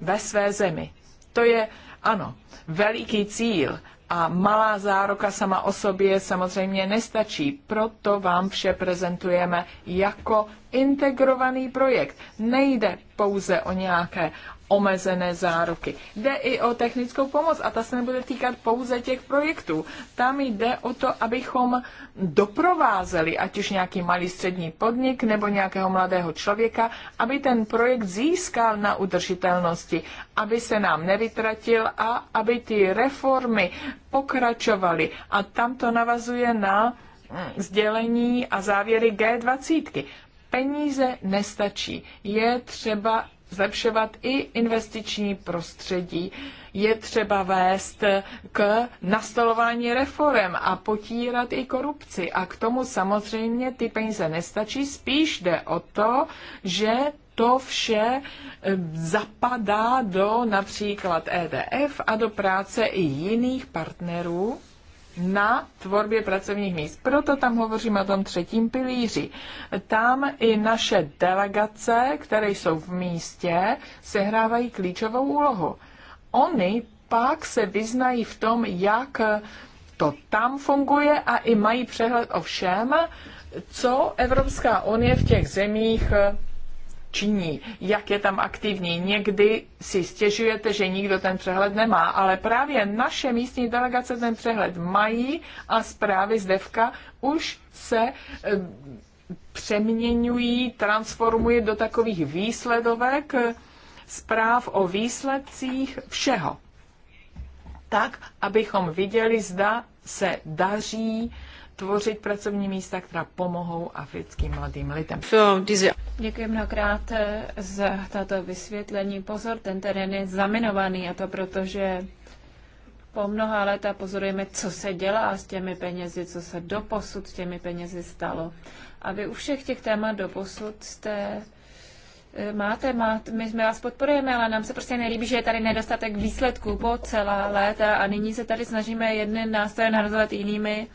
ve své zemi. To je ano, veliký cíl a malá zároka sama o sobě samozřejmě nestačí. Proto vám vše prezentujeme jako integrovaný projekt. Nejde pouze o nějaké omezené záruky. Jde i o technickou pomoc a ta se nebude týkat pouze těch projektů. Tam jde o to, abychom doprovázeli ať už nějaký malý střední podnik nebo nějakého mladého člověka, aby ten projekt získal na udržitelnosti, aby se nám nevytratil a aby ty reformy pokračovaly. A tam to navazuje na mm, sdělení a závěry G20. peníze nestačí. Je třeba zlepšovat i investiční prostředí. Je třeba vést k nastolování reform a potírat i korupci. A k tomu samozřejmě ty peníze nestačí. Spíš jde o to, že to vše eh, zapadá do například EDF a do práce i jiných partnerů na tvorbě pracovních míst. Proto tam hovoříme o tom třetím pilíři. Tam i naše delegace, které jsou v místě, sehrávají klíčovou úlohu. Oni pak se vyznají v tom, jak to tam funguje a i mají přehled o všem, co Evropská unie v těch zemích činí, jak je tam aktivní. Někdy si stěžujete, že nikdo ten přehled nemá, ale právě naše místní delegace ten přehled mají a zprávy z DEVKA už se eh, přeměňují, transformují do takových výsledovek eh, zpráv o výsledcích všeho. Tak, abychom viděli, zda se daří tvořit pracovní místa, která pomohou africkým mladým lidem. Děkuji mnohokrát eh, za tato vysvětlení. Pozor, ten terén je zaminovaný a to proto, že po mnoha leta pozorujeme, co se dělá s těmi penězi, co se doposud s těmi penězi stalo. A vy u všech těch témat doposud jste eh, máte, máte, my, my vás podporujeme, ale nám se prostě nelíbí, že je tady nedostatek výsledků po celá léta a nyní se tady snažíme jedny nástroje nahrazovat jinými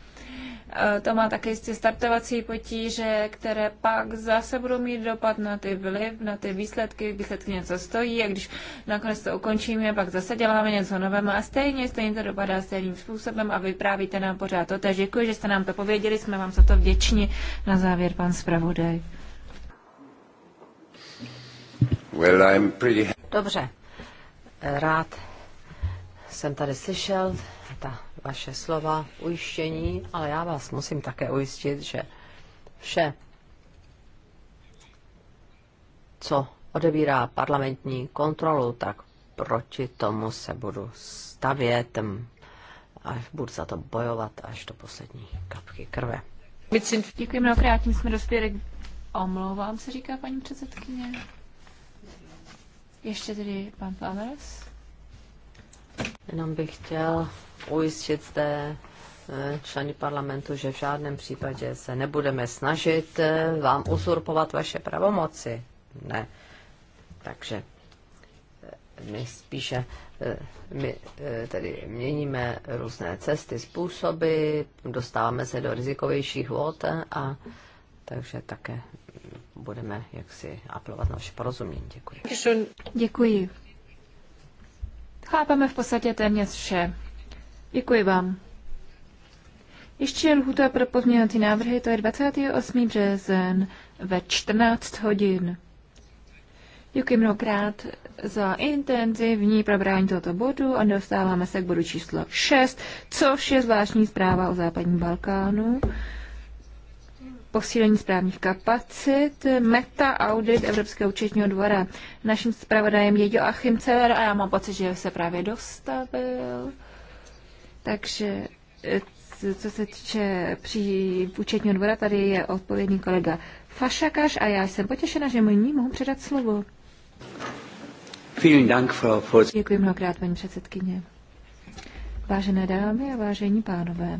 to má také jistě startovací potíže, které pak zase budou mít dopad na ty vliv, na ty výsledky, výsledky něco stojí a když nakonec to ukončíme, pak zase děláme něco nového a stejně, stejně to dopadá stejným způsobem a vyprávíte nám pořád to. Takže děkuji, že jste nám to pověděli, jsme vám za to vděční. Na závěr pan zpravodaj. Well, I'm pretty... Dobře, rád jsem tady slyšel vaše slova, ujištění, ale já vás musím také ujistit, že vše, co odebírá parlamentní kontrolu, tak proti tomu se budu stavět a budu za to bojovat až do poslední kapky krve. Děkuji mnohokrát, tím jsme dospěli. Omlouvám se, říká paní předsedkyně. Ještě tedy pan Paveles. Jenom bych chtěl ujistit zde eh, členy parlamentu, že v žádném případě se nebudeme snažit eh, vám usurpovat vaše pravomoci. Ne. Takže eh, my spíše my tedy měníme různé cesty, způsoby, dostáváme se do rizikovějších vod a takže také budeme jaksi apelovat na vaše porozumění. Děkuji. Děkuji. Chápeme v podstatě téměř vše. Děkuji vám. Ještě je lhuta pro pozměňovací návrhy, to je 28. březen ve 14 hodin. Děkuji mnohokrát za intenzivní probrání tohoto bodu a dostáváme se k bodu číslo 6, což je zvláštní zpráva o západním Balkánu posílení správních kapacit, meta audit Evropského účetního dvora. Naším zpravodajem je Joachim Celer a já mám pocit, že se právě dostavil. Takže eh, co se týče při účetního dvora, tady je odpovědný kolega Fašakaš a já jsem potěšena, že mu ní mohu předat slovo. Děkuji mnohokrát, paní předsedkyně. Vážené dámy a vážení pánové,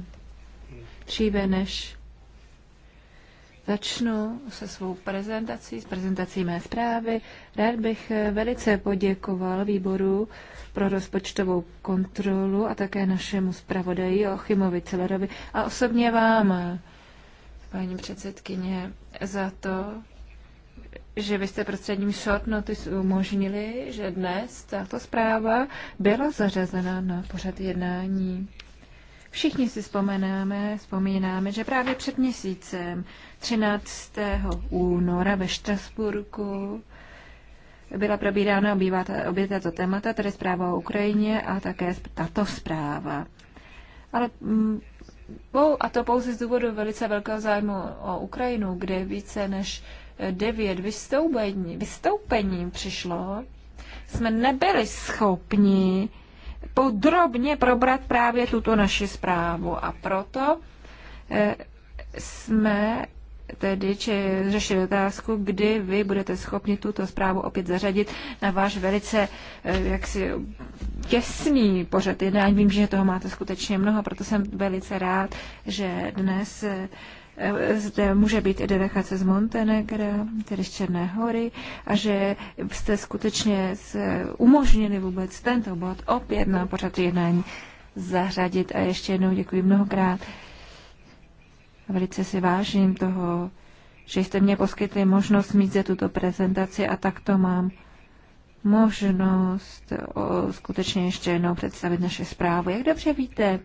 dříve než Začnu se svou prezentací, s prezentací mé zprávy. Rád bych eh, velice poděkoval výboru pro rozpočtovou kontrolu a také našemu zpravodaji Ochimovi Celerovi a osobně vám, eh, paní předsedkyně, za to, že vy jste prostředním short notice umožnili, že dnes tato zpráva byla zařazena na pořad jednání. Všichni si vzpomínáme, vzpomínáme, že právě před měsícem 13. února ve Štrasburku byla probírána obě tato témata, tedy zpráva o Ukrajině a také tato zpráva. Ale mm, a to pouze z důvodu velice velkého zájmu o Ukrajinu, kde více než devět vystoupení, vystoupení přišlo, jsme nebyli schopni podrobně probrat právě tuto naši zprávu. A proto eh, jsme tedy či řešili otázku, kdy vy budete schopni tuto zprávu opět zařadit na váš velice eh, jaksi těsný pořad jednání. Vím, že toho máte skutečně mnoho, proto jsem velice rád, že dnes eh, zde může být i delegace z Montenegra, tedy z Černé hory, a že jste skutečně umožnili vůbec tento bod opět na pořad jednání zařadit. A ještě jednou děkuji mnohokrát. Velice si vážím toho, že jste mě poskytli možnost mít zde tuto prezentaci a takto mám možnost o, skutečně ještě jednou představit naše zprávu. Jak dobře víte,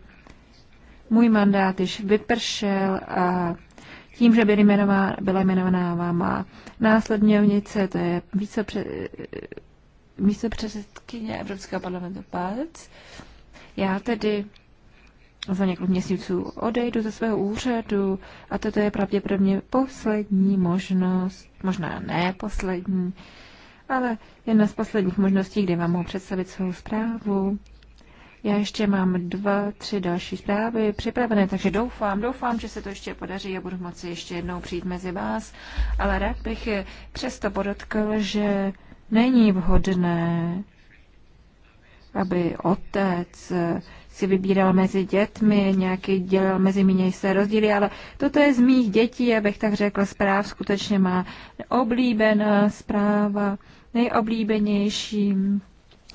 můj mandát již vypršel a tím, že byla jmenovaná, byla jmenovaná váma následňovnice, to je místopředsedkyně Evropského parlamentu Palc. Já tedy za několik měsíců odejdu ze svého úřadu a toto je pravděpodobně poslední možnost, možná ne poslední, ale jedna z posledních možností, kdy vám mohu představit svou zprávu. Já ještě mám dva, tři další zprávy připravené, takže doufám, doufám, že se to ještě podaří a budu moci ještě jednou přijít mezi vás, ale rád bych přesto podotkl, že není vhodné, aby otec si vybíral mezi dětmi, nějaký dělal mezi mě se rozdíly, ale toto je z mých dětí, abych tak řekl, zpráv skutečně má oblíbená zpráva, nejoblíbenějším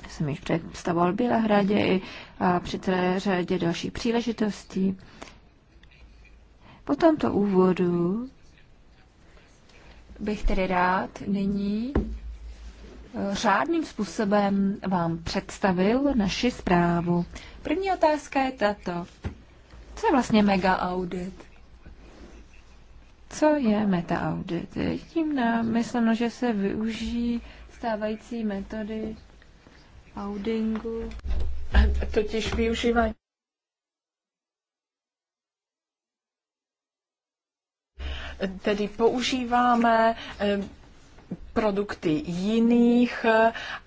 jsem již představoval v Bělehradě i a při celé řadě dalších příležitostí. Po tomto úvodu bych tedy rád nyní eh, řádným způsobem vám představil naši zprávu. První otázka je tato. Co je vlastně mega audit? Co je meta audit? Tím na, myslím, že se využijí stávající metody audingu. Totiž využívání tedy používáme eh, produkty jiných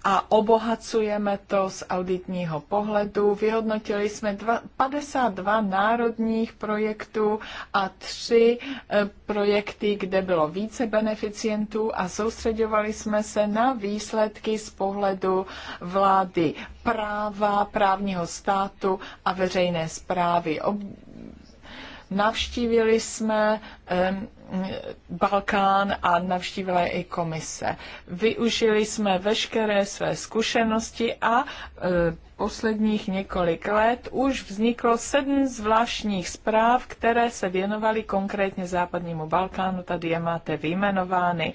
a obohacujeme to z auditního pohledu. Vyhodnotili jsme 52 národních projektů a tři e, projekty, kde bylo více beneficientů a soustředovali jsme se na výsledky z pohledu vlády práva, právního státu a veřejné zprávy. Navštívili jsme um, Balkán a navštívila i komise. Využili jsme veškeré své zkušenosti a e, posledních několik let už vzniklo sedm zvláštních zpráv, které se věnovaly konkrétně západnímu Balkánu. Tady je máte vyjmenovány.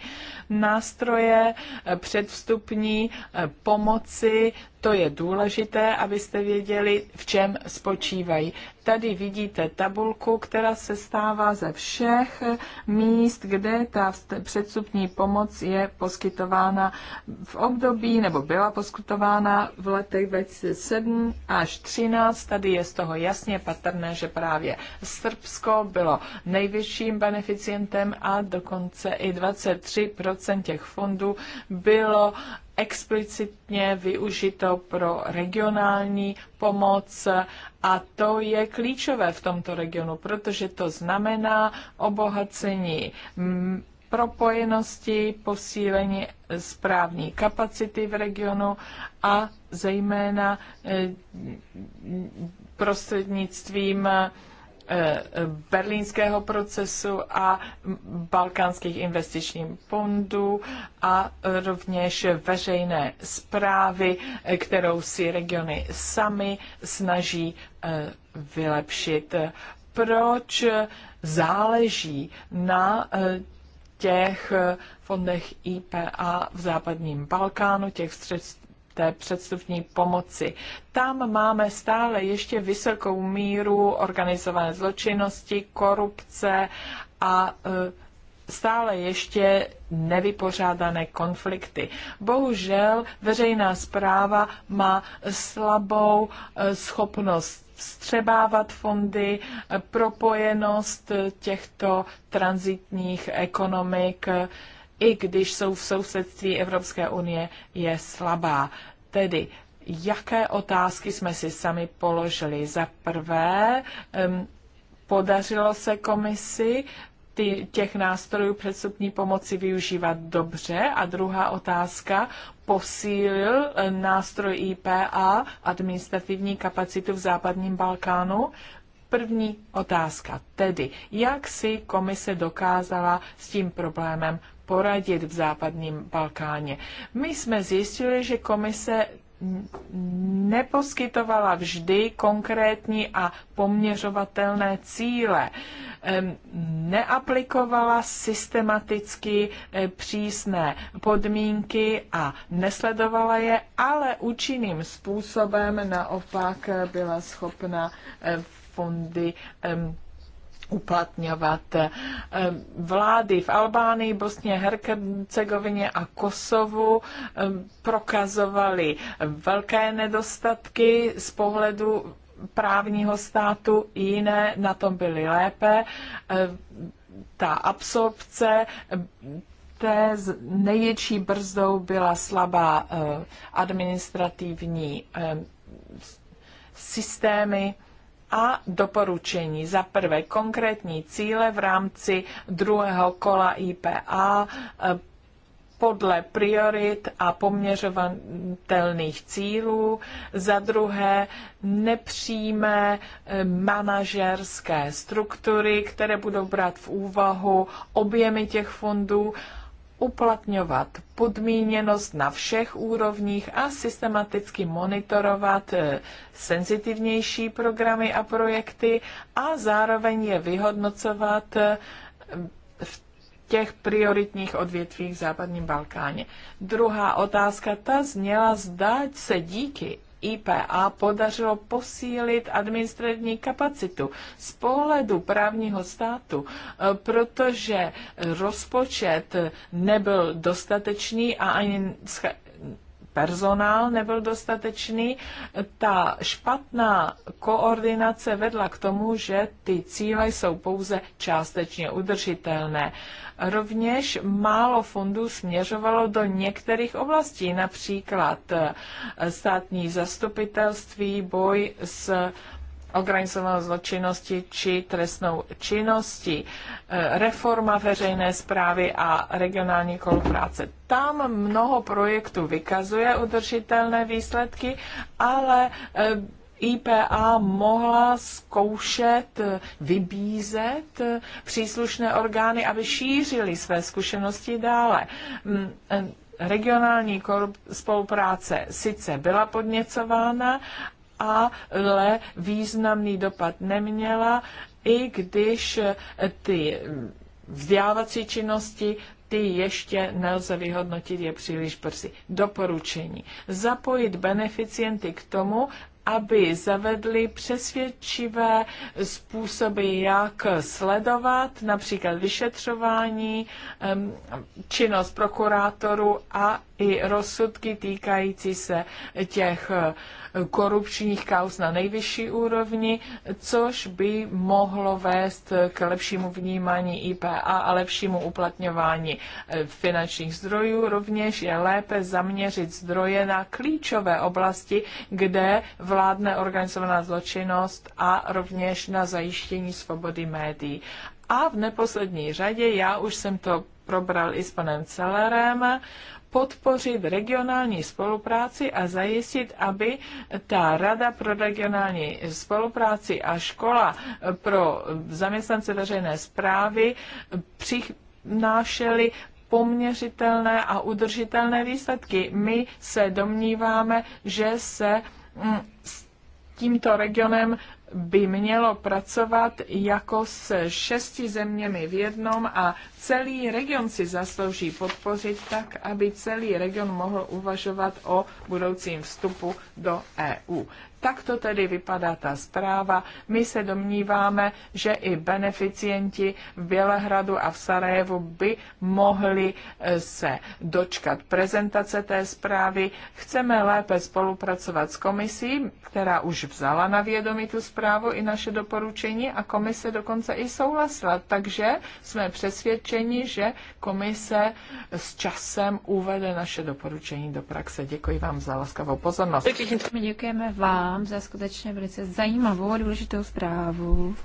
Nástroje e, předvstupní e, pomoci, to je důležité, abyste věděli, v čem spočívají. Tady vidíte tabulku, která se stává ze všech míst, kde ta předsupní pomoc je poskytována v období, nebo byla poskytována v letech 2007 až 2013. Tady je z toho jasně patrné, že právě Srbsko bylo největším beneficientem a dokonce i 23% těch fondů bylo explicitně využito pro regionální pomoc a to je klíčové v tomto regionu, protože to znamená obohacení propojenosti, posílení správní kapacity v regionu a zejména e, prostřednictvím Eh, berlínského procesu a balkánských investičních fondů a rovněž veřejné zprávy, eh, kterou si regiony sami snaží eh, vylepšit. Proč záleží na těch fondech IPA v západním Balkánu, těch střed, té předstupní pomoci. Tam máme stále ještě vysokou míru organizované zločinnosti, korupce a e, stále ještě nevypořádané konflikty. Bohužel veřejná zpráva má slabou e, schopnost vstřebávat fondy, e, propojenost těchto transitních ekonomik i když jsou v sousedství Evropské unie, je slabá. Tedy jaké otázky jsme si sami položili. Za prvé, um, podařilo se komisi ty, těch nástrojů předstupní pomoci využívat dobře? A druhá otázka, posílil eh, nástroj IPA administrativní kapacitu v západním Balkánu? První otázka tedy, jak si komise dokázala s tím problémem poradit v západním Balkáně. My jsme zjistili, že komise neposkytovala vždy konkrétní a poměřovatelné cíle. Neaplikovala systematicky eh, přísné podmínky a nesledovala je, ale účinným způsobem naopak eh, byla schopna eh, fondy uplatňovat. Eh, vlády v Albánii, Bosně, Hercegovině a Kosovu eh, prokazovaly velké nedostatky z pohledu právního státu, jiné na tom byly lépe. Eh, ta absorpce té největší brzdou byla slabá administrativní systémy a doporučení. Za prvé konkrétní cíle v rámci druhého kola IPA eh, podle priorit a poměřovatelných cílů, za druhé nepřímé eh, manažerské struktury, které budou brát v úvahu objemy těch fondů uplatňovat podmíněnost na všech úrovních a systematicky monitorovat eh, senzitivnější programy a projekty a zároveň je vyhodnocovat eh, v těch prioritních odvětvích v západním Balkáně. Druhá otázka, ta zněla, zdať se díky IPA podařilo posílit administrativní kapacitu z pohledu právního státu, e, protože rozpočet nebyl dostatečný a ani personál nebyl dostatečný. Ta špatná koordinace vedla k tomu, že ty cíle jsou pouze částečně udržitelné. Rovněž málo fondů směřovalo do některých oblastí, například státní zastupitelství, boj s organizovanou zločinnosti či trestnou činnosti e, Reforma veřejné zprávy a regionální kolupráce. Tam mnoho projektů vykazuje udržitelné výsledky, ale e, IPA mohla zkoušet, e, vybízet příslušné orgány, aby šířili své zkušenosti dále. Mm, regionální spolupráce sice byla podněcována, ale významný dopad neměla, i když ty vzdělávací činnosti ty ještě nelze vyhodnotit, je příliš brzy. Doporučení. Zapojit beneficienty k tomu, aby zavedli přesvědčivé způsoby, jak sledovat například vyšetřování, činnost prokurátoru a i rozsudky týkající se těch korupčních kauz na nejvyšší úrovni, což by mohlo vést k lepšímu vnímání IPA a lepšímu uplatňování eh, finančních zdrojů. Rovněž je lépe zaměřit zdroje na klíčové oblasti, kde vládne organizovaná zločinnost a rovněž na zajištění svobody médií. A v neposlední řadě, já už jsem to probral i s panem Celerem, podpořit regionální spolupráci a zajistit, aby ta Rada pro regionální spolupráci a škola pro zaměstnance veřejné zprávy přinášely poměřitelné a udržitelné výsledky. My se domníváme, že se mm, s tímto regionem by mělo pracovat jako s šesti zeměmi v jednom a Celý region si zaslouží podpořit tak, aby celý region mohl uvažovat o budoucím vstupu do EU. Tak to tedy vypadá ta zpráva. My se domníváme, že i beneficienti v Bělehradu a v Sarajevu by mohli eh, se dočkat prezentace té zprávy. Chceme lépe spolupracovat s komisí, která už vzala na vědomí tu zprávu i naše doporučení a komise dokonce i souhlasila. Takže jsme přesvědčeni, doporučení, že komise s časem uvede naše doporučení do praxe. Děkuji vám za laskavou pozornost. My děkujeme vám za skutečně velice zajímavou a důležitou zprávu.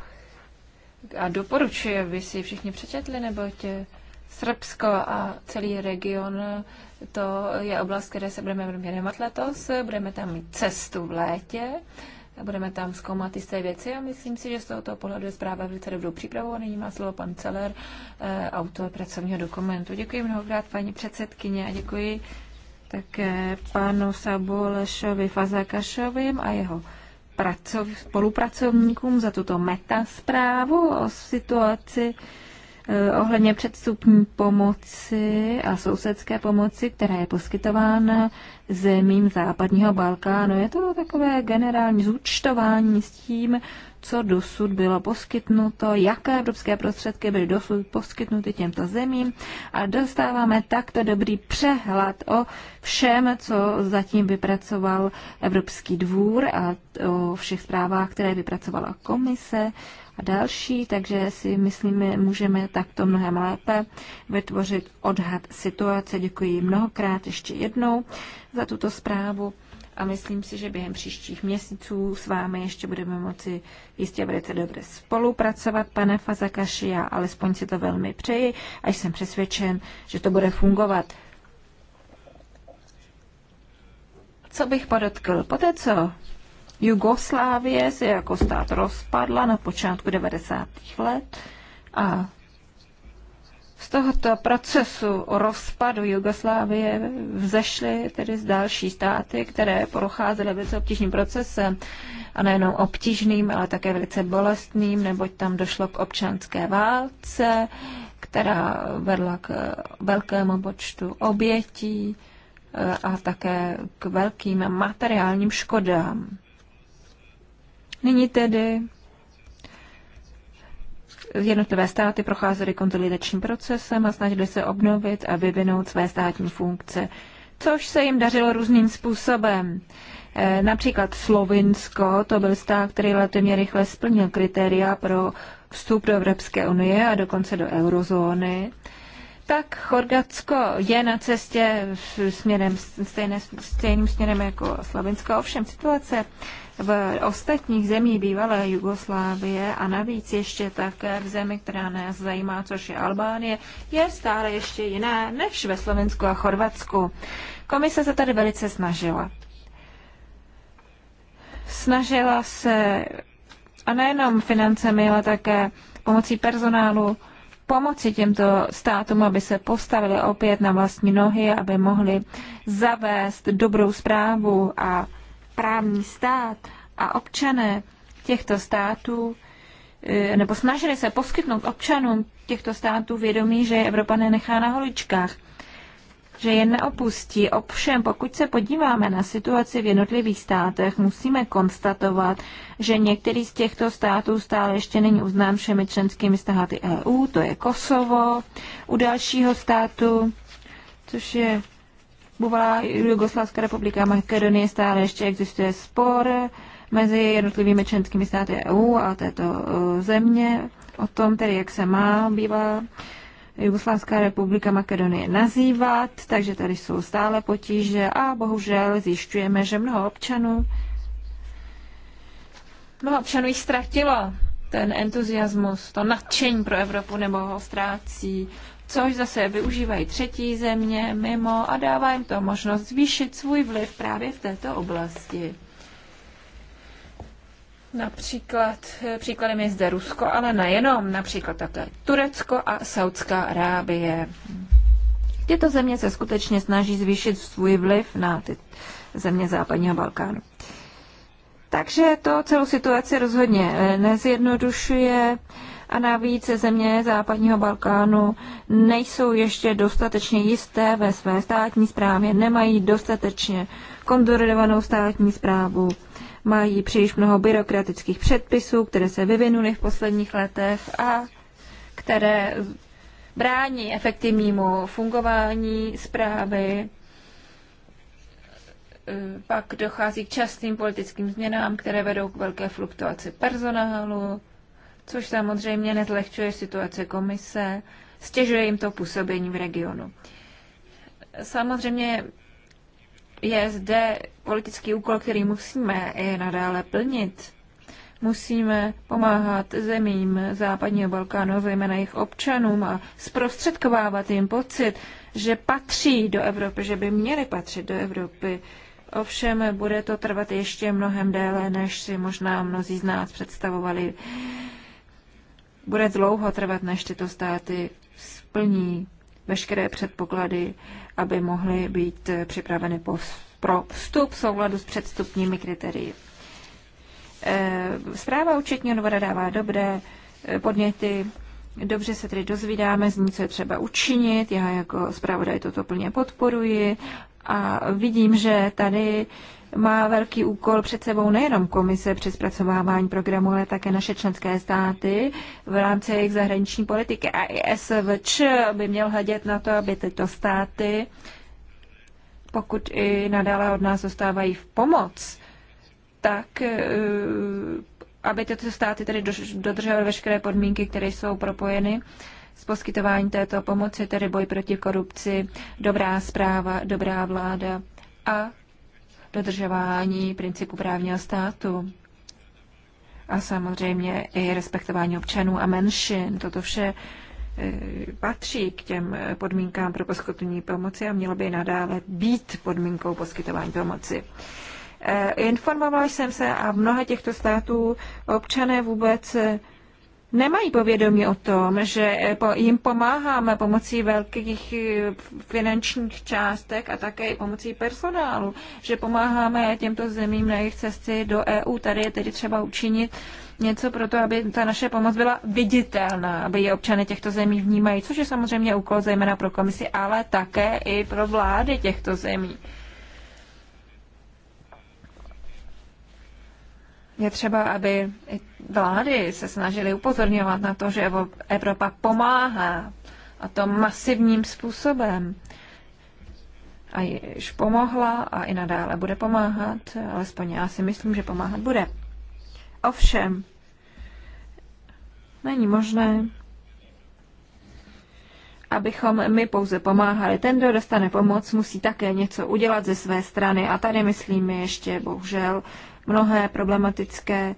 A doporučuji, aby si všichni přečetli, nebo tě Srbsko a celý region, to je oblast, které se budeme věnovat letos. Budeme tam mít cestu v létě budeme tam zkoumat jisté věci a myslím si, že z tohoto pohledu je zpráva velice dobrou přípravou. A nyní má slovo pan Celer, eh, autor pracovního dokumentu. Děkuji mnohokrát, paní předsedkyně, a děkuji také panu Sabolešovi Fazakašovým a jeho pracov, spolupracovníkům za tuto metasprávu o situaci Eh, ohledně předstupní pomoci a sousedské pomoci, která je poskytována zemím západního Balkánu. Je to takové generální zúčtování s tím, co dosud bylo poskytnuto, jaké evropské prostředky byly dosud poskytnuty těmto zemím a dostáváme takto dobrý přehled o všem, co zatím vypracoval Evropský dvůr a o všech zprávách, které vypracovala komise a další, takže si myslíme, můžeme takto mnohem lépe vytvořit odhad situace. Děkuji mnohokrát ještě jednou za tuto zprávu a myslím si, že během příštích měsíců s vámi ještě budeme moci jistě velice dobře spolupracovat, pane Fazakaši, já alespoň si to velmi přeji a jsem přesvědčen, že to bude fungovat. Co bych podotkl? Poté, co Jugoslávie se jako stát rozpadla na počátku 90. let a z tohoto procesu rozpadu Jugoslávie vzešly tedy z další státy, které procházely velice obtížným procesem a nejenom obtížným, ale také velice bolestným, neboť tam došlo k občanské válce, která vedla k velkému počtu obětí eh, a také k velkým materiálním škodám. Nyní tedy jednotlivé státy procházely konzolidačním procesem a snažily se obnovit a vyvinout své státní funkce, což se jim dařilo různým způsobem. Eh, například Slovinsko, to byl stát, který relativně rychle splnil kritéria pro vstup do Evropské unie a dokonce do eurozóny. Tak Chorvatsko je na cestě směrem, stejné, stejným směrem jako Slovinsko. Ovšem situace v ostatních zemí bývalé Jugoslávie a navíc ještě také v zemi, která nás zajímá, což je Albánie, je stále ještě jiná než ve Slovensku a Chorvatsku. Komise se tady velice snažila. Snažila se a nejenom financemi, ale také pomocí personálu, pomoci těmto státům, aby se postavili opět na vlastní nohy, aby mohli zavést dobrou zprávu a právní stát a občané těchto států e, nebo snažili se poskytnout občanům těchto států vědomí, že je Evropa nenechá na holičkách, že je neopustí. Ovšem, pokud se podíváme na situaci v jednotlivých státech, musíme konstatovat, že některý z těchto států stále ještě není uznán všemi členskými státy EU, to je Kosovo, u dalšího státu, což je Bývalá Jugoslavská republika Makedonie stále ještě existuje spor mezi jednotlivými členskými státy EU a této eh, země o tom, tedy jak se má bývá Jugoslávská republika Makedonie nazývat, takže tady jsou stále potíže a bohužel zjišťujeme, že mnoho občanů mnoho občanů jich ztratilo ten entuziasmus, to nadšení pro Evropu nebo ho ztrácí což zase využívají třetí země mimo a dává jim to možnost zvýšit svůj vliv právě v této oblasti. Například, eh, příkladem je zde Rusko, ale nejenom, například také Turecko a Saudská Arábie. Tyto země se skutečně snaží zvýšit svůj vliv na ty země západního Balkánu. Takže to celou situaci rozhodně eh, nezjednodušuje a navíc země západního Balkánu nejsou ještě dostatečně jisté ve své státní správě, nemají dostatečně konsolidovanou státní správu, mají příliš mnoho byrokratických předpisů, které se vyvinuly v posledních letech a které brání efektivnímu fungování zprávy. Pak dochází k častým politickým změnám, které vedou k velké fluktuaci personálu což samozřejmě nezlehčuje situace komise, stěžuje jim to působení v regionu. Samozřejmě je zde politický úkol, který musíme i nadále plnit. Musíme pomáhat zemím západního Balkánu, zejména jejich občanům a zprostředkovávat jim pocit, že patří do Evropy, že by měli patřit do Evropy. Ovšem bude to trvat ještě mnohem déle, než si možná mnozí z nás představovali bude dlouho trvat, než tyto státy splní veškeré předpoklady, aby mohly být připraveny pro vstup v souladu s předstupními kritérii. E, zpráva účetního dvora dává dobré e, podněty. Dobře se tedy dozvídáme z ní, co je třeba učinit. Já jako zpravodaj toto plně podporuji a vidím, že tady má velký úkol před sebou nejenom komise při zpracovávání programu, ale také naše členské státy v rámci jejich zahraniční politiky. A i SVČ by měl hledět na to, aby tyto státy, pokud i nadále od nás zůstávají v pomoc, tak eh, aby tyto státy tedy dodržovaly veškeré podmínky, které jsou propojeny s poskytováním této pomoci, tedy boj proti korupci, dobrá zpráva, dobrá vláda a dodržování principu právního státu a samozřejmě i respektování občanů a menšin. Toto vše e, patří k těm podmínkám pro poskytování pomoci a mělo by nadále být podmínkou poskytování pomoci. E, Informovala jsem se a v mnoha těchto států občané vůbec nemají povědomí o tom, že eh, jim pomáháme pomocí velkých eh, finančních částek a také i pomocí personálu, že pomáháme těmto zemím na jejich cestě do EU. Tady je tedy třeba učinit něco pro to, aby ta naše pomoc byla viditelná, aby je občany těchto zemí vnímají, což je samozřejmě úkol zejména pro komisi, ale také i pro vlády těchto zemí. Je třeba, aby vlády se snažily upozorňovat na to, že Evropa pomáhá a to masivním způsobem. A již pomohla a i nadále bude pomáhat, alespoň já si myslím, že pomáhat bude. Ovšem, není možné, abychom my pouze pomáhali. Ten, kdo dostane pomoc, musí také něco udělat ze své strany a tady, myslím, ještě bohužel mnohé problematické,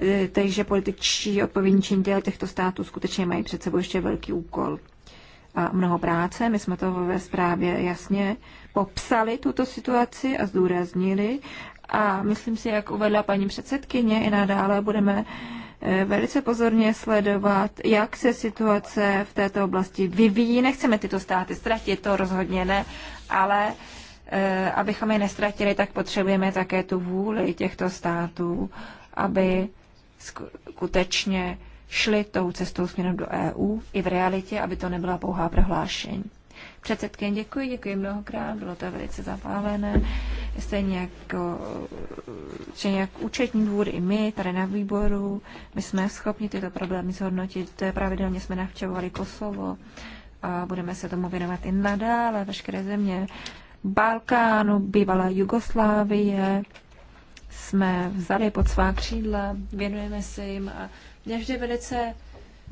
e, takže političtí odpovědní činitelé těchto států skutečně mají před sebou ještě velký úkol a mnoho práce. My jsme to ve zprávě jasně popsali, tuto situaci a zdůraznili. A myslím si, jak uvedla paní předsedkyně, i nadále budeme e, velice pozorně sledovat, jak se situace v této oblasti vyvíjí. Nechceme tyto státy ztratit, to rozhodně ne, ale Eh, abychom je nestratili, tak potřebujeme také tu vůli těchto států, aby skutečně šli tou cestou směrem do EU i v realitě, aby to nebyla pouhá prohlášení. Předsedkyně, děkuji, děkuji mnohokrát, bylo to velice zapálené. Stejně jako, stejně jak účetní dvůr i my tady na výboru, my jsme schopni tyto problémy zhodnotit, pravidelně jsme navštěvovali Kosovo a budeme se tomu věnovat i nadále, veškeré země Balkánu, bývalá Jugoslávie, jsme vzali pod svá křídla, věnujeme se jim a mě vždy velice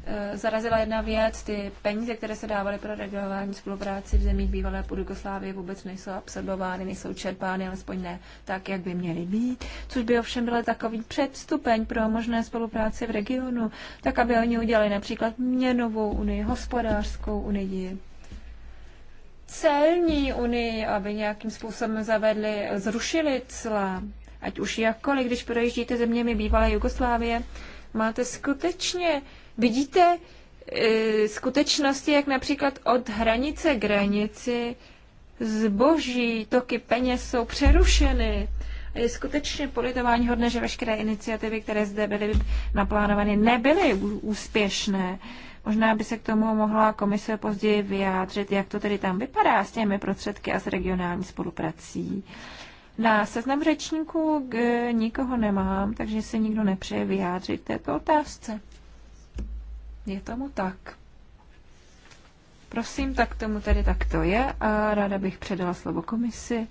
eh, zarazila jedna věc, ty peníze, které se dávaly pro regionální spolupráci v zemích bývalé Jugoslávie vůbec nejsou absorbovány, nejsou čerpány, alespoň ne tak, jak by měly být, což by ovšem byl takový předstupeň pro možné spolupráci v regionu, tak aby oni udělali například měnovou unii, hospodářskou unii celní unii, aby nějakým způsobem zavedli, zrušili cla, ať už jakkoliv, když projíždíte zeměmi bývalé Jugoslávie, máte skutečně, vidíte e, skutečnosti, jak například od hranice k hranici zboží, toky peněz jsou přerušeny. A je skutečně politování hodné, že veškeré iniciativy, které zde byly naplánovány, nebyly úspěšné. E, Možná by se k tomu mohla komise později vyjádřit, jak to tedy tam vypadá s těmi prostředky a s regionální spoluprací. Na seznam řečníků k, eh, nikoho nemám, takže se nikdo nepřeje vyjádřit této otázce. Je tomu tak. Prosím, tak tomu tedy takto je a ráda bych předala slovo komisi.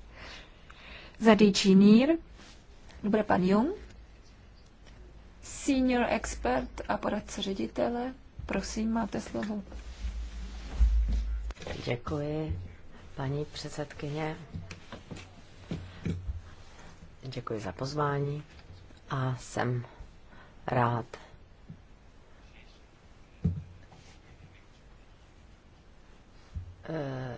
Za DG NIR bude pan Jung, senior expert a poradce ředitele Prosím, máte slovo. Děkuji, paní předsedkyně. Děkuji za pozvání a jsem rád, eh,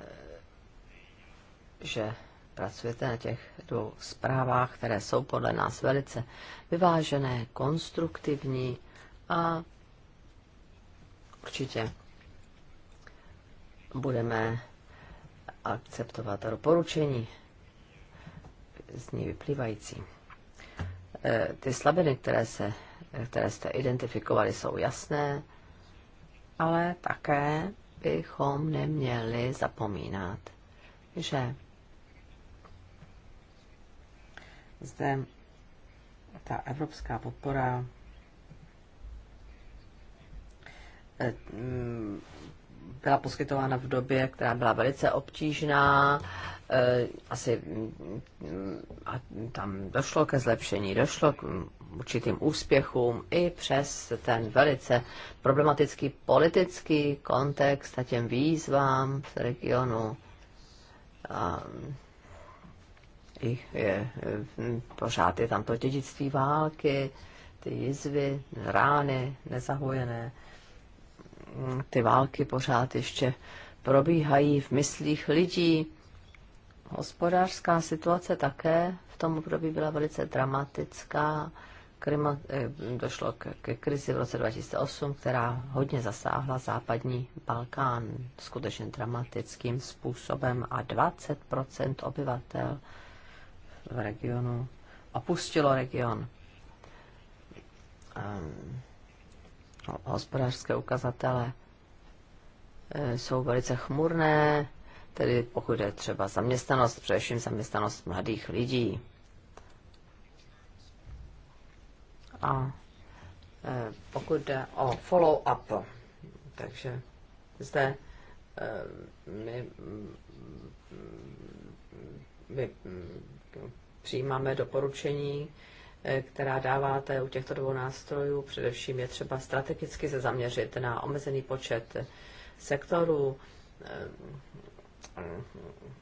že pracujete na těch dvou zprávách, které jsou podle nás velice vyvážené, konstruktivní a určitě budeme akceptovat doporučení z ní vyplývající. E, ty slabiny, které, se, které jste identifikovali, jsou jasné, ale také bychom neměli zapomínat, že zde ta evropská podpora Eh, byla poskytována v době, která byla velice obtížná. Eh, asi mm, a tam došlo ke zlepšení, došlo k určitým úspěchům i přes ten velice problematický politický kontext a těm výzvám v regionu. A i je, eh, pořád je tam to dědictví války, ty jizvy, rány nezahojené ty války pořád ještě probíhají v myslích lidí. Hospodářská situace také v tom období byla velice dramatická. Krima, eh, došlo k, k krizi v roce 2008, která hodně zasáhla západní Balkán skutečně dramatickým způsobem a 20 obyvatel v regionu opustilo region. Um, hospodářské ukazatele eh, jsou velice chmurné, tedy pokud je třeba zaměstnanost, především zaměstnanost mladých lidí. A eh, pokud jde o follow-up, takže zde eh, my, mm, mm, my mm, přijímáme doporučení, Eh, která dáváte u těchto dvou nástrojů. Především je třeba strategicky se zaměřit na omezený počet sektorů eh,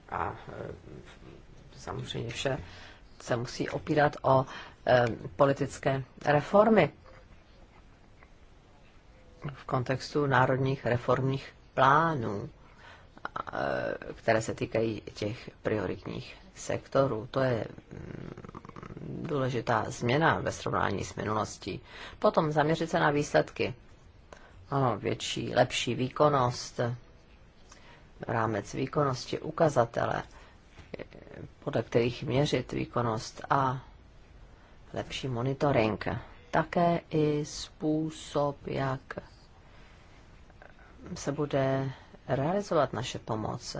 a eh, samozřejmě vše se musí opírat o politické reformy v kontextu národních reformních plánů, které se týkají těch prioritních sektorů. To je mm, důležitá změna ve srovnání s minulostí. Potom zaměřit se na výsledky. Ano, větší, lepší výkonnost, rámec výkonnosti, ukazatele, podle kterých měřit výkonnost a lepší monitoring. Také i způsob, jak se bude realizovat naše pomoc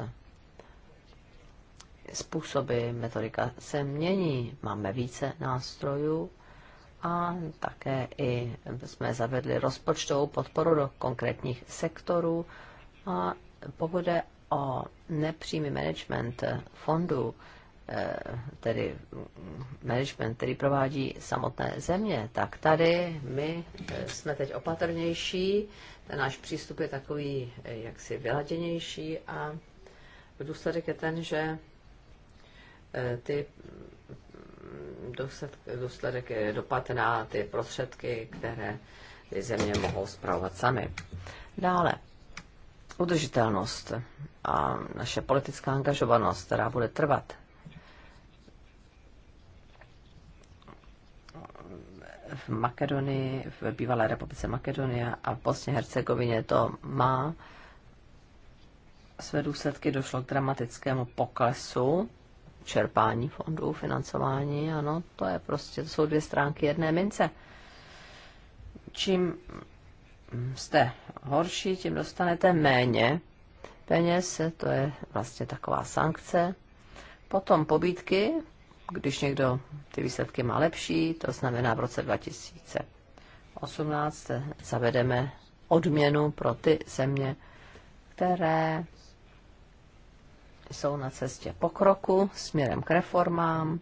způsoby, metodika se mění. Máme více nástrojů a také i jsme zavedli rozpočtovou podporu do konkrétních sektorů. A pokud je o nepřímý management fondu, eh, tedy management, který provádí samotné země, tak tady my eh, jsme teď opatrnější, ten náš přístup je takový eh, jaksi vyladěnější a důsledek je ten, že Eh, ty mm, dosledek eh, dopad na ty prostředky, které ty země mohou zpravovat sami. Dále, udržitelnost a naše politická angažovanost, která bude trvat. V Makedonii, v bývalé republice Makedonie a v Bosně Hercegovině to má své důsledky. Došlo k dramatickému poklesu čerpání fondů, financování, ano, to je prostě, to jsou dvě stránky jedné mince. Čím jste horší, tím dostanete méně peněz, to je vlastně taková sankce. Potom pobítky, když někdo ty výsledky má lepší, to znamená v roce 2018 eh, zavedeme odměnu pro ty země, které jsou na cestě pokroku směrem k reformám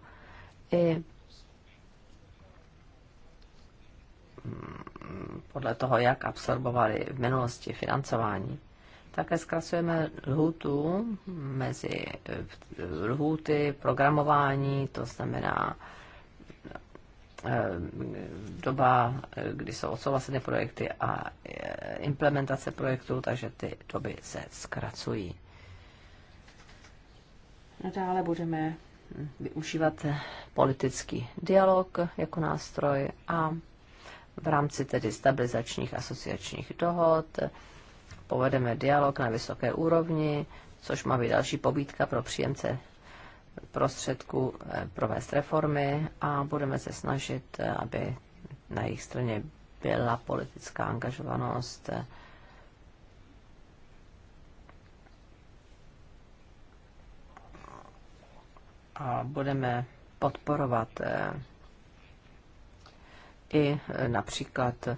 i mm, podle toho, jak absorbovali v minulosti financování. Také zkracujeme lhůtu mezi eh, lhůty programování, to znamená eh, doba, eh, kdy jsou odsouhlasené projekty a implementace projektů, takže ty doby se zkracují. Dále budeme využívat politický dialog jako nástroj a v rámci tedy stabilizačních asociačních dohod povedeme dialog na vysoké úrovni, což má být další pobídka pro příjemce prostředků eh, provést reformy a budeme se snažit, eh, aby na jejich straně byla politická angažovanost eh, a budeme podporovat eh, i eh, například eh,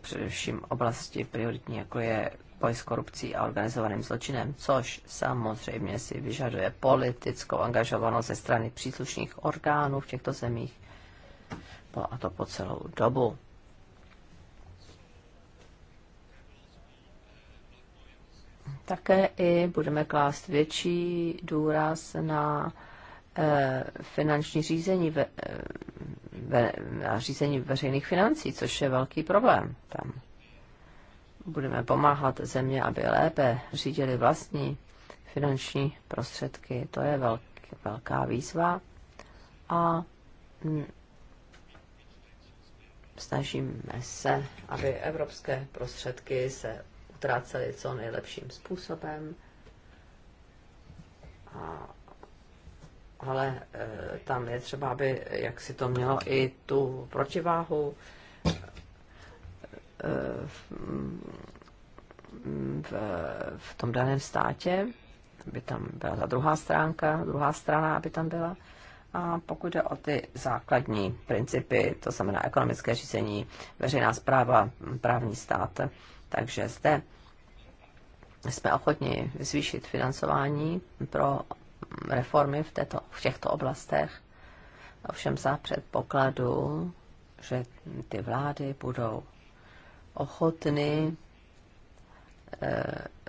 především oblasti prioritní, jako je boj s korupcí a organizovaným zločinem, což samozřejmě si vyžaduje politickou angažovanost ze strany příslušných orgánů v těchto zemích, no a to po celou dobu. Také i budeme klást větší důraz na Eh, finanční řízení, ve, eh, ve, a řízení veřejných financí, což je velký problém tam. Budeme pomáhat země, aby lépe řídili vlastní finanční prostředky. To je velk, velká výzva a hm, snažíme se, aby evropské prostředky se utrácely co nejlepším způsobem. A ale e, tam je třeba, aby jak si to mělo i tu protiváhu e, v, v, v tom daném státě, aby tam byla ta druhá stránka, druhá strana, aby tam byla. A pokud jde o ty základní principy, to znamená ekonomické řízení, veřejná zpráva, právní stát, takže zde jsme ochotni zvýšit financování pro reformy v, této, v těchto oblastech. Ovšem za předpokladu, že ty vlády budou ochotny e,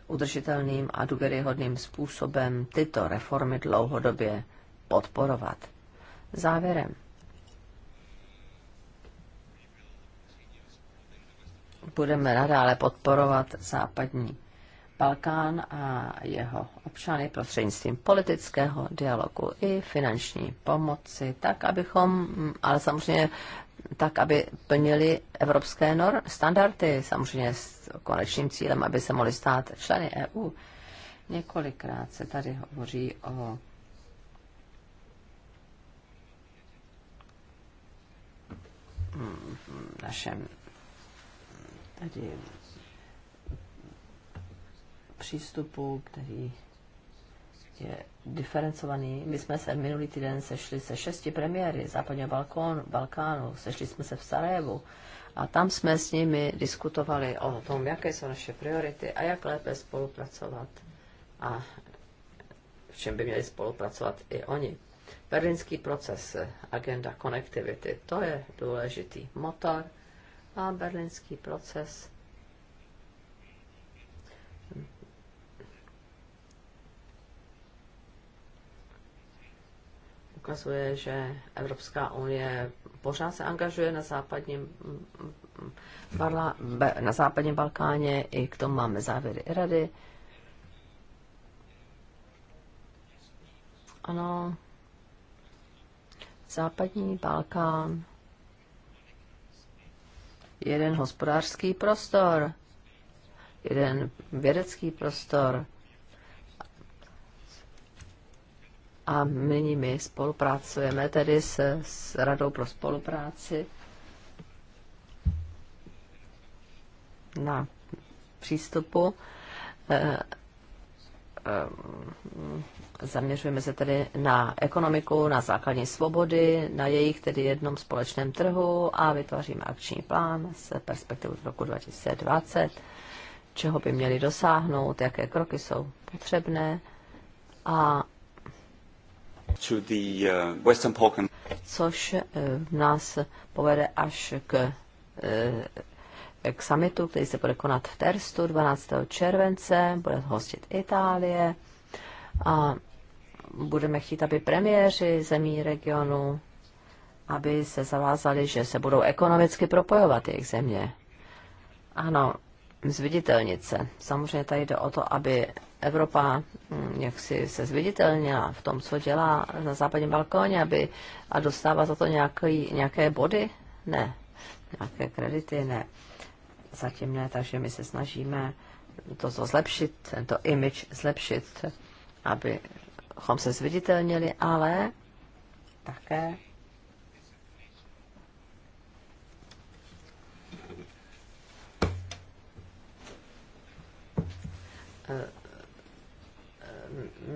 udržitelným a důvěryhodným způsobem tyto reformy dlouhodobě podporovat. Závěrem. Budeme nadále podporovat západní Balkán a jeho občany prostřednictvím politického dialogu i finanční pomoci, tak abychom, mm, ale samozřejmě tak, aby plnili evropské nor- standardy, samozřejmě s konečným cílem, aby se mohli stát členy EU. Několikrát se tady hovoří o mm, mm, našem tady přístupu, který je diferencovaný. My jsme se minulý týden sešli se šesti premiéry západního Balkónu, Balkánu, sešli jsme se v Sarajevu a tam jsme s nimi diskutovali o tom, jaké jsou naše priority a jak lépe spolupracovat a v čem by měli spolupracovat i oni. Berlínský proces, agenda connectivity, to je důležitý motor a berlínský proces ukazuje, že Evropská unie pořád se angažuje na západním, barla, na západním Balkáně, i k tomu máme závěry rady. Ano, západní Balkán, jeden hospodářský prostor, jeden vědecký prostor, A nyní my spolupracujeme tedy s, s Radou pro spolupráci na přístupu. Eh, eh, zaměřujeme se tedy na ekonomiku, na základní svobody, na jejich tedy jednom společném trhu a vytváříme akční plán s perspektivou z roku 2020, čeho by měli dosáhnout, jaké kroky jsou potřebné a Uh, což eh, nás povede až k, eh, k summitu, který se bude konat v Terstu 12. července, bude hostit Itálie a budeme chtít, aby premiéři zemí regionu, aby se zavázali, že se budou ekonomicky propojovat jejich země. Ano, zviditelnit se. Samozřejmě tady jde o to, aby Evropa mm, jak si se zviditelnila v tom, co dělá na západním balkóně, aby a dostává za to nějaký, nějaké body? Ne. Nějaké kredity? Ne. Zatím ne, takže my se snažíme to, co zlepšit, tento image zlepšit, abychom se zviditelnili, ale také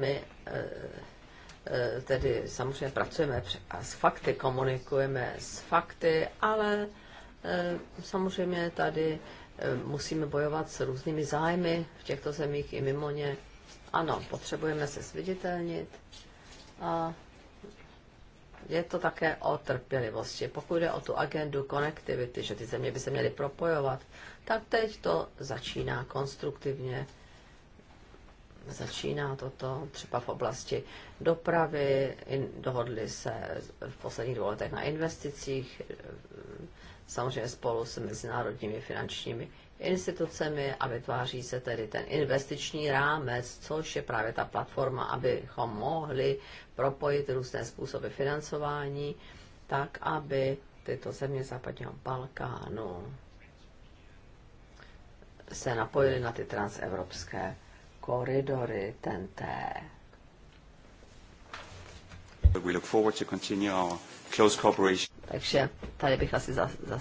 my eh, eh, tedy samozřejmě pracujeme s fakty, komunikujeme s fakty, ale eh, samozřejmě tady musíme bojovat s různými zájmy v těchto zemích i mimo ně. Ano, potřebujeme se sviditelnit a je to také o trpělivosti. Pokud jde o tu agendu konektivity, že ty země by se měly propojovat, tak teď to začíná konstruktivně začíná toto třeba v oblasti dopravy, in, dohodli se v posledních dvou letech na investicích, samozřejmě spolu s mezinárodními finančními institucemi a vytváří se tedy ten investiční rámec, což je právě ta platforma, abychom mohli propojit různé způsoby financování, tak aby tyto země západního Balkánu se napojily na ty transevropské koridory TNT. We look forward to continue our close cooperation. Takže tady bych asi za, za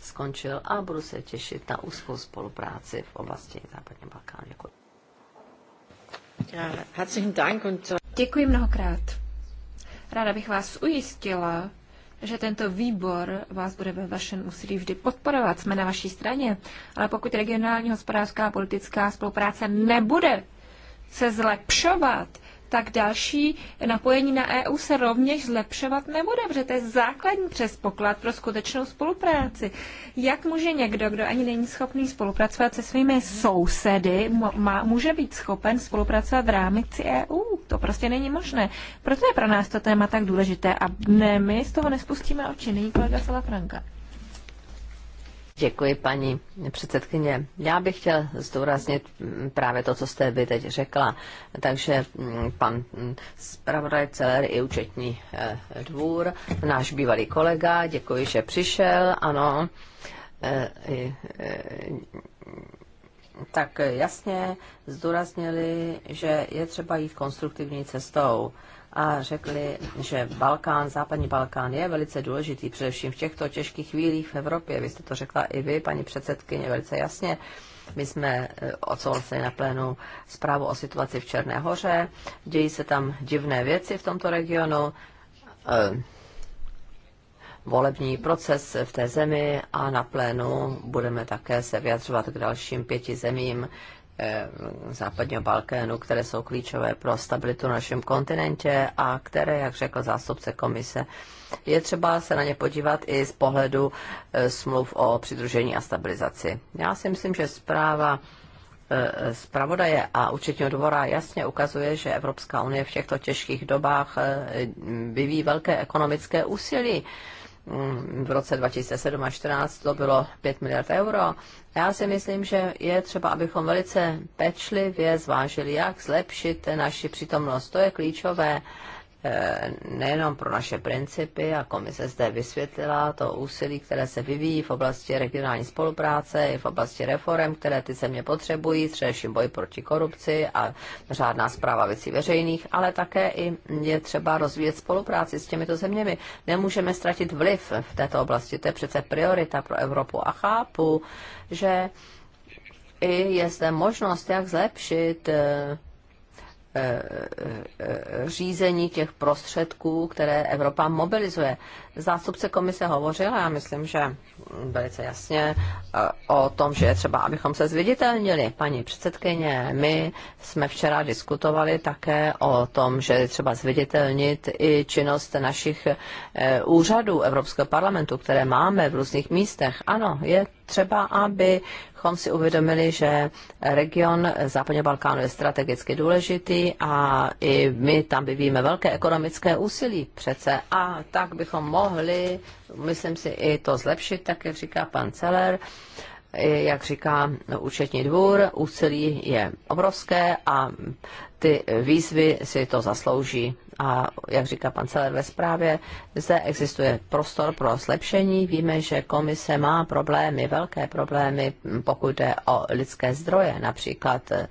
skončil a budu se těšit na úzkou spolupráci v oblasti Západní Balkánu. Děkuji. Děkuji mnohokrát. Ráda bych vás ujistila, že tento výbor vás bude ve vašem úsilí vždy podporovat. Jsme na vaší straně, ale pokud regionální hospodářská a politická spolupráce nebude se zlepšovat, tak další napojení na EU se rovněž zlepšovat nebude, protože to je základní předpoklad pro skutečnou spolupráci. Jak může někdo, kdo ani není schopný spolupracovat se svými sousedy, může být schopen spolupracovat v rámci EU? To prostě není možné. Proto je pro nás to téma tak důležité a ne, my z toho nespustíme oči. Není kolega Salafranka. Franka. Děkuji, paní předsedkyně. Já bych chtěl zdůraznit právě to, co jste vy teď řekla. Takže mm, pan mm, zpravodaj Celer i účetní eh, dvůr, náš bývalý kolega, děkuji, že přišel, ano. Eh, eh, tak jasně zdůraznili, že je třeba jít konstruktivní cestou a řekli, že Balkán, západní Balkán je velice důležitý, především v těchto těžkých chvílích v Evropě. Vy jste to řekla i vy, paní předsedkyně, velice jasně. My jsme eh, odsouhlasili na plénu zprávu o situaci v Černé hoře. Dějí se tam divné věci v tomto regionu. Eh, volební proces v té zemi a na plénu budeme také se vyjadřovat k dalším pěti zemím, Eh, západního Balkénu, které jsou klíčové pro stabilitu na našem kontinentě a které, jak řekl zástupce komise, je třeba se na ně podívat i z pohledu eh, smluv o přidružení a stabilizaci. Já si myslím, že zpráva eh, zpravodaje a účetního dvora jasně ukazuje, že Evropská unie v těchto těžkých dobách vyvíjí velké ekonomické úsilí Mm, v roce 2007 a 2014 to bylo 5 miliard euro. Já si myslím, že je třeba, abychom velice pečlivě zvážili, jak zlepšit naši přítomnost. To je klíčové Eh, nejenom pro naše principy, a komise zde vysvětlila to úsilí, které se vyvíjí v oblasti regionální spolupráce i v oblasti reform, které ty země potřebují, především boj proti korupci a řádná zpráva věcí veřejných, ale také i je třeba rozvíjet spolupráci s těmito zeměmi. Nemůžeme ztratit vliv v této oblasti, to je přece priorita pro Evropu a chápu, že i je zde možnost, jak zlepšit eh, Eh, eh, eh, řízení těch prostředků, které Evropa mobilizuje. Zástupce komise hovořil a já myslím, že velice jasně e, o tom, že je třeba, abychom se zviditelnili. Paní předsedkyně, my jsme včera diskutovali také o tom, že je třeba zviditelnit i činnost našich e, úřadů Evropského parlamentu, které máme v různých místech. Ano, je třeba, aby abychom si uvědomili, že region Západního Balkánu je strategicky důležitý a i my tam vyvíjíme velké ekonomické úsilí přece a tak bychom mohli myslím si, i to zlepšit, tak jak říká pan Celer. Jak říká účetní dvůr, úsilí je obrovské a ty výzvy si to zaslouží. A jak říká pan Celer ve zprávě, zde existuje prostor pro zlepšení. Víme, že komise má problémy, velké problémy, pokud jde o lidské zdroje. Například eh,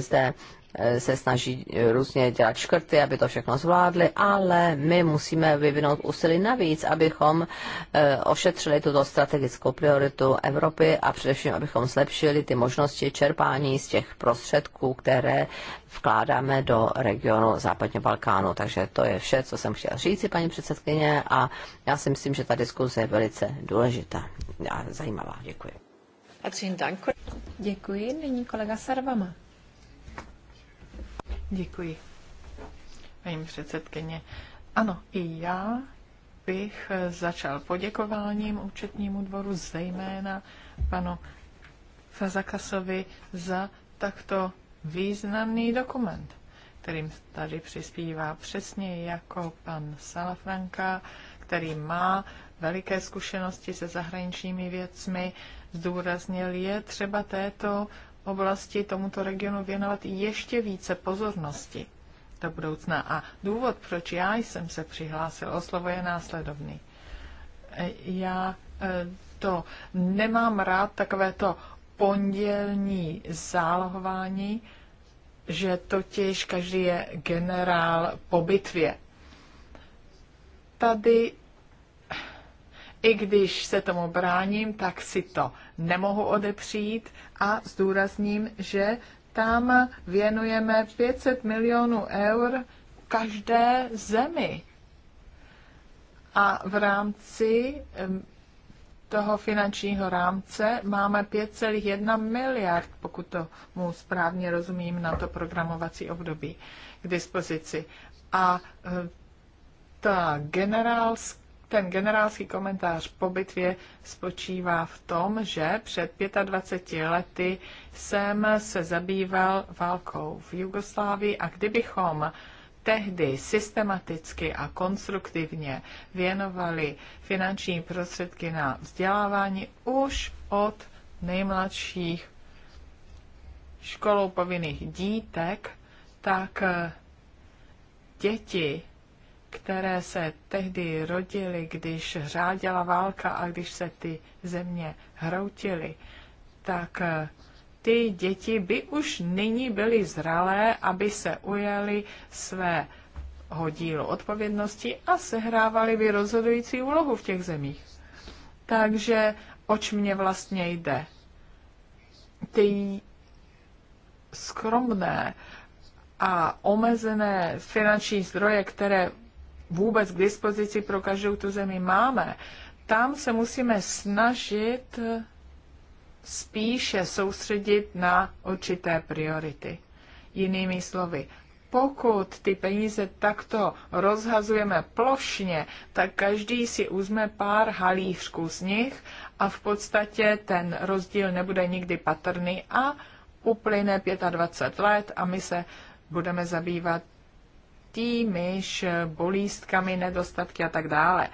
zde Eh, se snaží eh, různě dělat škrty, aby to všechno zvládli, ale my musíme vyvinout úsilí navíc, abychom eh, ošetřili tuto strategickou prioritu Evropy a především, abychom zlepšili ty možnosti čerpání z těch prostředků, které vkládáme do regionu Západního Balkánu. Takže to je vše, co jsem chtěla říci, paní předsedkyně, a já si myslím, že ta diskuze je velice důležitá a zajímavá. Děkuji. Děkuji. Nyní kolega Sarvama. Děkuji, paní předsedkyně. Ano, i já bych začal poděkováním účetnímu dvoru, zejména panu Fazakasovi za takto významný dokument, kterým tady přispívá přesně jako pan Salafranka, který má veliké zkušenosti se zahraničními věcmi, zdůraznil je třeba této oblasti tomuto regionu věnovat ještě více pozornosti do budoucna. A důvod, proč já jsem se přihlásil o slovo, je následovný. Já e, to nemám rád, takové to pondělní zálohování, že totiž každý je generál po bitvě. Tady i když se tomu bráním, tak si to nemohu odepřít a zdůrazním, že tam věnujeme 500 milionů eur každé zemi. A v rámci toho finančního rámce máme 5,1 miliard, pokud to mu správně rozumím, na to programovací období k dispozici. A eh, ta generálská ten generálský komentář po bitvě spočívá v tom, že před 25 lety jsem se zabýval válkou v Jugoslávii a kdybychom tehdy systematicky a konstruktivně věnovali finanční prostředky na vzdělávání už od nejmladších školou povinných dítek, tak děti které se tehdy rodily, když řáděla válka a když se ty země hroutily, tak eh, ty děti by už nyní byly zralé, aby se ujeli své dílu odpovědnosti a sehrávali by rozhodující úlohu v těch zemích. Takže oč mě vlastně jde? Ty skromné a omezené finanční zdroje, které vůbec k dispozici pro každou tu zemi máme, tam se musíme snažit spíše soustředit na určité priority. Jinými slovy, pokud ty peníze takto rozhazujeme plošně, tak každý si uzme pár halířků z nich a v podstatě ten rozdíl nebude nikdy patrný a uplyne 25 let a my se budeme zabývat myš, bolístkami, nedostatky a tak dále.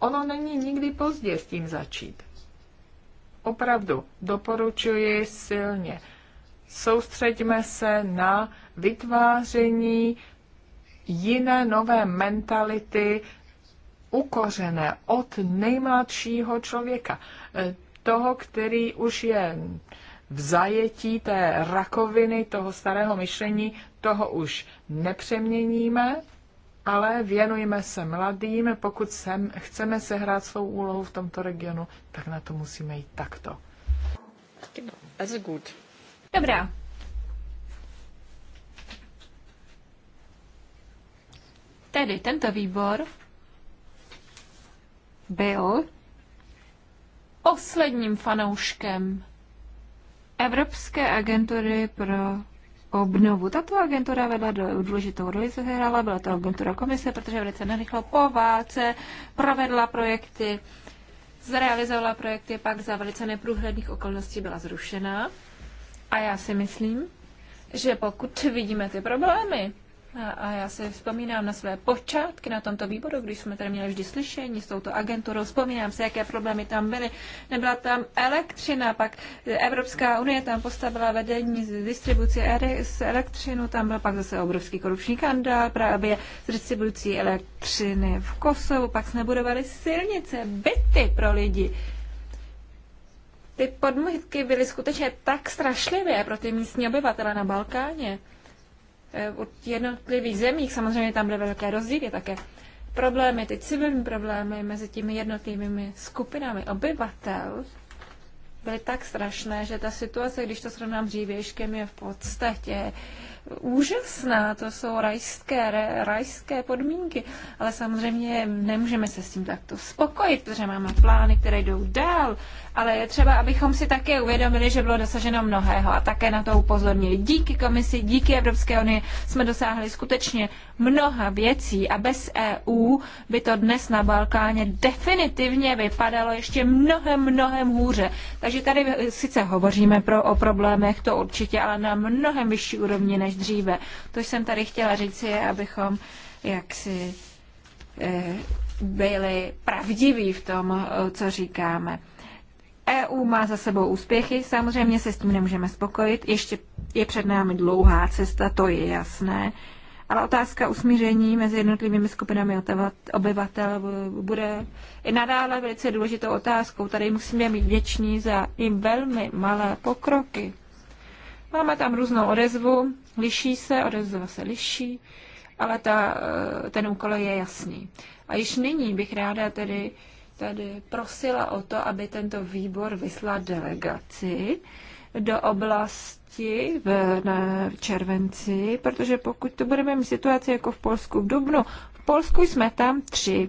Ono není nikdy pozdě s tím začít. Opravdu doporučuji silně. Soustřeďme se na vytváření jiné nové mentality, ukořené od nejmladšího člověka, e, toho, který už je v zajetí té rakoviny toho starého myšlení, toho už nepřeměníme, ale věnujeme se mladým. Pokud sem, chceme sehrát svou úlohu v tomto regionu, tak na to musíme jít takto. Also gut. Dobrá. Tedy tento výbor byl posledním fanouškem Evropské agentury pro obnovu. Tato agentura vedla do důležitou roli, se hrála, byla to agentura komise, protože velice nerychlo po válce provedla projekty, zrealizovala projekty, pak za velice neprůhledných okolností byla zrušena. A já si myslím, že pokud vidíme ty problémy, a já si vzpomínám na své počátky na tomto výboru, když jsme tady měli vždy slyšení s touto agenturou. Vzpomínám si, jaké problémy tam byly. Nebyla tam elektřina, pak Evropská unie tam postavila vedení z distribuci s elektřinu, tam byl pak zase obrovský korupční kandál právě s distribucí elektřiny v Kosovu, pak jsme budovali silnice, byty pro lidi. Ty podmítky byly skutečně tak strašlivé pro ty místní obyvatele na Balkáně. Eh, v jednotlivých zemích, samozřejmě tam byly velké rozdíly také, problémy, ty civilní problémy mezi těmi jednotlivými skupinami obyvatel byly tak strašné, že ta situace, když to srovnám dřívěškem, je v podstatě uh, úžasná, to jsou rajské, rajské podmínky, ale samozřejmě nemůžeme se s tím takto spokojit, protože máme plány, které jdou dál, ale je třeba, abychom si také uvědomili, že bylo dosaženo mnohého a také na to upozornili. Díky komisi, díky Evropské unii jsme dosáhli skutečně mnoha věcí a bez EU by to dnes na Balkáně definitivně vypadalo ještě mnohem, mnohem hůře. Takže tady sice hovoříme pro, o problémech, to určitě, ale na mnohem vyšší úrovni než dříve. To jsem tady chtěla říct, je, abychom jaksi eh, byli pravdiví v tom, eh, co říkáme. EU má za sebou úspěchy, samozřejmě se s tím nemůžeme spokojit, ještě je před námi dlouhá cesta, to je jasné, ale otázka usmíření mezi jednotlivými skupinami obyvatel bude i nadále velice důležitou otázkou. Tady musíme být vděční za i velmi malé pokroky. Máme tam různou odezvu, liší se, odezva se liší, ale ta, eh, ten úkol je jasný. A již nyní bych ráda tedy tady prosila o to, aby tento výbor vyslal delegaci do oblasti v na červenci, protože pokud to budeme mít situaci jako v Polsku v Dubnu, v Polsku jsme tam tři.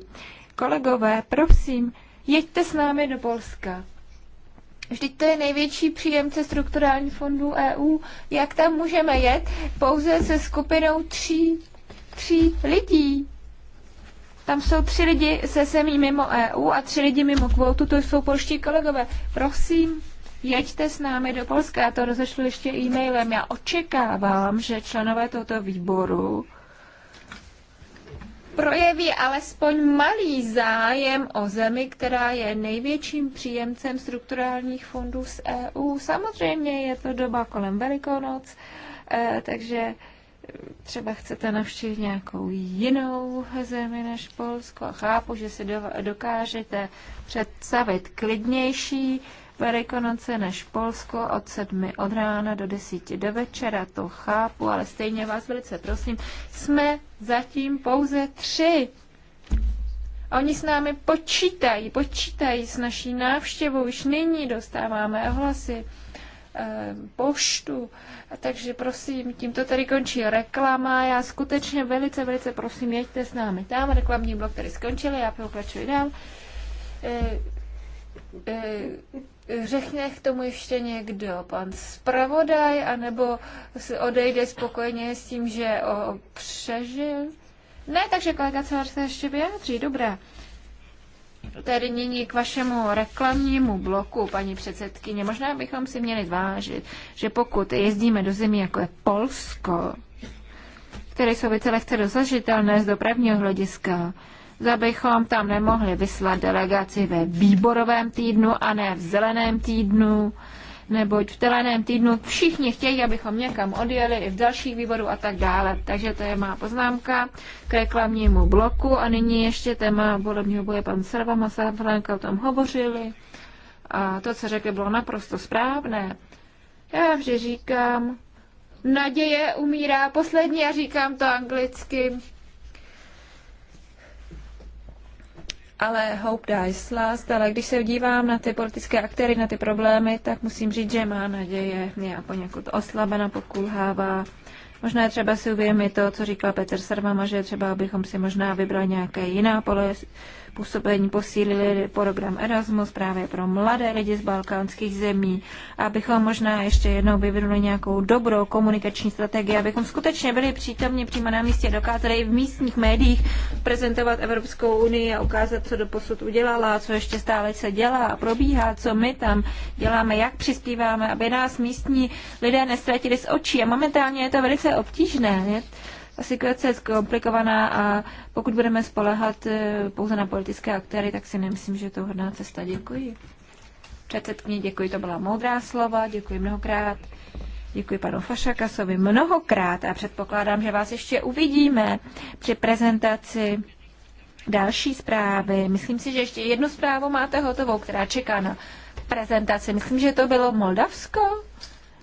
Kolegové, prosím, jeďte s námi do Polska. Vždyť to je největší příjemce strukturálních fondů EU. Jak tam můžeme jet? Pouze se skupinou tří, tří lidí. Tam jsou tři lidi se zemí mimo EU a tři lidi mimo kvotu, to jsou polští kolegové. Prosím, jeďte s námi do Polska, já to rozešlu ještě e-mailem. Já očekávám, že členové tohoto výboru projeví alespoň malý zájem o zemi, která je největším příjemcem strukturálních fondů z EU. Samozřejmě je to doba kolem Velikonoc, eh, takže třeba chcete navštívit nějakou jinou zemi než Polsko. Chápu, že si dokážete představit klidnější Velikonoce než Polsko od sedmi od rána do desíti do večera, to chápu, ale stejně vás velice prosím, jsme zatím pouze tři. Oni s námi počítají, počítají s naší návštěvou, už nyní dostáváme ohlasy ehm, poštu. takže prosím, tímto tady končí reklama. Já skutečně velice, velice prosím, jeďte s námi tam. Reklamní blok tady skončil, já pokračuji dál. E, e, Řekne k tomu ještě někdo, pan zpravodaj, anebo si odejde spokojeně s tím, že o, přežil? Ne, takže kolega Celer se ještě vyjádří, dobré. Tedy nyní k vašemu reklamnímu bloku, paní předsedkyně. Možná bychom si měli vážit, že pokud jezdíme do zemí, jako je Polsko, které jsou více lehce dosažitelné z dopravního hlediska, zda bychom tam nemohli vyslat delegaci ve výborovém týdnu a ne v zeleném týdnu, neboť v zeleném týdnu všichni chtějí, abychom někam odjeli i v dalších výborů a tak dále. Takže to je má poznámka k reklamnímu bloku a nyní ještě téma volebního boje pan Serva a Franka o tom hovořili. A to, co řekli, bylo naprosto správné. Já vždy říkám, naděje umírá poslední a říkám to anglicky. ale hope dies last, ale když se dívám na ty politické aktéry, na ty problémy, tak musím říct, že má naděje je poněkud oslabena, pokulhává. Možná je třeba si uvědomit to, co říkal Petr Sarvama, že třeba abychom si možná vybrali nějaké jiná pole, působení posílili program Erasmus právě pro mladé lidi z balkánských zemí, abychom možná ještě jednou vyvinuli nějakou dobrou komunikační strategii, abychom skutečně byli přítomni přímo na místě, dokázali i v místních médiích prezentovat Evropskou unii a ukázat, co do posud udělala, co ještě stále se dělá a probíhá, co my tam děláme, jak přispíváme, aby nás místní lidé nestratili z očí. A momentálně je to velice obtížné. Je? situace je zkomplikovaná a pokud budeme spolehat eh, pouze na politické aktéry, tak si nemyslím, že je to hodná cesta. Děkuji. Předsedkyně, děkuji, to byla moudrá slova, děkuji mnohokrát. Děkuji panu Fašakasovi mnohokrát a předpokládám, že vás ještě uvidíme při prezentaci další zprávy. Myslím si, že ještě jednu zprávu máte hotovou, která čeká na prezentaci. Myslím, že to bylo Moldavsko?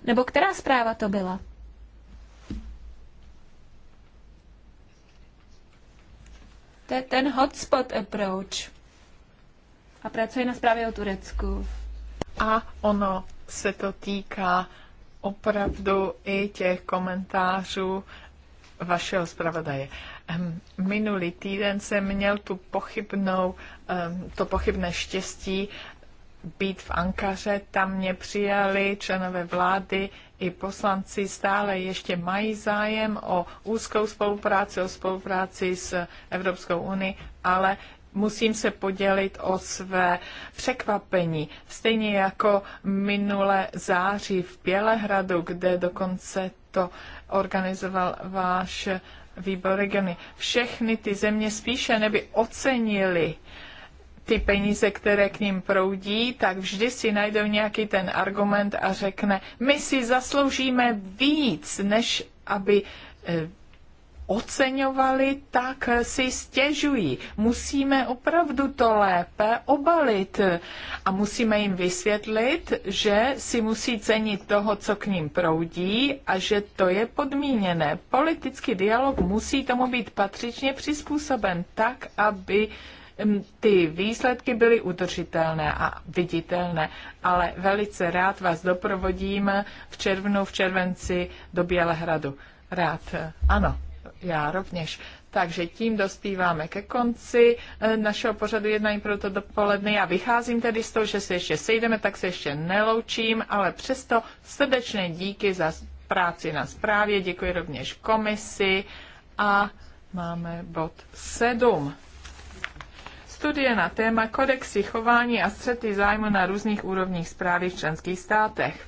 Nebo která zpráva to byla? je ten hotspot approach. A pracuje na zprávě o Turecku. A ono se to týká opravdu i těch komentářů vašeho zpravodaje. Ehm, minulý týden jsem měl tu pochybnou, ehm, to pochybné štěstí být v Ankaře, tam mě přijali členové vlády i poslanci stále ještě mají zájem o úzkou spolupráci, o spolupráci s Evropskou unii, ale musím se podělit o své překvapení. Stejně jako minule září v Bělehradu, kde dokonce to organizoval váš výbor regiony. Všechny ty země spíše neby ocenili ty peníze, které k ním proudí, tak vždy si najdou nějaký ten argument a řekne, my si zasloužíme víc, než aby eh, oceňovali, tak si stěžují. Musíme opravdu to lépe obalit a musíme jim vysvětlit, že si musí cenit toho, co k ním proudí a že to je podmíněné. Politický dialog musí tomu být patřičně přizpůsoben tak, aby ty výsledky byly udržitelné a viditelné, ale velice rád vás doprovodím v červnu, v červenci do Bělehradu. Rád, eh, ano, já rovněž. Takže tím dospíváme ke konci eh, našeho pořadu jednání pro to dopoledne. Já vycházím tedy z toho, že se ještě sejdeme, tak se ještě neloučím, ale přesto srdečné díky za práci na zprávě, děkuji rovněž komisi a máme bod 7 studie na téma kodexy chování a střety zájmu na různých úrovních zprávy v členských státech.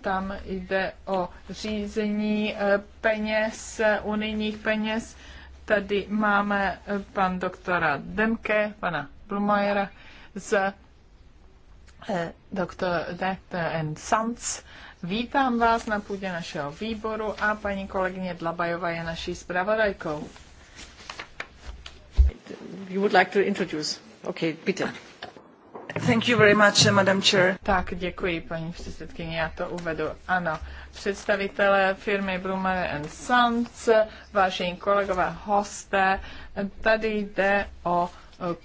Tam jde o řízení eh, peněz, unijních peněz. Tady máme eh, pan doktora Demke, pana Blumajera z eh, doktor Dr. Sanz. Vítám vás na půdě našeho výboru a paní kolegyně Dlabajová je naší zpravodajkou. You would like to introduce. Okay, bitte. Thank you very much, eh, Madam Chair. Tak, děkuji, paní předsedkyně, já to uvedu. Ano, představitelé firmy and Sons, vážení kolegové, hosté, tady jde o eh,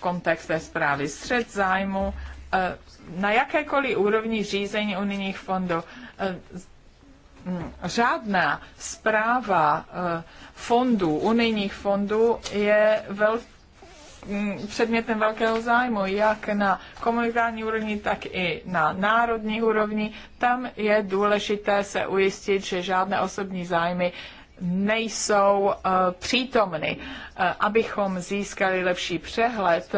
kontext té zprávy. Střed zájmu eh, na jakékoliv úrovni řízení unijních fondů Mm, řádná zpráva eh, fondů, unijních fondů je velký mm, předmětem velkého zájmu, jak na komunitární úrovni, tak i na národní úrovni. Tam je důležité se ujistit, že žádné osobní zájmy nejsou uh, přítomny. Uh, abychom získali lepší přehled,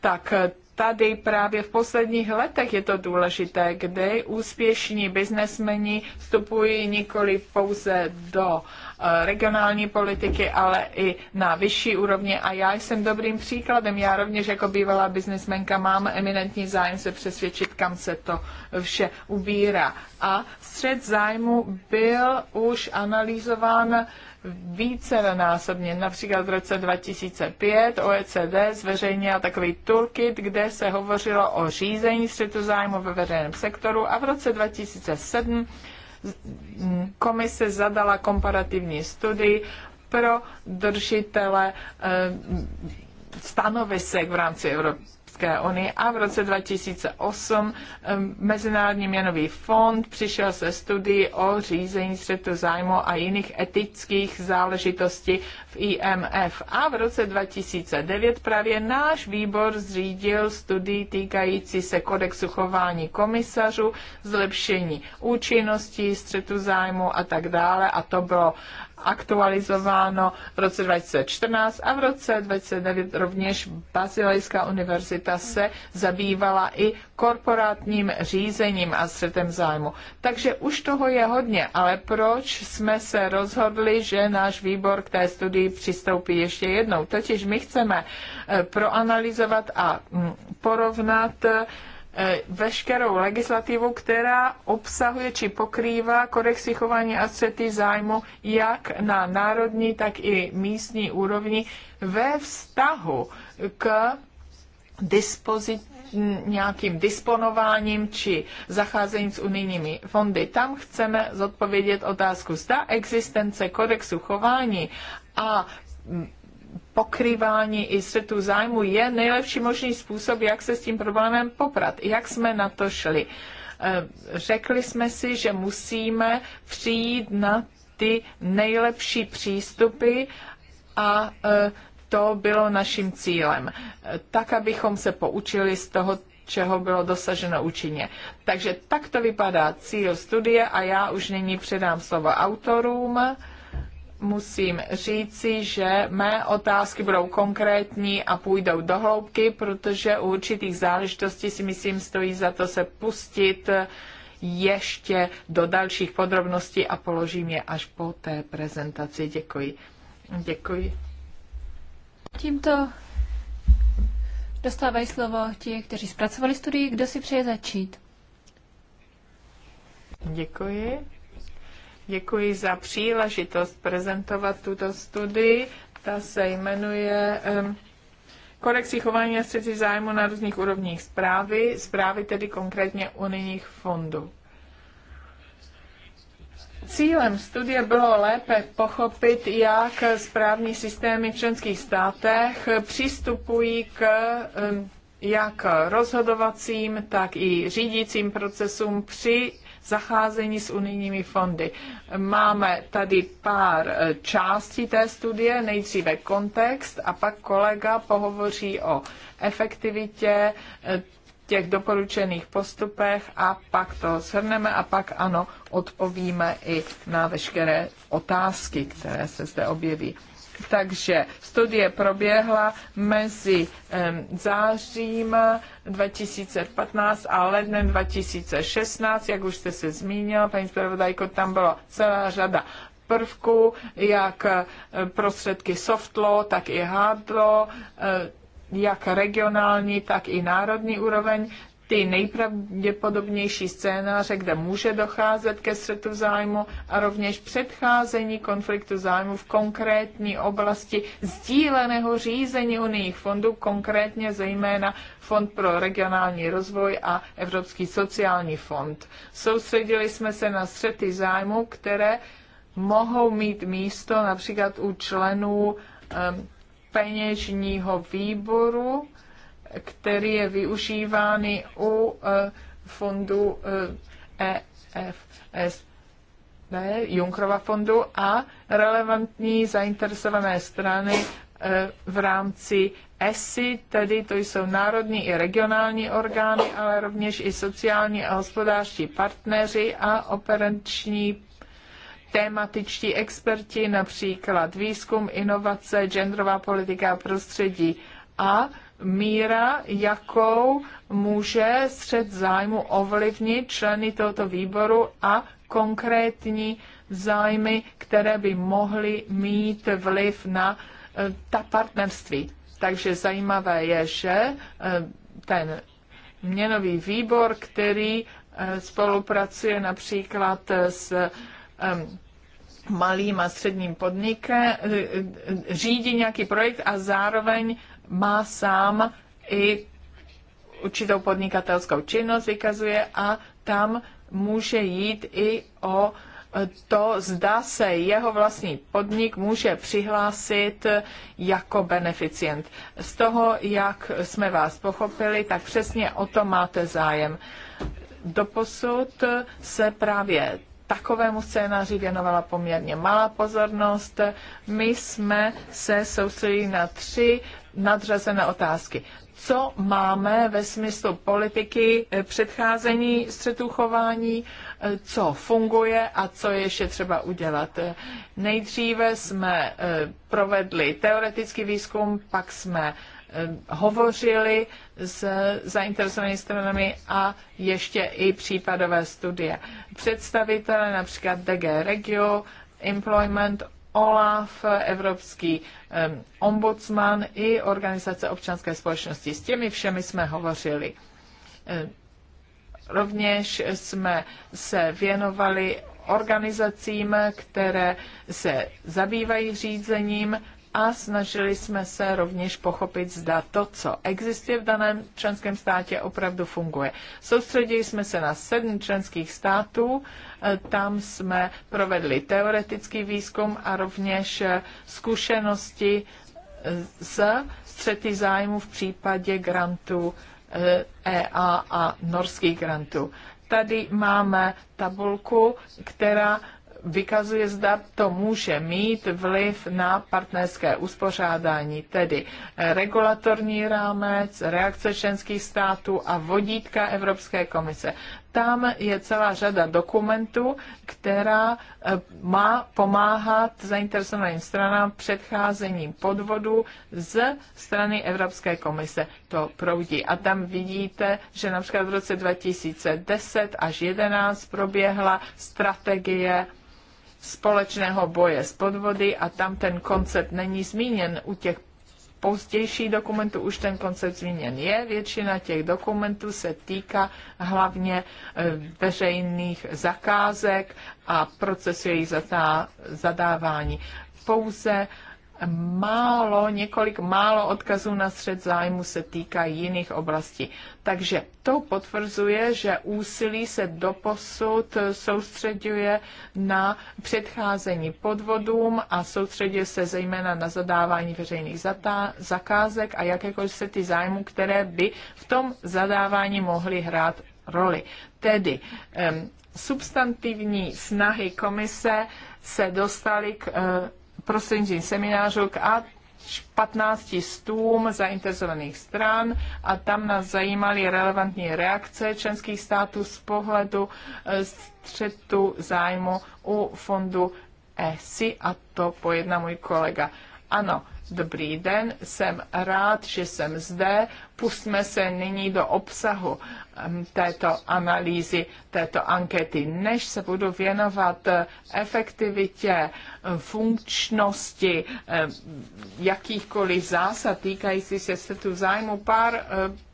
tak tady právě v posledních letech je to důležité, kdy úspěšní biznesmeni vstupují nikoli pouze do eh, regionální politiky, ale i na vyšší úrovně. A já jsem dobrým příkladem. Já rovněž jako bývalá biznesmenka mám eminentní zájem se přesvědčit, kam se to vše ubírá. A střed zájmu byl už analyzován více násobně. Například v roce 2005 OECD zveřejnila takový toolkit, kde se hovořilo o řízení střetu zájmu ve veřejném sektoru a v roce 2007 komise zadala komparativní studii pro držitele eh, stanovisek v rámci Evropy Evropské unii a v roce 2008 Mezinárodní měnový fond přišel se studií o řízení střetu zájmu a jiných etických záležitostí v IMF. A v roce 2009 právě náš výbor zřídil studii týkající se kodexu chování komisařů, zlepšení účinnosti, střetu zájmu a tak dále. A to bylo aktualizováno v roce 2014 a v roce 2009 rovněž Bazilejská univerzita se zabývala i korporátním řízením a střetem zájmu. Takže už toho je hodně, ale proč jsme se rozhodli, že náš výbor k té studii přistoupí ještě jednou? Totiž my chceme eh, proanalizovat a mm, porovnat eh, E, veškerou legislativu, která obsahuje či pokrývá kodexy chování a střety zájmu jak na národní, tak i místní úrovni ve vztahu k dispozi- nějakým disponováním či zacházením s unijními fondy. Tam chceme zodpovědět otázku, zda existence kodexu chování a pokrývání i střetu zájmu je nejlepší možný způsob, jak se s tím problémem poprat. Jak jsme na to šli? Eh, řekli jsme si, že musíme přijít na ty nejlepší přístupy a eh, to bylo naším cílem. Tak, abychom se poučili z toho, čeho bylo dosaženo účinně. Takže tak to vypadá cíl studie a já už nyní předám slovo autorům musím říci, že mé otázky budou konkrétní a půjdou do hloubky, protože u určitých záležitostí si myslím, stojí za to se pustit ještě do dalších podrobností a položím je až po té prezentaci. Děkuji. Děkuji. Tímto dostávají slovo ti, kteří zpracovali studii. Kdo si přeje začít? Děkuji. Děkuji za příležitost prezentovat tuto studii. Ta se jmenuje Kodexy chování a střeci zájmu na různých úrovních zprávy, zprávy tedy konkrétně unijních fondů. Cílem studie bylo lépe pochopit, jak správní systémy v členských státech přistupují k jak rozhodovacím, tak i řídícím procesům při zacházení s unijními fondy. Máme tady pár eh, částí té studie, nejdříve kontext a pak kolega pohovoří o efektivitě eh, těch doporučených postupech a pak to shrneme a pak ano, odpovíme i na veškeré otázky, které se zde objeví. Takže studie proběhla mezi zářím 2015 a lednem 2016, jak už jste se zmínila, paní zpravodajko, tam byla celá řada prvků, jak eh, prostředky soft law, tak i hard law, eh, jak regionální, tak i národní úroveň ty nejpravděpodobnější scénáře, kde může docházet ke střetu zájmu a rovněž předcházení konfliktu zájmu v konkrétní oblasti sdíleného řízení unijních fondů, konkrétně zejména Fond pro regionální rozvoj a Evropský sociální fond. Soustředili jsme se na střety zájmu, které mohou mít místo například u členů ehm, peněžního výboru který je využívány u e, fondu EFS. E ne, Junkrova fondu a relevantní zainteresované strany e, v rámci ESI, tedy to jsou národní i regionální orgány, ale rovněž i sociální a hospodářští partneři a operační tématičtí experti, například výzkum, inovace, genderová politika a prostředí. A míra, jakou může střed zájmu ovlivnit členy tohoto výboru a konkrétní zájmy, které by mohly mít vliv na eh, ta partnerství. Takže zajímavé je, že eh, ten měnový výbor, který eh, spolupracuje například s malým a středním podnikem, řídí nějaký projekt a zároveň má sám i určitou podnikatelskou činnost, vykazuje a tam může jít i o to, zda se jeho vlastní podnik může přihlásit jako beneficient. Z toho, jak jsme vás pochopili, tak přesně o to máte zájem. Doposud se právě takovému scénáři věnovala poměrně malá pozornost. My jsme se soustředili na tři nadřazené otázky. Co máme ve smyslu politiky eh, předcházení střetu chování, eh, co funguje a co ještě třeba udělat. Eh, nejdříve jsme provedli teoretický výzkum, pak jsme hovořili s zainteresovanými stranami a ještě i případové studie. Představitelé například DG Regio, Employment OLAF, Evropský um, ombudsman i organizace občanské společnosti. S těmi všemi jsme hovořili. Rovněž jsme se věnovali organizacím, které se zabývají řízením a snažili jsme se rovněž pochopit, zda to, co existuje v daném členském státě, opravdu funguje. Soustředili jsme se na sedm členských států, e, tam jsme provedli teoretický výzkum a rovněž e, zkušenosti e, z střety zájmu v případě grantů EA a norských grantů. Tady máme tabulku, která vykazuje, zda to může mít vliv na partnerské uspořádání, tedy regulatorní rámec, reakce členských států a vodítka Evropské komise. Tam je celá řada dokumentů, která eh, má pomáhat zainteresovaným stranám předcházením podvodu z strany Evropské komise. To proudí. A tam vidíte, že například v roce 2010 až 2011 proběhla strategie společného boje s podvody a tam ten koncept není zmíněn. U těch pozdějších dokumentů už ten koncept zmíněn je. Většina těch dokumentů se týká hlavně e, veřejných zakázek a procesu jejich zadávání. Pouze málo, několik málo odkazů na střed zájmu se týká jiných oblastí. Takže to potvrzuje, že úsilí se doposud soustředuje na předcházení podvodům a soustředuje se zejména na zadávání veřejných zakázek a jakékoliv se ty zájmu, které by v tom zadávání mohly hrát roli. Tedy um, substantivní snahy komise se dostaly k uh, prostřednictvím seminářů a 15 stům zainteresovaných stran a tam nás zajímaly relevantní reakce členských států z pohledu e, střetu zájmu u fondu ESI a to pojedná můj kolega. Ano, Dobrý den, jsem rád, že jsem zde. Pustme se nyní do obsahu této analýzy, této ankety. Než se budu věnovat eh, efektivitě, eh, funkčnosti eh, jakýchkoliv zásad týkající se střetu zájmu, pár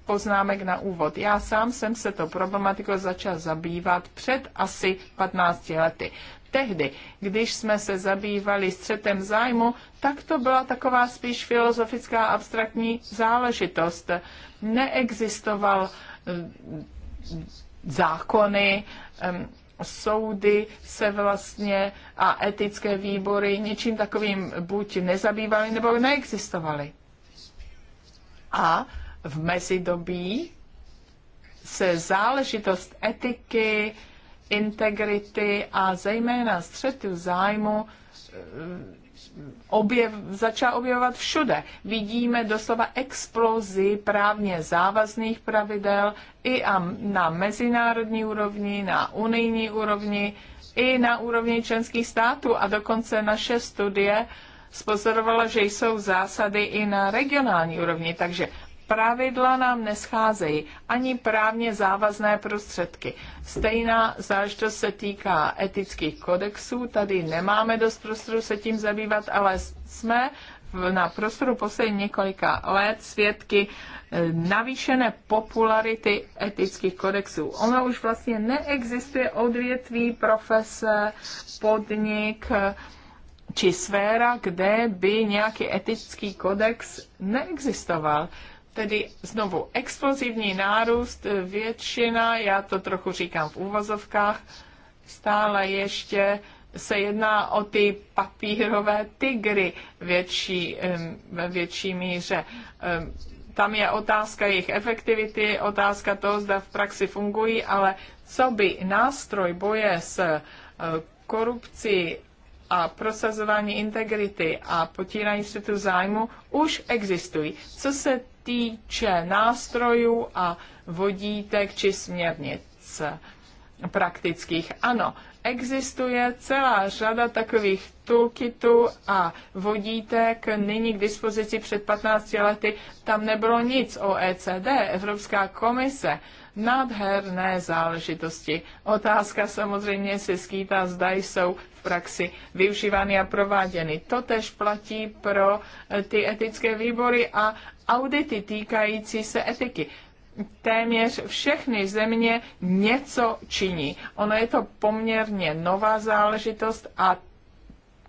poznámek na úvod. Já sám jsem se to problematikou začal zabývat před asi 15 lety tehdy, když jsme se zabývali střetem zájmu, tak to byla taková spíš filozofická abstraktní záležitost. Neexistoval eh, zákony, soudy se vlastně a etické výbory ničím takovým buď nezabývaly nebo neexistovaly. A v mezidobí se záležitost etiky, integrity a zejména střetu zájmu eh, objev, začal objevovat všude. Vidíme doslova explozi právně závazných pravidel i na mezinárodní úrovni, na unijní úrovni, i na úrovni členských států a dokonce naše studie spozorovala, že jsou zásady i na regionální úrovni. Takže Pravidla nám nescházejí, ani právně závazné prostředky. Stejná záležitost se týká etických kodexů, tady nemáme dost prostoru se tím zabývat, ale jsme na prostoru poslední několika let svědky eh, navýšené popularity etických kodexů. Ono už vlastně neexistuje odvětví, profese, podnik eh, či sféra, kde by nějaký etický kodex neexistoval tedy znovu explozivní nárůst, e, většina, já to trochu říkám v úvazovkách, stále ještě se jedná o ty papírové tygry větší, ve větší míře. Tam je otázka jejich efektivity, otázka toho, zda v praxi fungují, ale co by nástroj boje s e, korupcí a prosazování integrity a potírání střetu zájmu už existují. Co se týče nástrojů a vodítek či směrnic praktických. Ano, existuje celá řada takových toolkitů a vodítek nyní k dispozici před 15 lety. Tam nebylo nic o ECD, Evropská komise, nádherné záležitosti. Otázka samozřejmě se skýtá, zda jsou v praxi využívány a prováděny. To tež platí pro ty etické výbory a audity týkající se etiky. Téměř všechny země něco činí. Ono je to poměrně nová záležitost a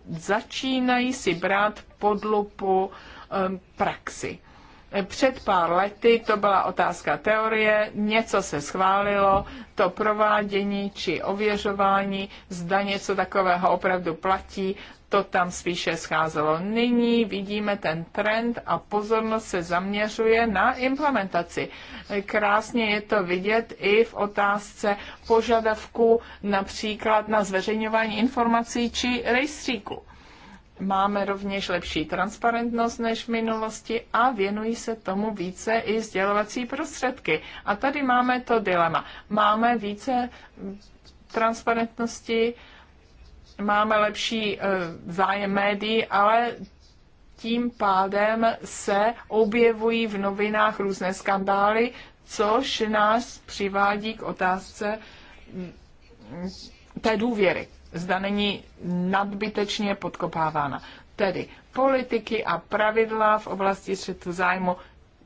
začínají si brát pod lupu um, praxi před pár lety to byla otázka teorie, něco se schválilo, to provádění či ověřování, zda něco takového opravdu platí, to tam spíše scházelo. Nyní vidíme ten trend a pozornost se zaměřuje na implementaci. Krásně je to vidět i v otázce požadavku například na zveřejňování informací či rejstříku. Máme rovněž lepší transparentnost než v minulosti a věnují se tomu více i sdělovací prostředky. A tady máme to dilema. Máme více mm, transparentnosti, máme lepší e, zájem médií, ale tím pádem se objevují v novinách různé skandály, což nás přivádí k otázce mm, té důvěry zda není nadbytečně podkopávána. Tedy politiky a pravidla v oblasti střetu zájmu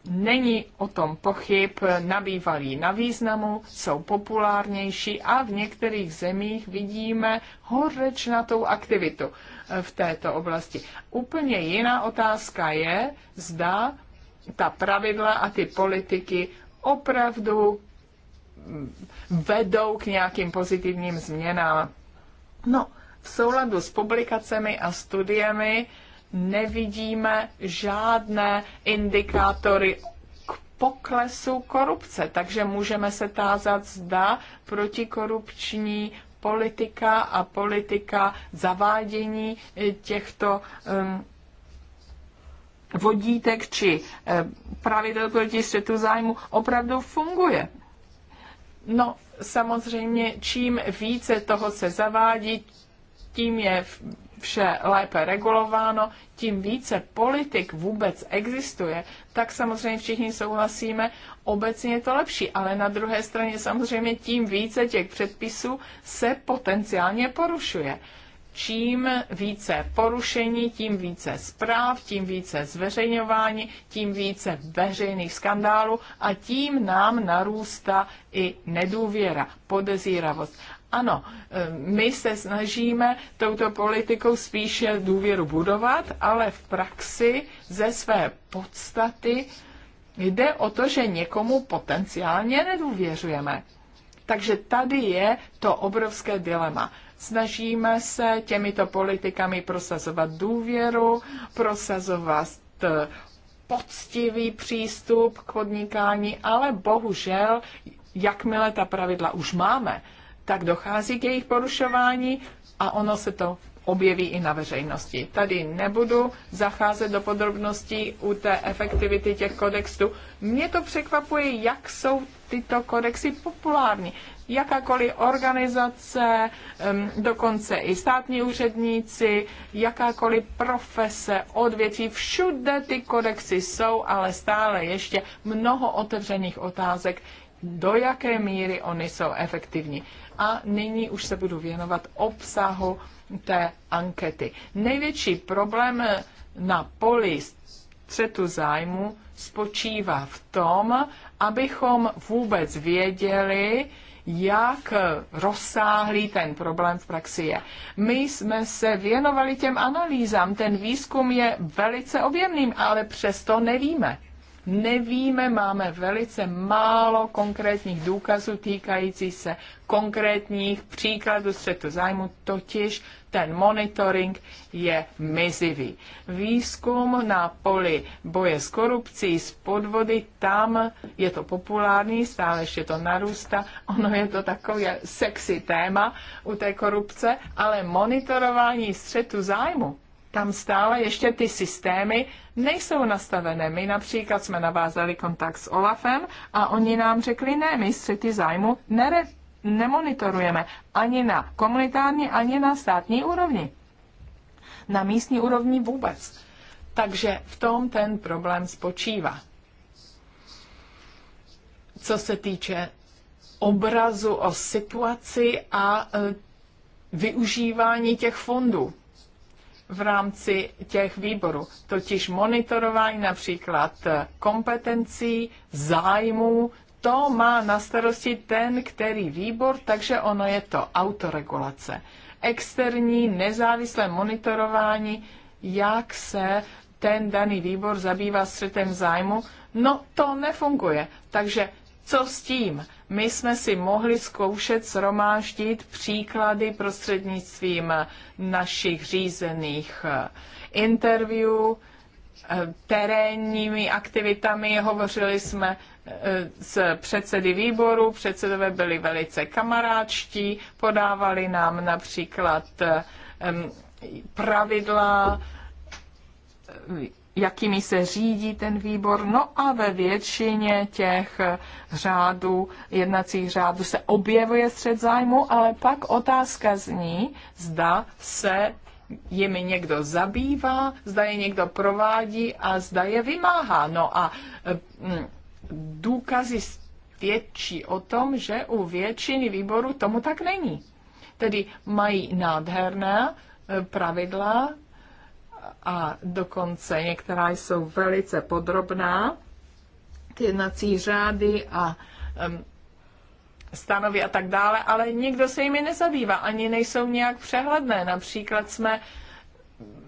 není o tom pochyb, nabývají na významu, jsou populárnější a v některých zemích vidíme horečnatou aktivitu eh, v této oblasti. Úplně jiná otázka je, zda ta pravidla a ty politiky opravdu mm, vedou k nějakým pozitivním změnám No, v souladu s publikacemi a studiemi nevidíme žádné indikátory k poklesu korupce, takže můžeme se tázat, zda protikorupční politika a politika zavádění eh, těchto um, vodítek či eh, pravidel proti světu zájmu opravdu funguje. No, Samozřejmě, čím více toho se zavádí, tím je vše lépe regulováno, tím více politik vůbec existuje, tak samozřejmě všichni souhlasíme, obecně je to lepší, ale na druhé straně samozřejmě tím více těch předpisů se potenciálně porušuje čím více porušení, tím více zpráv, tím více zveřejňování, tím více veřejných skandálů a tím nám narůstá i nedůvěra, podezíravost. Ano, eh, my se snažíme touto politikou spíše důvěru budovat, ale v praxi ze své podstaty jde o to, že někomu potenciálně nedůvěřujeme. Takže tady je to obrovské dilema. Snažíme se těmito politikami prosazovat důvěru, prosazovat eh, poctivý přístup k podnikání, ale bohužel, jakmile ta pravidla už máme, tak dochází k jejich porušování a ono se to objeví i na veřejnosti. Tady nebudu zacházet do podrobností u té efektivity těch kodextů. Mě to překvapuje, jak jsou tyto kodexy populární. Jakákoliv organizace, dokonce i státní úředníci, jakákoliv profese, odvětví, všude ty kodexy jsou, ale stále ještě mnoho otevřených otázek, do jaké míry oni jsou efektivní. A nyní už se budu věnovat obsahu té ankety. Největší problém eh, na poli střetu zájmu spočívá v tom, abychom vůbec věděli, jak rozsáhlý ten problém v praxi je. My jsme se věnovali těm analýzám, ten výzkum je velice objemným, ale přesto nevíme. Nevíme, máme velice málo konkrétních důkazů týkající se konkrétních příkladů střetu zájmu, totiž ten monitoring je mizivý. Výzkum na poli boje s korupcí, s podvody, tam je to populární, stále ještě to narůstá. Ono je to takové sexy téma u té korupce, ale monitorování střetu zájmu, tam stále ještě ty systémy nejsou nastavené. My například jsme navázali kontakt s Olafem a oni nám řekli, ne, my střety zájmu nere- nemonitorujeme ani na komunitární, ani na státní úrovni. Na místní úrovni vůbec. Takže v tom ten problém spočívá. Co se týče obrazu o situaci a e, využívání těch fondů v rámci těch výborů, totiž monitorování například e, kompetencí, zájmů, to má na starosti ten, který výbor, takže ono je to autoregulace. Externí nezávislé monitorování, jak se ten daný výbor zabývá střetem zájmu, no to nefunguje. Takže co s tím? My jsme si mohli zkoušet sromáždit příklady prostřednictvím našich řízených eh, interview, Eh, terénními aktivitami. Hovořili jsme eh, s předsedy výboru, předsedové byli velice kamarádští, podávali nám například pravidla, jakými se řídí ten výbor. No a ve většině těch řádů, jednacích řádů se objevuje střed zájmu, ale pak otázka zní, zda se jimi někdo zabývá, zda je někdo provádí a zda je vymáhá. No a eh, mm, důkazy svědčí o tom, že u většiny výborů tomu tak není. Tedy mají nádherné eh, pravidla a dokonce některá jsou velice podrobná, ty jednací řády a stanovy a tak dále, ale nikdo se jimi nezabývá, ani nejsou nějak přehledné. Například jsme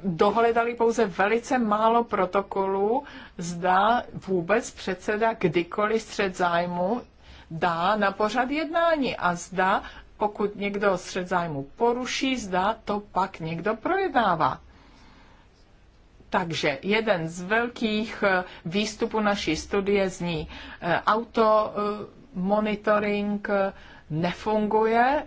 dohledali pouze velice málo protokolů, zda vůbec předseda kdykoliv střed zájmu dá na pořad jednání a zda, pokud někdo střed zájmu poruší, zda to pak někdo projednává. Takže jeden z velkých eh, výstupů naší studie zní eh, auto eh, monitoring nefunguje,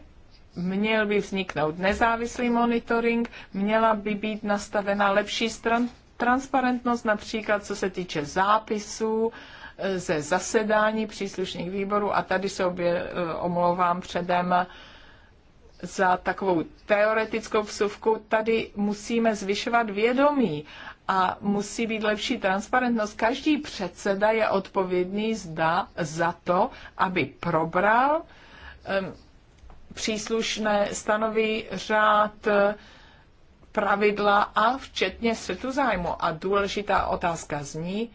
měl by vzniknout nezávislý monitoring, měla by být nastavena lepší stran transparentnost, například co se týče zápisů eh, ze zasedání příslušných výborů. A tady se obě, eh, omlouvám předem za takovou teoretickou vsuvku. Tady musíme zvyšovat vědomí a musí být lepší transparentnost. Každý předseda je odpovědný zda, za to, aby probral um, příslušné stanovy řád eh, pravidla a včetně světu zájmu. A důležitá otázka zní,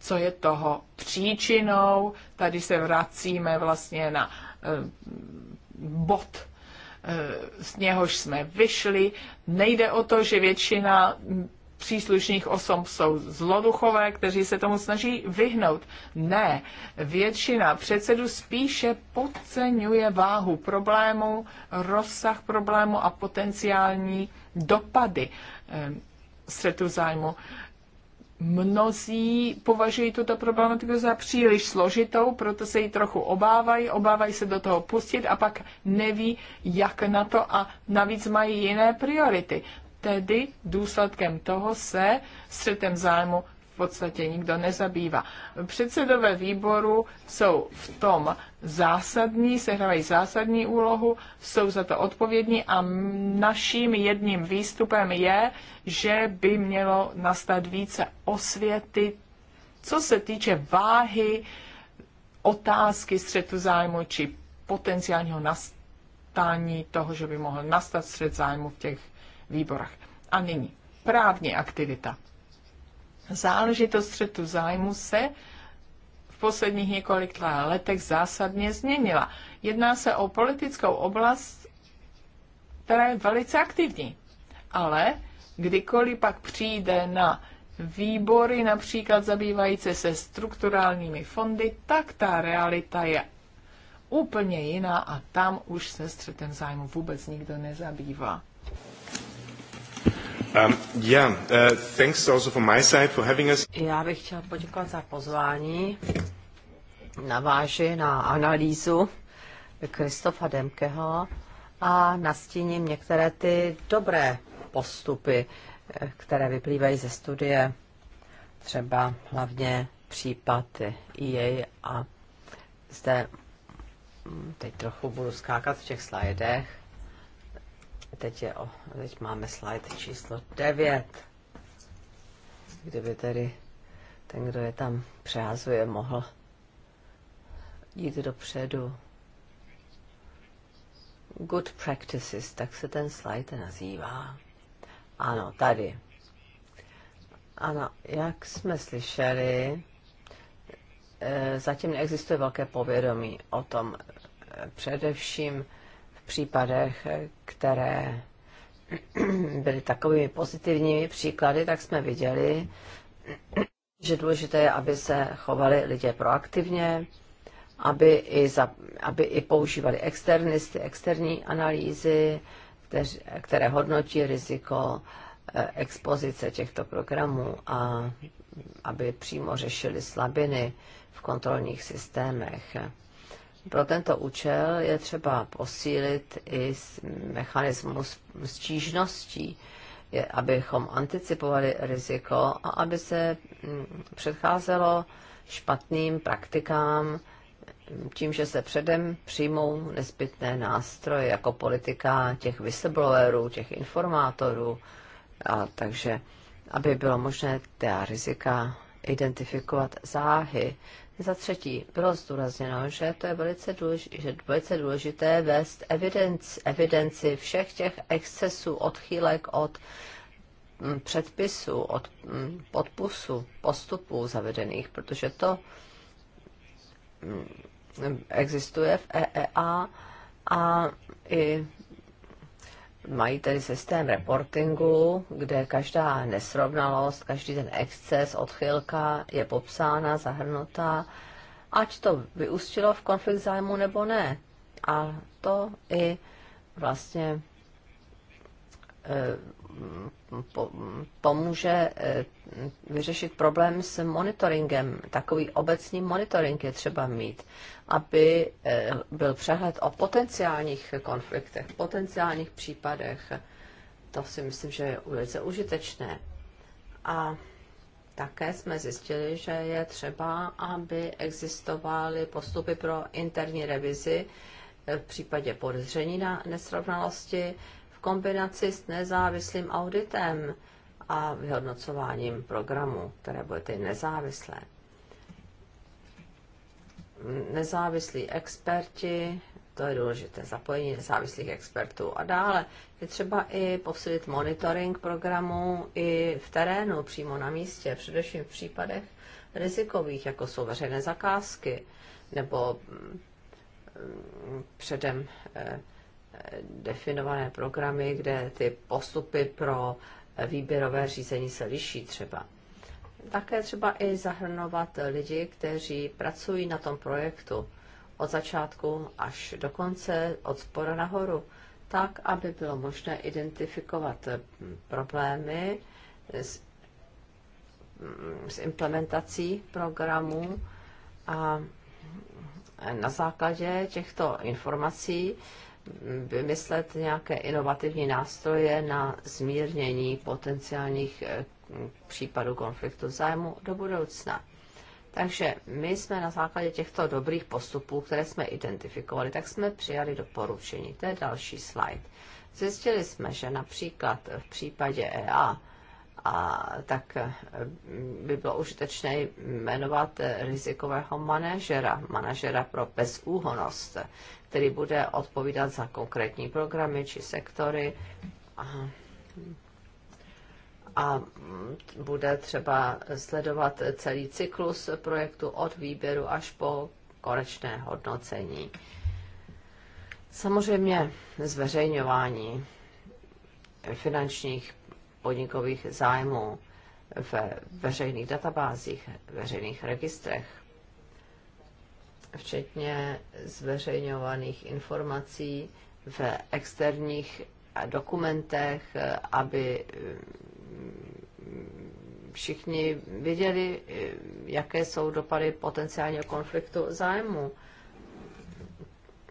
co je toho příčinou. Tady se vracíme vlastně na eh, bod, eh, z něhož jsme vyšli. Nejde o to, že většina příslušných osob jsou zloduchové, kteří se tomu snaží vyhnout. Ne, většina předsedů spíše podceňuje váhu problému, rozsah problému a potenciální dopady eh, střetu zájmu. Mnozí považují tuto problematiku za příliš složitou, proto se ji trochu obávají, obávají se do toho pustit a pak neví, jak na to a navíc mají jiné priority tedy důsledkem toho se střetem zájmu v podstatě nikdo nezabývá. Předsedové výboru jsou v tom zásadní, sehrávají zásadní úlohu, jsou za to odpovědní a naším jedním výstupem je, že by mělo nastat více osvěty, co se týče váhy otázky střetu zájmu či potenciálního nastání toho, že by mohl nastat střet zájmu v těch výborech. A nyní právní aktivita. Záležitost střetu zájmu se v posledních několik letech zásadně změnila. Jedná se o politickou oblast, která je velice aktivní. Ale kdykoliv pak přijde na výbory, například zabývající se strukturálními fondy, tak ta realita je úplně jiná a tam už se střetem zájmu vůbec nikdo nezabývá. Já bych chtěl poděkovat za pozvání. Naváži na analýzu Kristofa Demkeho a nastíním některé ty dobré postupy, eh, které vyplývají ze studie, třeba hlavně případ EA a zde hm, teď trochu budu skákat v těch slajdech, Teď, je o, teď máme slide číslo 9. Kdyby tedy ten, kdo je tam přehazuje, mohl jít dopředu. Good practices, tak se ten slide nazývá. Ano, tady. Ano, jak jsme slyšeli, eh, zatím neexistuje velké povědomí o tom, eh, především případech, které byly takovými pozitivními příklady, tak jsme viděli, že důležité je, aby se chovali lidé proaktivně, aby i, za, aby i používali externisty, externí analýzy, kteř, které hodnotí riziko eh, expozice těchto programů a aby přímo řešili slabiny v kontrolních systémech. Pro tento účel je třeba posílit i mechanismus stížností, abychom anticipovali riziko a aby se mm, předcházelo špatným praktikám, tím, že se předem přijmou nezbytné nástroje jako politika těch whistleblowerů, těch informátorů, a takže aby bylo možné ta rizika identifikovat záhy, za třetí, bylo zdůrazněno, že to je velice důležité, že velice důležité vést evidenci, evidenci všech těch excesů, odchýlek od mm, předpisů, od mm, podpusu, postupů zavedených, protože to mm, existuje v EEA a i Mají tedy systém reportingu, kde každá nesrovnalost, každý ten exces, odchylka je popsána, zahrnutá, ať to vyústilo v konflikt zájmu nebo ne. A to i vlastně pomůže eh, vyřešit problém s monitoringem. Takový obecný monitoring je třeba mít, aby eh, byl přehled o potenciálních konfliktech, potenciálních případech. To si myslím, že je velice užitečné. A také jsme zjistili, že je třeba, aby existovaly postupy pro interní revizi eh, v případě podezření na nesrovnalosti, v kombinaci s nezávislým auditem a vyhodnocováním programu, které bude tedy nezávislé. Nezávislí experti, to je důležité, zapojení nezávislých expertů. A dále je třeba i posílit monitoring programu i v terénu, přímo na místě, především v případech rizikových, jako jsou veřejné zakázky nebo mm, předem eh, definované programy, kde ty postupy pro výběrové řízení se liší třeba. Také třeba i zahrnovat lidi, kteří pracují na tom projektu od začátku až do konce, od spora nahoru, tak, aby bylo možné identifikovat problémy s, s implementací programů a na základě těchto informací vymyslet nějaké inovativní nástroje na zmírnění potenciálních eh, případů konfliktu zájmu do budoucna. Takže my jsme na základě těchto dobrých postupů, které jsme identifikovali, tak jsme přijali doporučení. To je další slide. Zjistili jsme, že například v případě EA, a tak eh, by bylo užitečné jmenovat eh, rizikového manažera, manažera pro bezúhonost který bude odpovídat za konkrétní programy či sektory. Aha a bude třeba sledovat celý cyklus projektu od výběru až po konečné hodnocení. Samozřejmě zveřejňování finančních podnikových zájmů ve veřejných databázích, veřejných registrech včetně zveřejňovaných informací v externích dokumentech, aby mm, všichni viděli, jaké jsou dopady potenciálního konfliktu zájmu.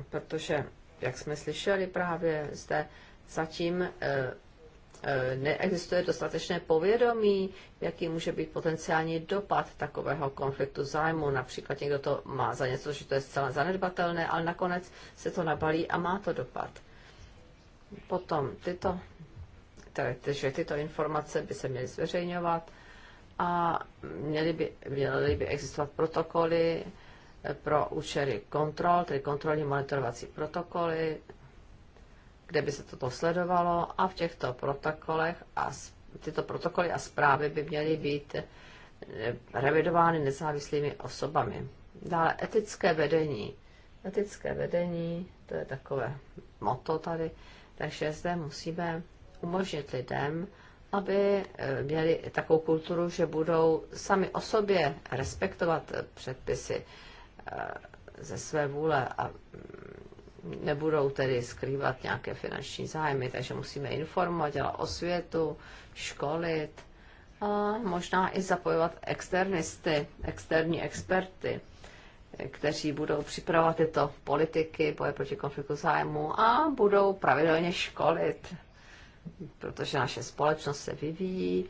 Protože, jak jsme slyšeli právě zde, zatím eh, E, neexistuje dostatečné povědomí, jaký může být potenciální dopad takového konfliktu zájmu. Například někdo to má za něco, že to je zcela zanedbatelné, ale nakonec se to nabalí a má to dopad. Potom tyto, takže tyto informace by se měly zveřejňovat a měly by, měly by existovat protokoly pro účely kontrol, tedy kontrolní monitorovací protokoly, kde by se toto sledovalo a v těchto protokolech a tyto protokoly a zprávy by měly být eh, revidovány nezávislými osobami. Dále etické vedení. Etické vedení, to je takové moto tady, takže zde musíme umožnit lidem, aby eh, měli takovou kulturu, že budou sami o sobě respektovat předpisy eh, ze své vůle a mm, nebudou tedy skrývat nějaké finanční zájmy, takže musíme informovat, dělat osvětu, školit a možná i zapojovat externisty, externí experty, kteří budou připravovat tyto politiky, boje proti konfliktu zájmu a budou pravidelně školit, protože naše společnost se vyvíjí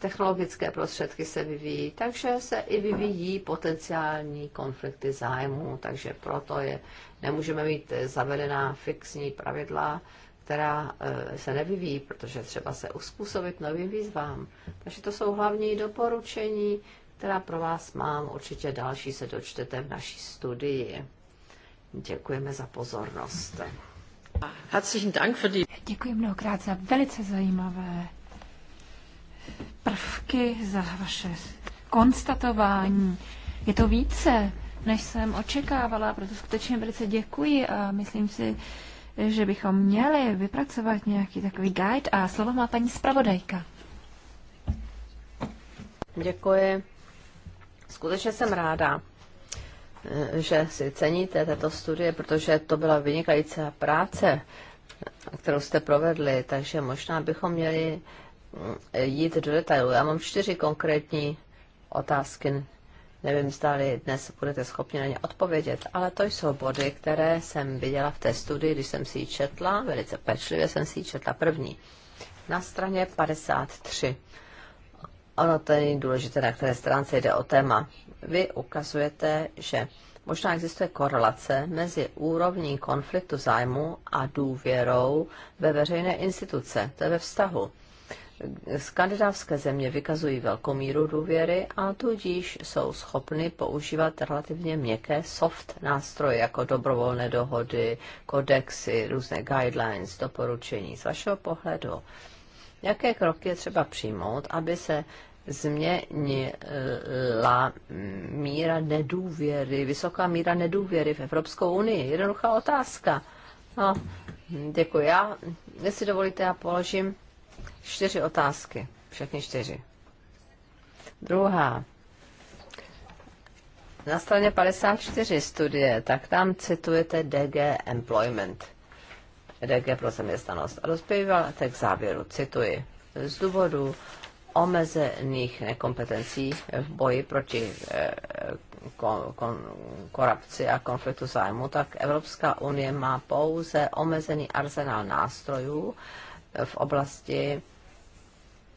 technologické prostředky se vyvíjí, takže se i vyvíjí potenciální konflikty zájmů, takže proto je, nemůžeme mít zavedená fixní pravidla, která eh, se nevyvíjí, protože třeba se uspůsobit novým výzvám. Takže to jsou hlavní doporučení, která pro vás mám. Určitě další se dočtete v naší studii. Děkujeme za pozornost. Herzlichen Dank für die... Děkuji mnohokrát za velice zajímavé prvky, za vaše konstatování. Je to více, než jsem očekávala, proto skutečně velice děkuji a myslím si, že bychom měli vypracovat nějaký takový guide a slovo má paní zpravodajka. Děkuji. Skutečně jsem ráda, že si ceníte této studie, protože to byla vynikající práce, kterou jste provedli, takže možná bychom měli jít do detailu. Já mám čtyři konkrétní otázky. Nevím, zdali dnes budete schopni na ně odpovědět, ale to jsou body, které jsem viděla v té studii, když jsem si ji četla, velice pečlivě jsem si ji četla první. Na straně 53. Ono to není důležité, na které stránce jde o téma. Vy ukazujete, že možná existuje korelace mezi úrovní konfliktu zájmu a důvěrou ve veřejné instituce, to je ve vztahu. Skandinávské země vykazují velkou míru důvěry a tudíž jsou schopny používat relativně měkké soft nástroje jako dobrovolné dohody, kodexy, různé guidelines, doporučení. Z vašeho pohledu, jaké kroky je třeba přijmout, aby se změnila míra nedůvěry, vysoká míra nedůvěry v Evropskou unii? Jednoduchá otázka. No, děkuji. Já, jestli dovolíte, já položím čtyři otázky, všechny čtyři. Druhá. Na straně 54 studie, tak tam citujete DG Employment, DG pro zaměstnanost. A dospíváte k závěru, cituji, z důvodu omezených nekompetencí v boji proti eh, kon, kon, korupci a konfliktu zájmu, tak Evropská unie má pouze omezený arzenál nástrojů, eh, v oblasti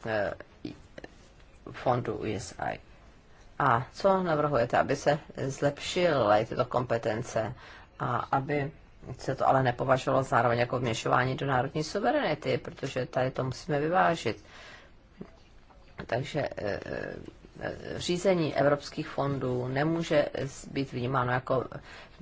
eh, fondu USI. A co navrhujete, aby se zlepšily tyto kompetence a aby se to ale nepovažovalo zároveň jako vměšování do národní suverenity, protože tady to musíme vyvážit. Takže eh, eh, řízení evropských fondů nemůže být vnímáno jako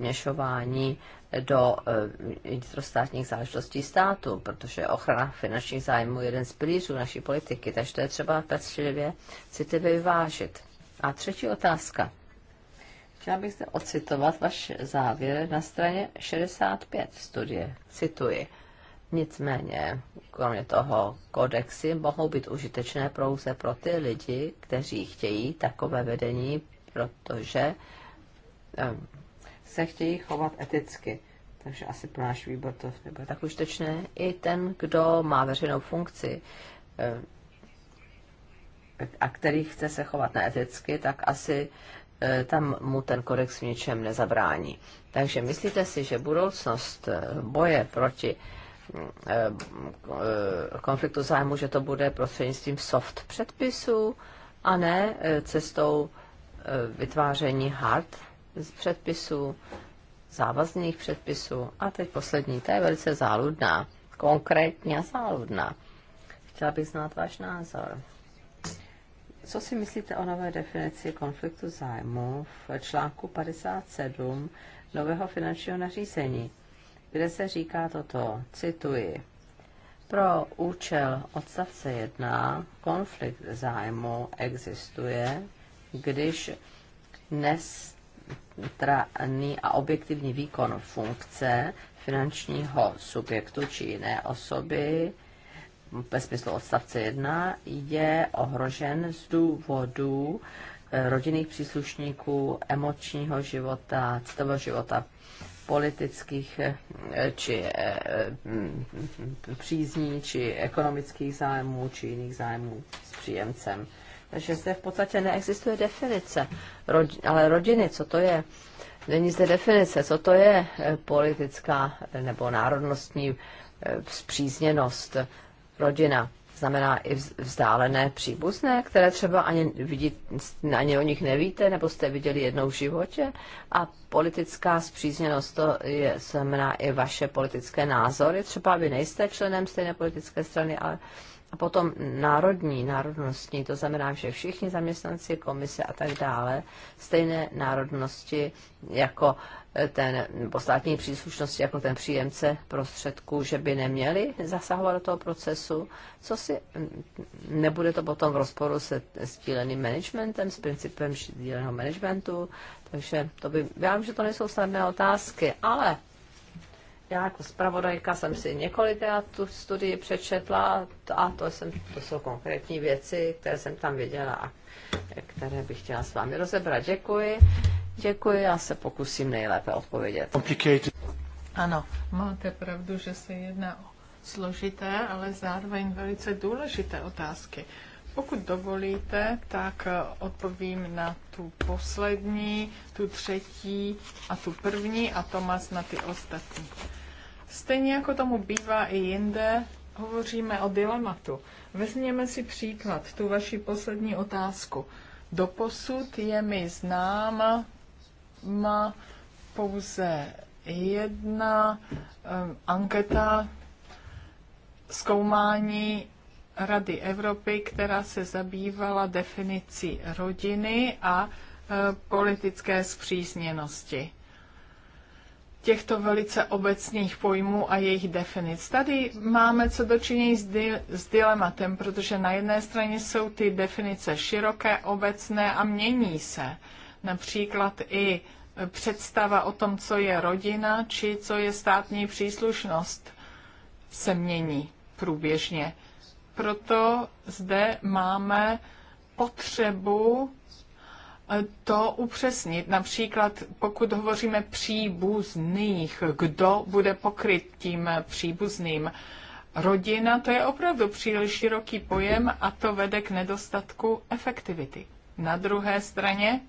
vměšování do eh, vnitrostátních záležitostí státu, protože ochrana finančních zájmů je jeden z pilířů naší politiky, takže to je třeba pečlivě citlivě vyvážit. A třetí otázka. Chtěla bych zde ocitovat vaš závěr na straně 65 studie. Cituji. Nicméně, kromě toho, kodexy mohou být užitečné pouze pro ty lidi, kteří chtějí takové vedení, protože eh, se chtějí chovat eticky. Takže asi pro náš výbor to nebude tak užitečné. I ten, kdo má veřejnou funkci eh, a který chce se chovat neeticky, tak asi eh, tam mu ten kodex v ničem nezabrání. Takže myslíte si, že budoucnost eh, boje proti konfliktu zájmu, že to bude prostřednictvím soft předpisů a ne cestou vytváření hard z předpisů, závazných předpisů. A teď poslední, ta je velice záludná, konkrétně záludná. Chtěla bych znát váš názor. Co si myslíte o nové definici konfliktu zájmu v článku 57 nového finančního nařízení, kde se říká toto, cituji, pro účel odstavce 1 konflikt zájmu existuje, když nes, neutrální a objektivní výkon funkce finančního subjektu či jiné osoby ve smyslu odstavce 1 je ohrožen z důvodu eh, rodinných příslušníků, emočního života, citového života, politických eh, či eh, hm, hm, hm, přízní, či ekonomických zájmů, či jiných zájmů s příjemcem že zde v podstatě neexistuje definice. Rodi, ale rodiny, co to je? Není zde definice, co to je eh, politická eh, nebo národnostní eh, vzpřízněnost. Rodina znamená i vzdálené příbuzné, které třeba ani, vidí, ani o nich nevíte, nebo jste viděli jednou v životě. A politická zpřízněnost to je, znamená i vaše politické názory. Třeba vy nejste členem stejné politické strany, ale a potom národní, národnostní, to znamená, že všichni zaměstnanci komise a tak dále, stejné národnosti jako eh, ten, nebo státní příslušnosti jako ten příjemce prostředků, že by neměli zasahovat do toho procesu, co si, mm, nebude to potom v rozporu se sdíleným managementem, s principem sdíleného managementu, takže to by, já vím, že to nejsou snadné otázky, ale já jako zpravodajka jsem si několikrát tu studii přečetla a to, jsem, to jsou konkrétní věci, které jsem tam viděla a které bych chtěla s vámi rozebrat. Děkuji. Děkuji, já se pokusím nejlépe odpovědět. Ano, máte pravdu, že se jedná o složité, ale zároveň velice důležité otázky. Pokud dovolíte, tak eh, odpovím na tu poslední, tu třetí a tu první a Tomas na ty ostatní. Stejně jako tomu bývá i jinde, hovoříme o dilematu. Vezměme si příklad, tu vaši poslední otázku. Doposud je mi známa má pouze jedna um, anketa zkoumání Rady Evropy, která se zabývala definicí rodiny a e, politické zpřízněnosti těchto velice obecných pojmů a jejich definic. Tady máme co dočinění s, di- s dilematem, protože na jedné straně jsou ty definice široké, obecné a mění se. Například i představa o tom, co je rodina či co je státní příslušnost, se mění průběžně. Proto zde máme potřebu to upřesnit. Například pokud hovoříme příbuzných, kdo bude pokryt tím příbuzným. Rodina to je opravdu příliš široký pojem a to vede k nedostatku efektivity. Na druhé straně,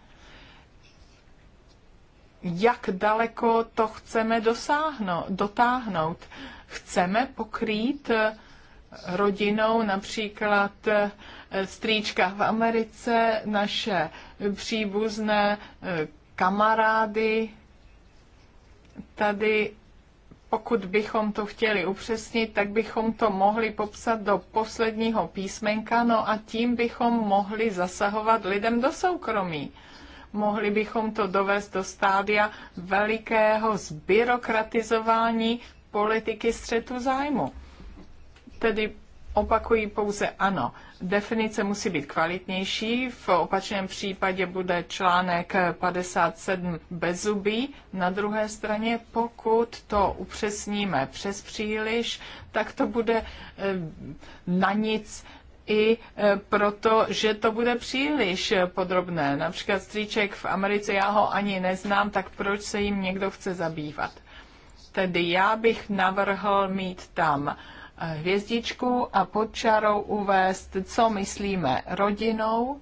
jak daleko to chceme dosáhnout, dotáhnout. Chceme pokrýt rodinou, například eh, strýčka v Americe, naše příbuzné eh, kamarády. Tady, pokud bychom to chtěli upřesnit, tak bychom to mohli popsat do posledního písmenka, no a tím bychom mohli zasahovat lidem do soukromí mohli bychom to dovést do stádia velikého zbyrokratizování politiky střetu zájmu tedy opakují pouze ano. Definice musí být kvalitnější, v opačném případě bude článek 57 bez zuby. Na druhé straně, pokud to upřesníme přes příliš, tak to bude eh, na nic i eh, proto, že to bude příliš podrobné. Například stříček v Americe, já ho ani neznám, tak proč se jim někdo chce zabývat? Tedy já bych navrhl mít tam hvězdičku a pod čarou uvést, co myslíme rodinou,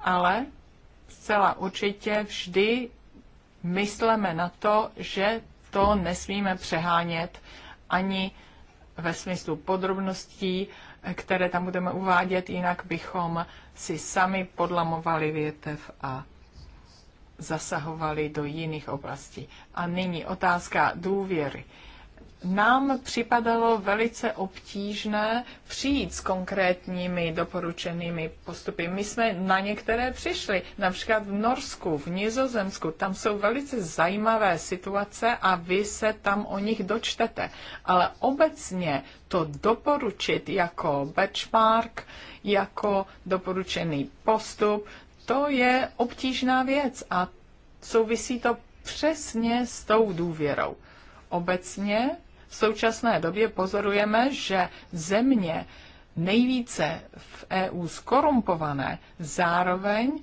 ale zcela určitě vždy mysleme na to, že to nesmíme přehánět ani ve smyslu podrobností, které tam budeme uvádět, jinak bychom si sami podlamovali větev a zasahovali do jiných oblastí. A nyní otázka důvěry nám připadalo velice obtížné přijít s konkrétními doporučenými postupy. My jsme na některé přišli, například v Norsku, v Nizozemsku, tam jsou velice zajímavé situace a vy se tam o nich dočtete. Ale obecně to doporučit jako benchmark, jako doporučený postup, to je obtížná věc a souvisí to přesně s tou důvěrou. Obecně v současné době pozorujeme, že země nejvíce v EU skorumpované, zároveň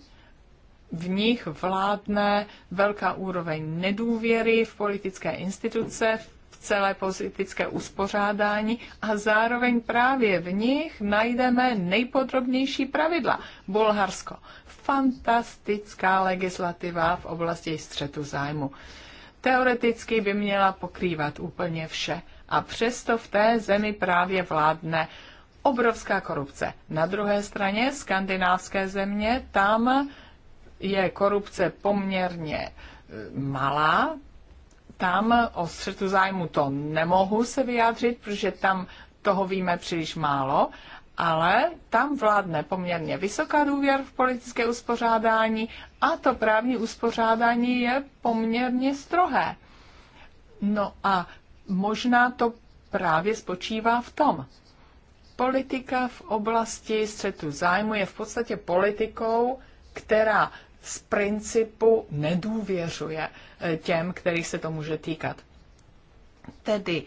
v nich vládne velká úroveň nedůvěry v politické instituce, v celé politické uspořádání a zároveň právě v nich najdeme nejpodrobnější pravidla. Bulharsko. Fantastická legislativa v oblasti střetu zájmu teoreticky by měla pokrývat úplně vše. A přesto v té zemi právě vládne obrovská korupce. Na druhé straně skandinávské země, tam je korupce poměrně e, malá, tam o střetu zájmu to nemohu se vyjádřit, protože tam toho víme příliš málo, ale tam vládne poměrně vysoká důvěr v politické uspořádání a to právní uspořádání je poměrně strohé. No a možná to právě spočívá v tom. Politika v oblasti střetu zájmu je v podstatě politikou, která z principu nedůvěřuje eh, těm, kterých se to může týkat. Tedy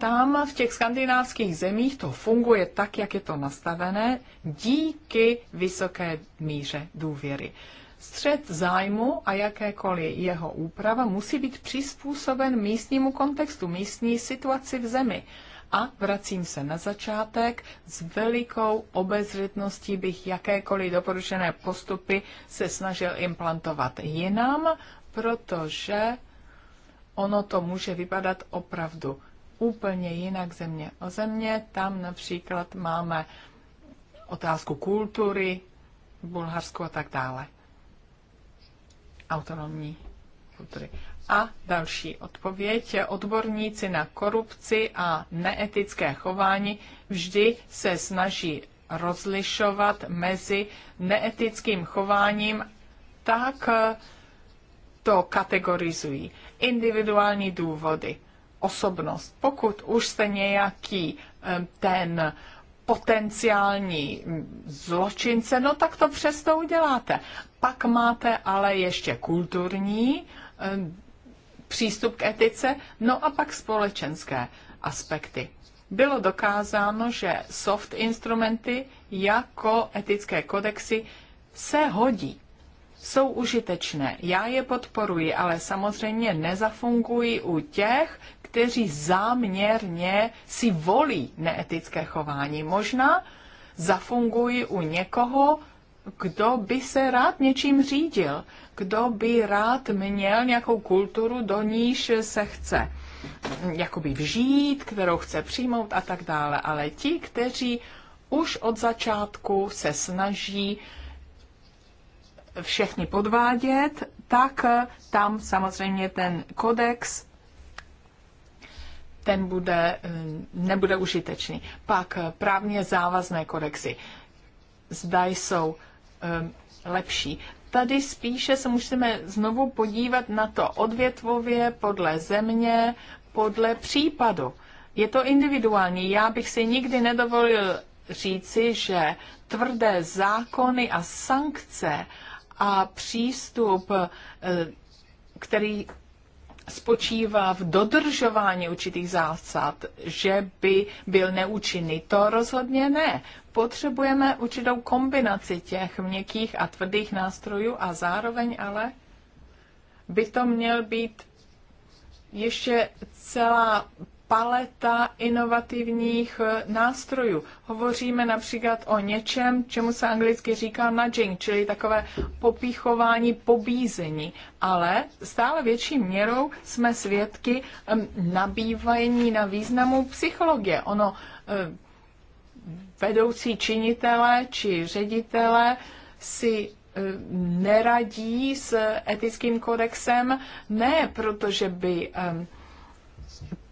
tam v těch skandinávských zemích to funguje tak, jak je to nastavené, díky vysoké míře důvěry. Střed zájmu a jakékoliv jeho úprava musí být přizpůsoben místnímu kontextu, místní situaci v zemi. A vracím se na začátek, s velikou obezřetností bych jakékoliv doporučené postupy se snažil implantovat jinam, protože ono to může vypadat opravdu úplně jinak země o země. Tam například máme otázku kultury, Bulharsku a tak dále. Autonomní kultury. A další odpověď. Odborníci na korupci a neetické chování vždy se snaží rozlišovat mezi neetickým chováním, tak to kategorizují. Individuální důvody osobnost. Pokud už jste nějaký ten potenciální zločince, no tak to přesto uděláte. Pak máte ale ještě kulturní přístup k etice, no a pak společenské aspekty. Bylo dokázáno, že soft instrumenty jako etické kodexy se hodí jsou užitečné. Já je podporuji, ale samozřejmě nezafungují u těch, kteří záměrně si volí neetické chování. Možná zafungují u někoho, kdo by se rád něčím řídil, kdo by rád měl nějakou kulturu, do níž se chce mm, jakoby vžít, kterou chce přijmout a tak dále. Ale ti, kteří už od začátku se snaží všechny podvádět, tak tam samozřejmě ten kodex ten bude, eh, nebude užitečný. Pak eh, právně závazné kodexy. Zda jsou eh, lepší. Tady spíše se musíme znovu podívat na to odvětvově, podle země, podle případu. Je to individuální. Já bych si nikdy nedovolil říci, že tvrdé zákony a sankce a přístup, který spočívá v dodržování určitých zásad, že by byl neúčinný. To rozhodně ne. Potřebujeme určitou kombinaci těch měkkých a tvrdých nástrojů a zároveň ale by to měl být ještě celá paleta inovativních eh, nástrojů. Hovoříme například o něčem, čemu se anglicky říká nudging, čili takové popíchování, pobízení. Ale stále větší měrou jsme svědky nabývání na významu psychologie. Ono eh, vedoucí činitele či ředitele si eh, neradí s etickým kodexem, ne protože by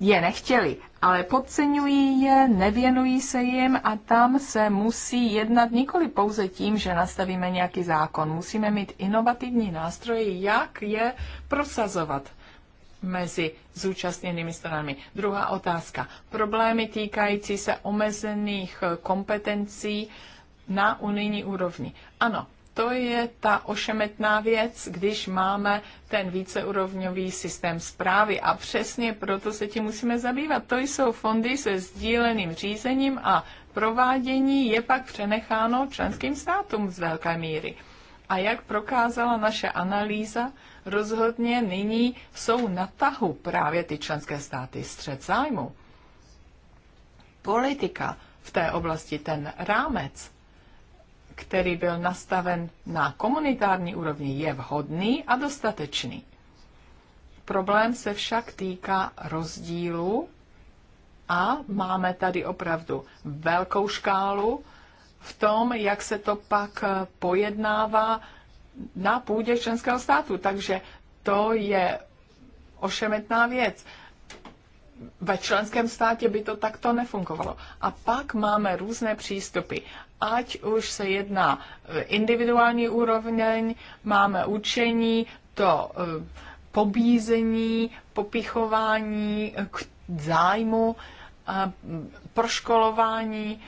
je nechtěli, ale podceňují je, nevěnují se jim a tam se musí jednat nikoli pouze tím, že nastavíme nějaký zákon. Musíme mít inovativní nástroje, jak je prosazovat mezi zúčastněnými stranami. Druhá otázka. Problémy týkající se omezených kompetencí na unijní úrovni. Ano, to je ta ošemetná věc, když máme ten víceúrovňový systém zprávy. A přesně proto se tím musíme zabývat. To jsou fondy se sdíleným řízením a provádění je pak přenecháno členským státům z velké míry. A jak prokázala naše analýza, rozhodně nyní jsou na tahu právě ty členské státy střed zájmu. Politika v té oblasti, ten rámec, který byl nastaven na komunitární úrovni, je vhodný a dostatečný. Problém se však týká rozdílu a máme tady opravdu velkou škálu v tom, jak se to pak eh, pojednává na půdě členského státu. Takže to je ošemetná věc ve členském státě by to takto nefungovalo. A pak máme různé přístupy. Ať už se jedná eh, individuální úroveň, máme učení, to eh, pobízení, popichování eh, k zájmu, proškolování,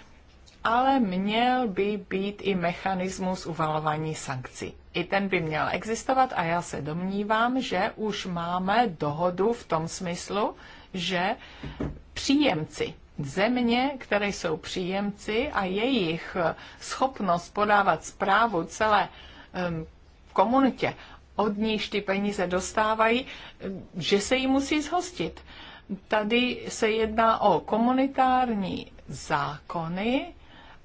ale měl by být i mechanismus uvalování sankcí. I ten by měl existovat a já se domnívám, že už máme dohodu v tom smyslu, že příjemci země, které jsou příjemci a jejich schopnost podávat zprávu celé komunitě, od níž ty peníze dostávají, že se jí musí zhostit. Tady se jedná o komunitární zákony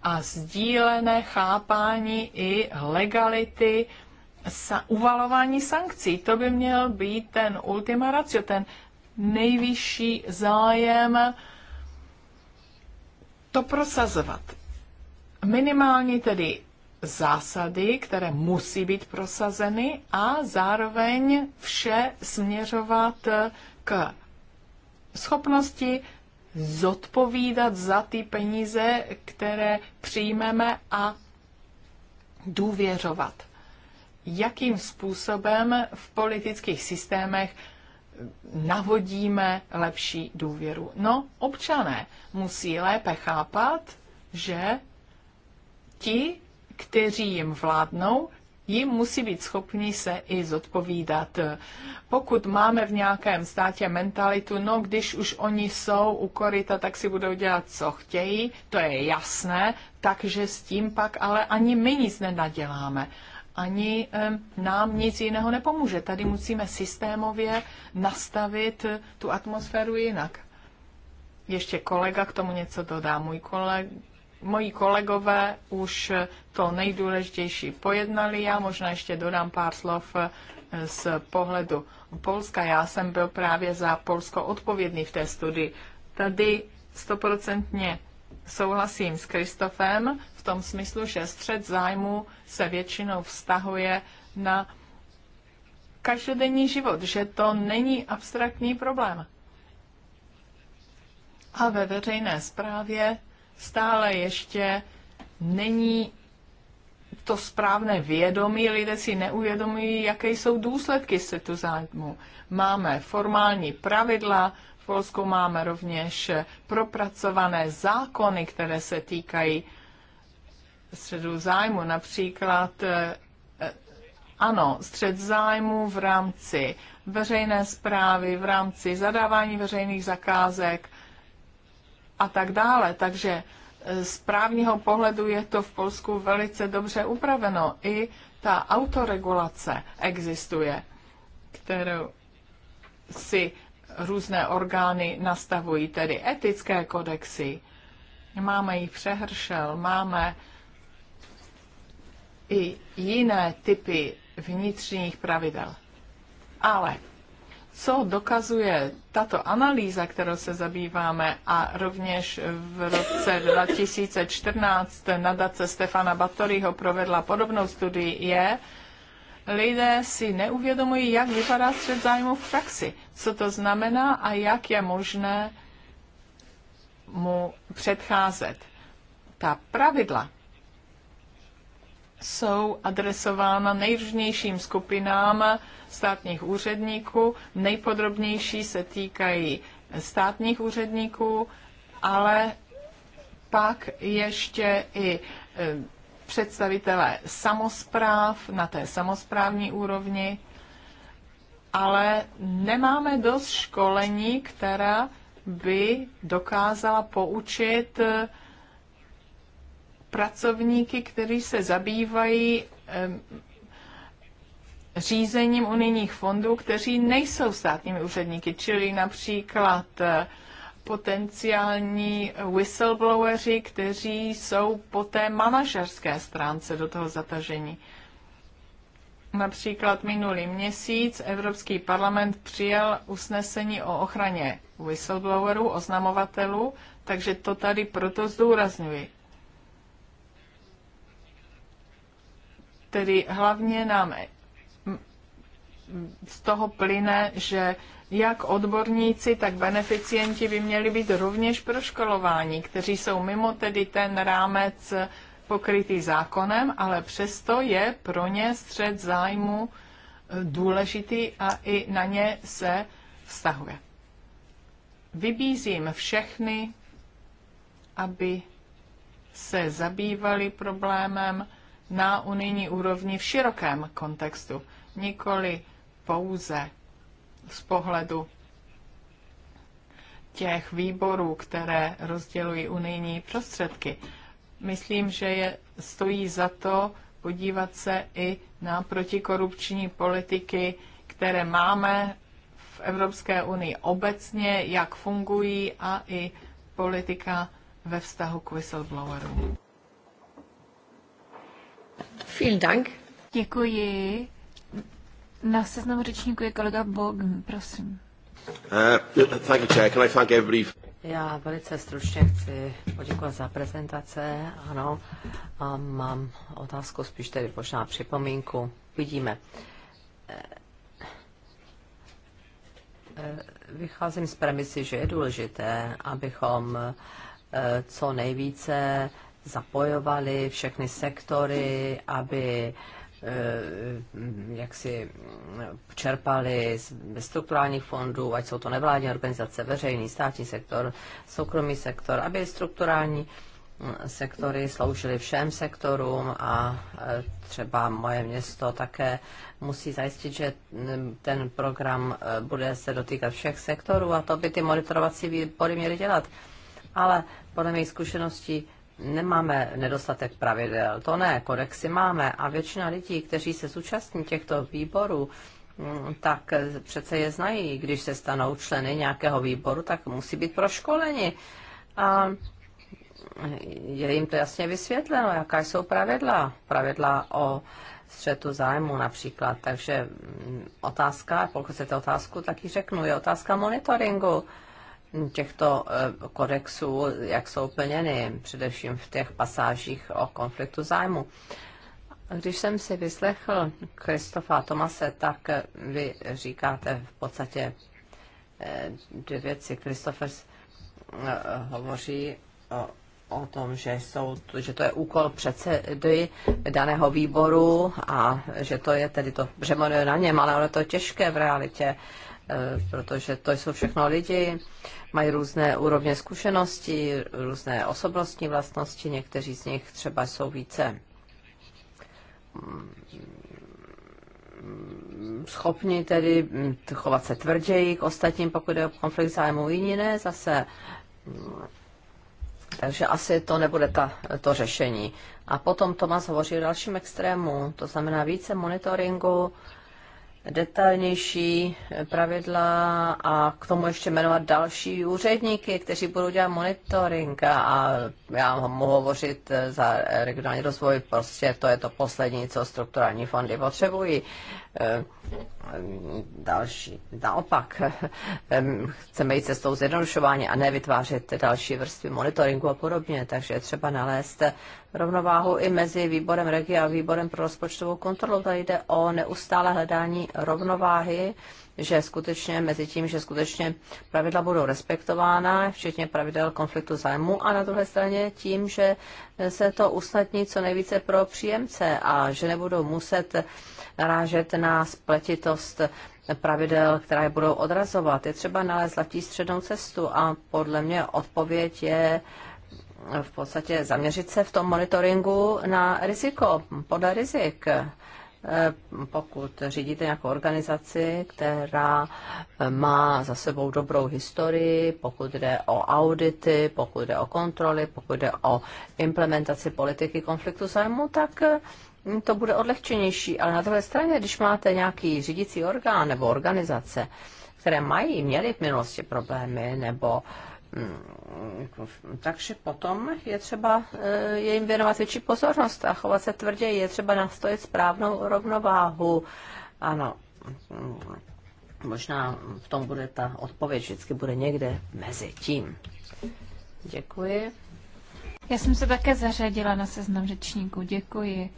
a sdílené chápání i legality sa- uvalování sankcí. To by měl být ten ultima ratio, ten nejvyšší zájem to prosazovat. Minimálně tedy zásady, které musí být prosazeny a zároveň vše směřovat k schopnosti zodpovídat za ty peníze, které přijmeme a důvěřovat. Jakým způsobem v politických systémech navodíme lepší důvěru. No, občané musí lépe chápat, že ti, kteří jim vládnou, jim musí být schopni se i zodpovídat. Pokud máme v nějakém státě mentalitu, no když už oni jsou u koryta, tak si budou dělat, co chtějí, to je jasné, takže s tím pak ale ani my nic nenaděláme ani nám nic jiného nepomůže. Tady musíme systémově nastavit eh, tu atmosféru jinak. Ještě kolega k tomu něco dodá. Můj koleg, moji kolegové už eh, to nejdůležitější pojednali. Já možná ještě dodám pár slov eh, z pohledu Polska. Já jsem byl právě za Polsko odpovědný v té studii. Tady stoprocentně souhlasím s Kristofem v tom smyslu, že střed zájmu se většinou vztahuje na každodenní život, že to není abstraktní problém. A ve veřejné správě stále ještě není to správné vědomí, lidé si neuvědomují, jaké jsou důsledky se tu zájmu. Máme formální pravidla, v Polsku máme rovněž propracované zákony, které se týkají středu zájmu, například eh, ano, střed zájmu v rámci veřejné zprávy, v rámci zadávání veřejných zakázek a tak dále. Takže eh, z právního pohledu je to v Polsku velice dobře upraveno. I ta autoregulace existuje, kterou si různé orgány nastavují, tedy etické kodexy. Máme jich přehršel, máme i jiné typy vnitřních pravidel. Ale co dokazuje tato analýza, kterou se zabýváme a rovněž v roce 2014 nadace Stefana Batoryho provedla podobnou studii, je, lidé si neuvědomují, jak vypadá střed zájmu v praxi, co to znamená a jak je možné mu předcházet. Ta pravidla jsou adresována nejrůznějším skupinám státních úředníků. Nejpodrobnější se týkají státních úředníků, ale pak ještě i eh, představitelé samozpráv na té samozprávní úrovni, ale nemáme dost školení, která by dokázala poučit eh, pracovníky, kteří se zabývají řízením unijních fondů, kteří nejsou státními úředníky, čili například eh, potenciální whistlebloweri, kteří jsou po té manažerské stránce do toho zatažení. Například minulý měsíc Evropský parlament přijal usnesení o ochraně whistleblowerů, oznamovatelů, takže to tady proto zdůrazňuji. Tedy hlavně nám z toho plyne, že jak odborníci, tak beneficienti by měli být rovněž proškolováni, kteří jsou mimo tedy ten rámec pokrytý zákonem, ale přesto je pro ně střed zájmu e, důležitý a i na ně se vztahuje. Vybízím všechny, aby se zabývali problémem na unijní úrovni v širokém kontextu, nikoli pouze z pohledu těch výborů, které rozdělují unijní prostředky. Myslím, že je, stojí za to podívat se i na protikorupční politiky, které máme v Evropské unii obecně, jak fungují a i politika ve vztahu k whistleblowerům. Vielen Dank. Děkuji. Na seznamu řečníku je kolega Bogn, prosím. Uh, thank you, Chair. Can I thank everybody já velice stručně chci poděkovat za prezentace, ano, a mám otázku spíš tedy možná připomínku. Vidíme. Eh, eh, vycházím z premisy, že je důležité, abychom eh, co nejvíce zapojovali všechny sektory, aby Eh, jak si eh, čerpali ze strukturálních fondů, ať jsou to nevládní organizace, veřejný, státní sektor, soukromý sektor, aby strukturální eh, sektory sloužily všem sektorům a třeba moje město také musí zajistit, že mm, ten program bude se dotýkat všech sektorů a to by ty monitorovací výbory měly dělat. Ale podle mých zkušeností nemáme nedostatek pravidel, to ne, kodexy máme a většina lidí, kteří se zúčastní těchto výborů, mm, tak přece je znají. Když se stanou členy nějakého výboru, tak musí být proškoleni. A je jim to jasně vysvětleno, jaká jsou pravidla. Pravidla o střetu zájmu například. Takže mm, otázka, pokud chcete otázku, tak ji řeknu, je otázka monitoringu těchto eh, kodexů, jak jsou plněny, především v těch pasážích o konfliktu zájmu. Když jsem si vyslechl Kristofa Tomase, tak vy říkáte v podstatě eh, dvě věci. Kristofers eh, hovoří o, o tom, že, jsou, že to je úkol předsedy daného výboru a že to je tedy to břemeno na něm, ale ono to je těžké v realitě. Eh, protože to jsou všechno lidi, mají různé úrovně zkušeností, různé osobnostní vlastnosti, někteří z nich třeba jsou více mm, schopni tedy mm, chovat se tvrději k ostatním, pokud je o konflikt zájmu, jiní ne, zase mm, takže asi to nebude ta, to řešení. A potom Tomas hovoří o dalším extrému, to znamená více monitoringu, detailnější pravidla a k tomu ještě jmenovat další úředníky, kteří budou dělat monitoring a já mohu hovořit za regionální rozvoj, prostě to je to poslední, co strukturální fondy potřebují. Eh, další. Naopak, eh, chceme jít cestou zjednodušování a nevytvářet další vrstvy monitoringu a podobně, takže třeba nalézt rovnováhu i mezi výborem regi a výborem pro rozpočtovou kontrolu. Tady jde o neustále hledání rovnováhy, že skutečně mezi tím, že skutečně pravidla budou respektována, včetně pravidel konfliktu zájmu a na druhé straně tím, že se to usnadní co nejvíce pro příjemce a že nebudou muset narážet na spletitost pravidel, která je budou odrazovat. Je třeba nalézt zlatý střednou cestu a podle mě odpověď je v podstatě zaměřit se v tom monitoringu na riziko, podle rizik. Eh, pokud řídíte nějakou organizaci, která eh, má za sebou dobrou historii, pokud jde o audity, pokud jde o kontroly, pokud jde o implementaci politiky konfliktu zájmu, tak eh, to bude odlehčenější. Ale na druhé straně, když máte nějaký řídící orgán nebo organizace, které mají, měly v minulosti problémy nebo uh, takže potom je třeba e, je jim věnovat větší pozornost a chovat se tvrději. Je třeba nastojit správnou rovnováhu. Ano, možná v tom bude ta odpověď, vždycky bude někde mezi tím. Děkuji. Já jsem se také zařadila na seznam řečníků. Děkuji.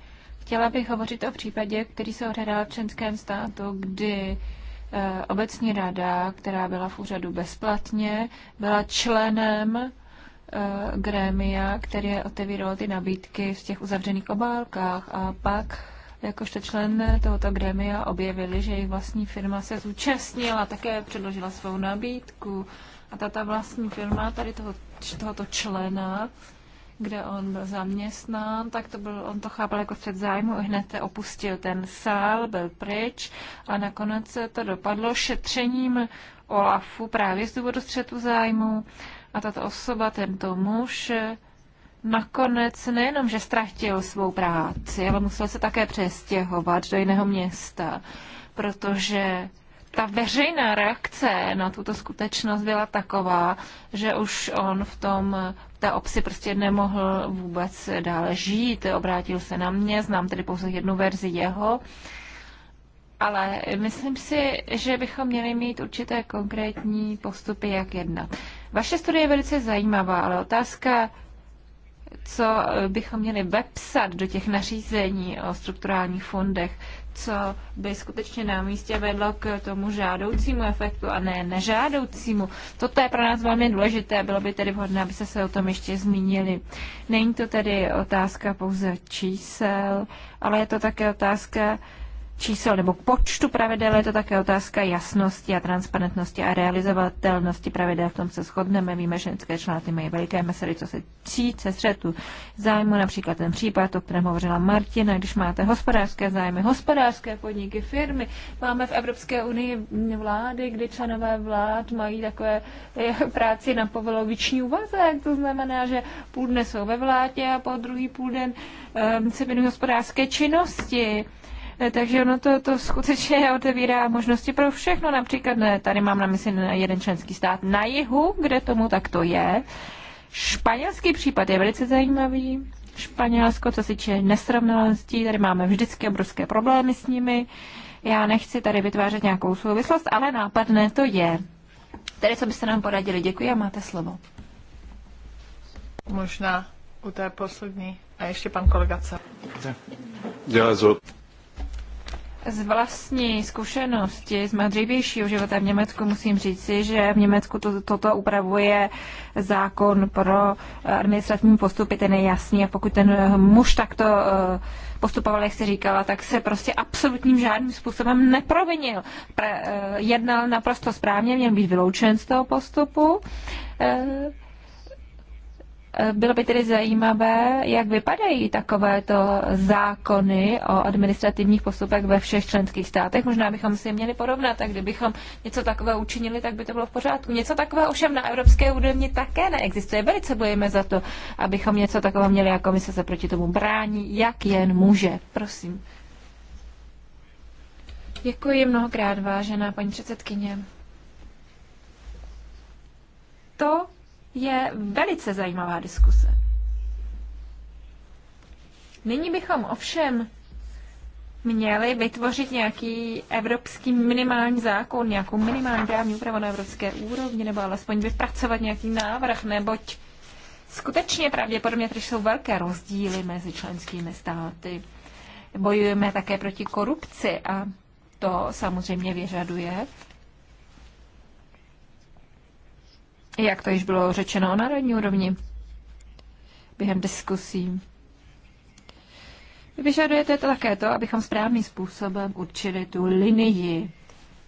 Chtěla bych hovořit o případě, který se odehrál v členském státu, kdy Eh, obecní rada, která byla v úřadu bezplatně, byla členem eh, grémia, které otevíralo ty nabídky v těch uzavřených obálkách a pak jakožto člen tohoto grémia objevili, že jejich vlastní firma se zúčastnila, také předložila svou nabídku a ta vlastní firma tady toho, tohoto člena kde on byl zaměstnán, tak to byl, on to chápal jako střed zájmu, hned opustil ten sál, byl pryč a nakonec se to dopadlo šetřením Olafu právě z důvodu střetu zájmu a tato osoba, tento muž, nakonec nejenom, že ztratil svou práci, ale musel se také přestěhovat do jiného města, protože ta veřejná reakce na tuto skutečnost byla taková, že už on v tom té obci prostě nemohl vůbec dále žít. Obrátil se na mě, znám tedy pouze jednu verzi jeho. Ale myslím si, že bychom měli mít určité konkrétní postupy, jak jednat. Vaše studie je velice zajímavá, ale otázka, co bychom měli vepsat do těch nařízení o strukturálních fondech, co by skutečně na místě vedlo k tomu žádoucímu efektu a ne nežádoucímu. Toto je pro nás velmi důležité, bylo by tedy vhodné, aby se o tom ještě zmínili. Není to tedy otázka pouze čísel, ale je to také otázka čísel nebo k počtu pravidel je to také otázka jasnosti a transparentnosti a realizovatelnosti pravidel. V tom se shodneme. Víme, že členské členy mají veliké mesery, co se týče střetu zájmu, například ten případ, o kterém hovořila Martina, když máte hospodářské zájmy, hospodářské podniky, firmy. Máme v Evropské unii vlády, kdy členové vlád mají takové eh, práci na povoloviční úvazek. To znamená, že půl dne jsou ve vládě a po druhý půl den um, se věnují hospodářské činnosti. Eh, takže ono to, to skutečně otevírá možnosti pro všechno. Například tady mám na mysli jeden členský stát na jihu, kde tomu takto je. Španělský případ je velice zajímavý. Španělsko, co se týče nesrovnalostí, tady máme vždycky obrovské problémy s nimi. Já nechci tady vytvářet nějakou souvislost, ale nápadné to je. Tady co byste nám poradili? Děkuji a máte slovo. Možná u té poslední. A ještě pan kolega Co z vlastní zkušenosti z mého dřívějšího života v Německu musím říci, že v Německu to, toto upravuje zákon pro eh, administrativní postupy, ten je jasný a pokud ten eh, muž takto eh, postupoval, jak se říkala, tak se prostě absolutním žádným způsobem neprovinil. Pre, jednal naprosto správně, měl být vyloučen z toho postupu. Bylo by tedy zajímavé, jak vypadají takovéto zákony o administrativních postupech ve všech členských státech. Možná bychom si je měli porovnat tak kdybychom něco takového učinili, tak by to bylo v pořádku. Něco takového ovšem na evropské úrovni také neexistuje. Velice bojíme za to, abychom něco takového měli a komise se proti tomu brání, jak jen může. Prosím. Děkuji mnohokrát, vážená paní předsedkyně. To, je velice zajímavá diskuse. Nyní bychom ovšem měli vytvořit nějaký evropský minimální zákon, nějakou minimální právní úpravu na evropské úrovni, nebo alespoň vypracovat nějaký návrh, neboť skutečně pravděpodobně tady jsou velké rozdíly mezi členskými státy. Bojujeme také proti korupci a to samozřejmě vyžaduje jak to již bylo řečeno o národní úrovni během diskusí. Vyžadujete také to, abychom správným způsobem určili tu linii.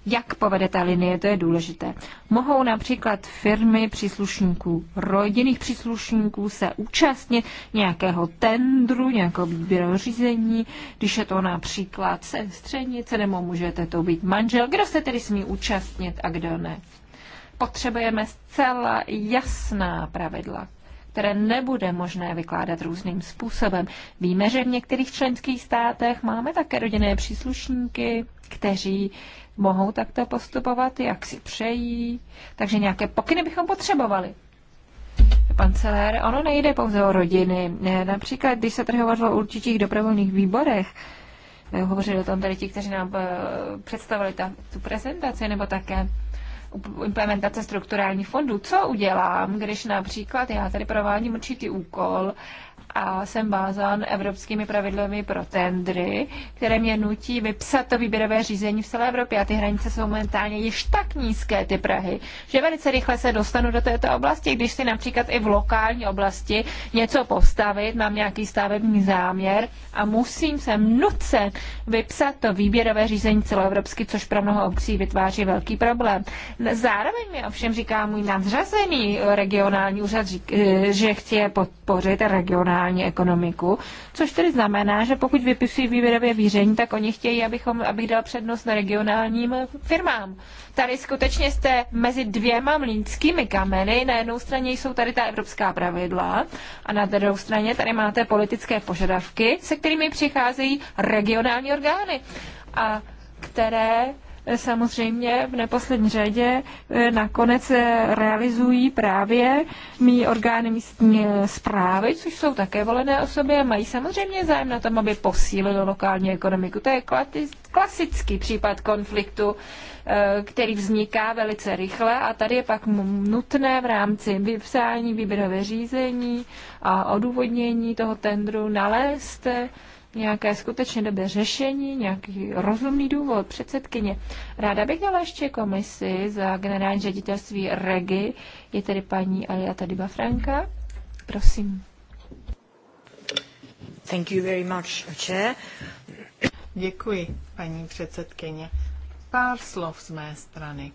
Jak povede ta linie, to je důležité. Mohou například firmy příslušníků, rodinných příslušníků se účastnit nějakého tendru, nějakého výběrového řízení, když je to například sestřenice, nebo můžete to být manžel. Kdo se tedy smí účastnit a kdo ne? potřebujeme zcela jasná pravidla, které nebude možné vykládat různým způsobem. Víme, že v některých členských státech máme také rodinné příslušníky, kteří mohou takto postupovat, jak si přejí, takže nějaké pokyny bychom potřebovali. Pan Celer, ono nejde pouze o rodiny. Například, když se tady hovořilo o určitých dobrovolných výborech, hovořili o tom tady ti, kteří nám eh, představili ta, tu prezentaci, nebo také implementace strukturálních fondů. Co udělám, když například já tady provádím určitý úkol a jsem vázán evropskými pravidlemi pro tendry, které mě nutí vypsat to výběrové řízení v celé Evropě a ty hranice jsou momentálně již tak nízké, ty Prahy, že velice rychle se dostanu do této oblasti, když si například i v lokální oblasti něco postavit, mám nějaký stavební záměr a musím se nucen vypsat to výběrové řízení celoevropsky, což pro mnoho obcí vytváří velký problém. Zároveň mi ovšem říká můj nadřazený regionální úřad, eh, že chtěje podpořit regionální reálně ekonomiku, což tedy znamená, že pokud vypisují výběrově výření, tak oni chtějí, abychom, abych dal přednost na regionálním firmám. Tady skutečně jste mezi dvěma mlínskými kameny. Na jednou straně jsou tady ta evropská pravidla a na druhou straně tady máte politické požadavky, se kterými přicházejí regionální orgány a které samozřejmě v neposlední řadě eh, nakonec realizují právě mý orgány místní eh, zprávy, což jsou také volené osoby a mají samozřejmě zájem na tom, aby posílili lokální ekonomiku. To je klasický případ konfliktu, eh, který vzniká velice rychle a tady je pak nutné v rámci vypsání výběrové řízení a odůvodnění toho tendru nalézt nějaké skutečně dobré řešení, nějaký rozumný důvod předsedkyně. Ráda bych dala ještě komisi za generální ředitelství REGI. Je tedy paní Aliata Diba Franka. Prosím. Thank you very much, chair. Děkuji, paní předsedkyně. Pár slov z mé strany.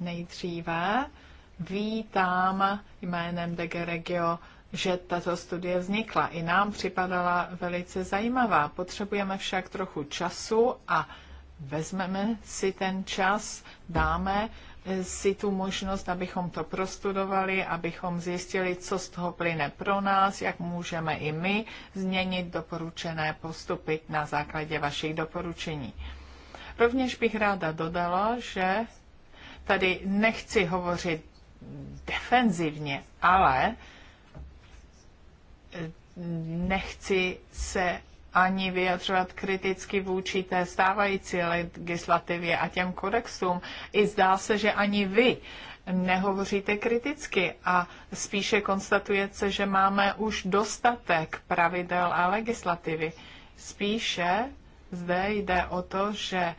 Nejdříve vítám jménem DG Regio že tato studie vznikla. I nám připadala velice zajímavá. Potřebujeme však trochu času a vezmeme si ten čas, dáme si tu možnost, abychom to prostudovali, abychom zjistili, co z toho plyne pro nás, jak můžeme i my změnit doporučené postupy na základě vašich doporučení. Rovněž bych ráda dodala, že tady nechci hovořit defenzivně, ale nechci se ani vyjadřovat kriticky vůči té stávající legislativě a těm kodexům. I zdá se, že ani vy nehovoříte kriticky a spíše konstatujete, že máme už dostatek pravidel a legislativy. Spíše zde jde o to, že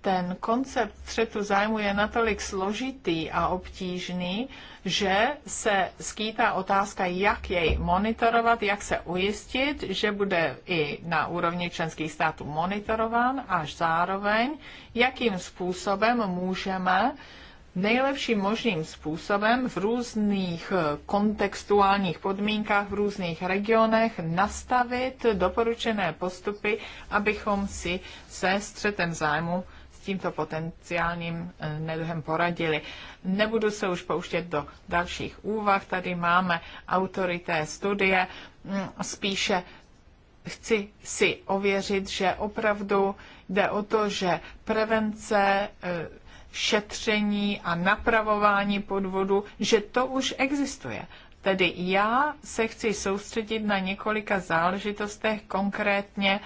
ten koncept střetu zájmu je natolik složitý a obtížný, že se skýtá otázka, jak jej monitorovat, jak se ujistit, že bude i na úrovni členských států monitorován, až zároveň, jakým způsobem můžeme nejlepším možným způsobem v různých eh, kontextuálních podmínkách, v různých regionech nastavit doporučené postupy, abychom si se střetem zájmu s tímto potenciálním eh, neduhem poradili. Nebudu se už pouštět do dalších úvah, tady máme autorité studie, mm, spíše chci si ověřit, že opravdu jde o to, že prevence eh, šetření a napravování podvodu, že to už existuje. Tedy já se chci soustředit na několika záležitostech konkrétně,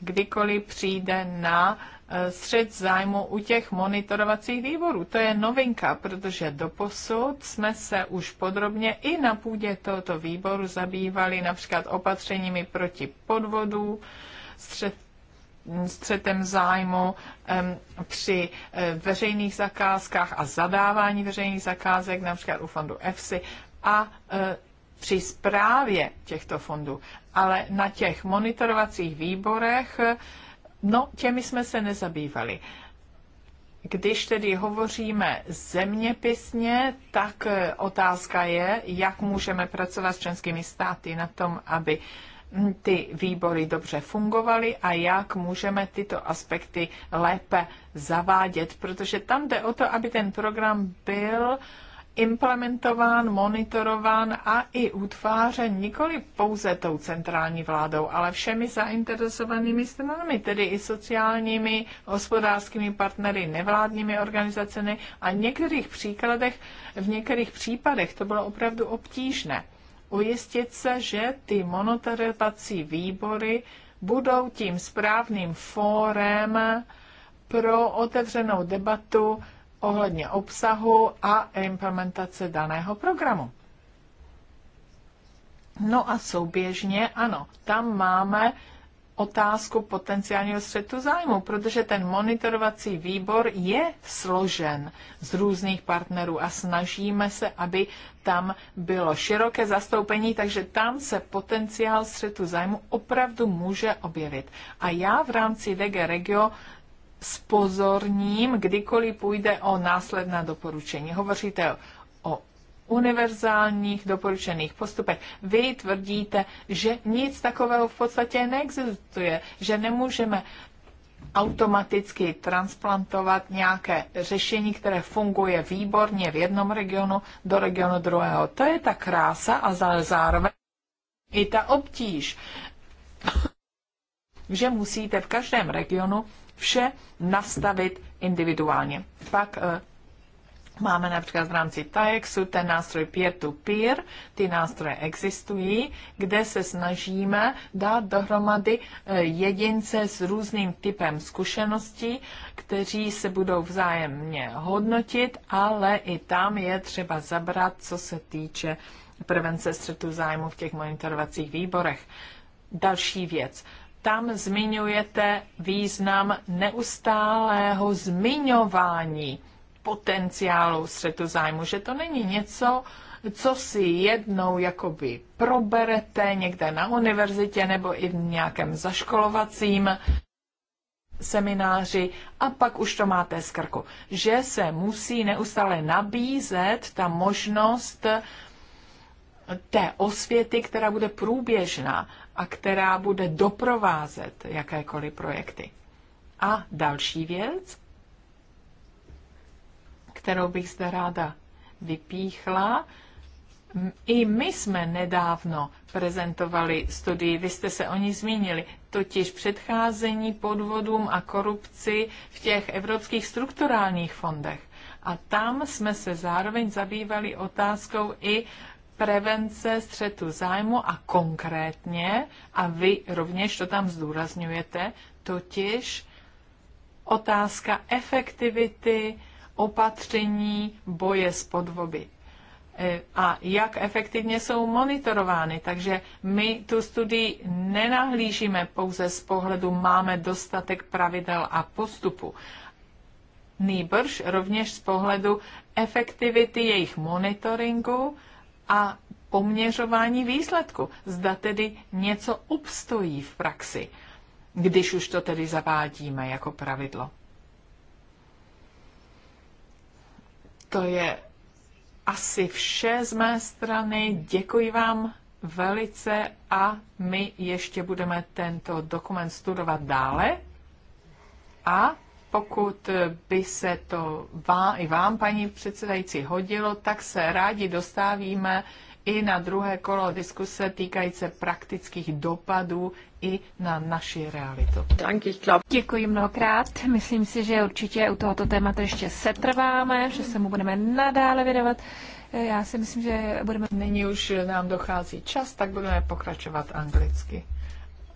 kdykoliv přijde na eh, střed zájmu u těch monitorovacích výborů. To je novinka, protože doposud jsme se už podrobně i na půdě tohoto výboru zabývali například opatřeními proti podvodu, střed střetem zájmu při eh, veřejných zakázkách a zadávání veřejných zakázek, například u fondu EFSI a eh, při správě těchto fondů. Ale na těch monitorovacích výborech, eh, no těmi jsme se nezabývali. Když tedy hovoříme zeměpisně, tak otázka je, jak můžeme pracovat s členskými státy na tom, aby uh, ty výbory dobře fungovaly a jak můžeme tyto aspekty lépe zavádět, protože tam jde o to, aby ten program byl implementován, monitorován a i utvářen nikoli pouze tou centrální vládou, ale všemi zainteresovanými stranami, tedy i sociálními, hospodářskými partnery, nevládními organizacemi a v některých příkladech, v některých případech to bylo opravdu obtížné ujistit se, že ty monitorovací výbory budou tím správným fórem pro otevřenou debatu ohledně obsahu a implementace daného programu. No a souběžně, ano, tam máme otázku potenciálního střetu zájmu, protože ten monitorovací výbor je složen z různých partnerů a snažíme se, aby tam bylo široké zastoupení, takže tam se potenciál střetu zájmu opravdu může objevit. A já v rámci DG Regio spozorním, kdykoliv půjde o následná doporučení. Hovoříte o univerzálních doporučených postupech. Vy tvrdíte, že nic takového v podstatě neexistuje, že nemůžeme automaticky transplantovat nějaké řešení, které funguje výborně v jednom regionu do regionu druhého. To je ta krása a zároveň i ta obtíž, že musíte v každém regionu vše nastavit individuálně. Pak eh, Máme například v rámci TAEXu ten nástroj peer-to-peer, -peer, ty nástroje existují, kde se snažíme dát dohromady e, jedince s různým typem zkušeností, kteří se budou vzájemně hodnotit, ale i tam je třeba zabrat, co se týče prevence střetu zájmu v těch monitorovacích výborech. Další věc tam zmiňujete význam neustálého zmiňování potenciálu střetu zájmu, že to není něco, co si jednou jakoby proberete někde na univerzitě nebo i v nějakém zaškolovacím semináři a pak už to máte z krku. Že se musí neustále nabízet ta možnost té osvěty, která bude průběžná a která bude doprovázet jakékoliv projekty. A další věc, kterou bych zde ráda vypíchla. I my jsme nedávno prezentovali studii, vy jste se o ní zmínili, totiž předcházení podvodům a korupci v těch evropských strukturálních fondech. A tam jsme se zároveň zabývali otázkou i prevence střetu zájmu a konkrétně, a vy rovněž to tam zdůrazňujete, totiž otázka efektivity opatření boje s podvody e, a jak efektivně jsou monitorovány. Takže my tu studii nenahlížíme pouze z pohledu máme dostatek pravidel a postupu. Nýbrž rovněž z pohledu efektivity jejich monitoringu a poměřování výsledku. Zda tedy něco obstojí v praxi, když už to tedy zavádíme jako pravidlo. To je asi vše z mé strany. Děkuji vám velice a my ještě budeme tento dokument studovat dále. A pokud by se to vám, i vám, paní předsedající, hodilo, tak se rádi dostavíme i na druhé kolo diskuse týkající praktických dopadů i na naši realitu. Děkuji mnohokrát. Myslím si, že určitě u tohoto tématu ještě setrváme, že se mu budeme nadále věnovat. Já si myslím, že budeme... Nyní už nám dochází čas, tak budeme pokračovat anglicky.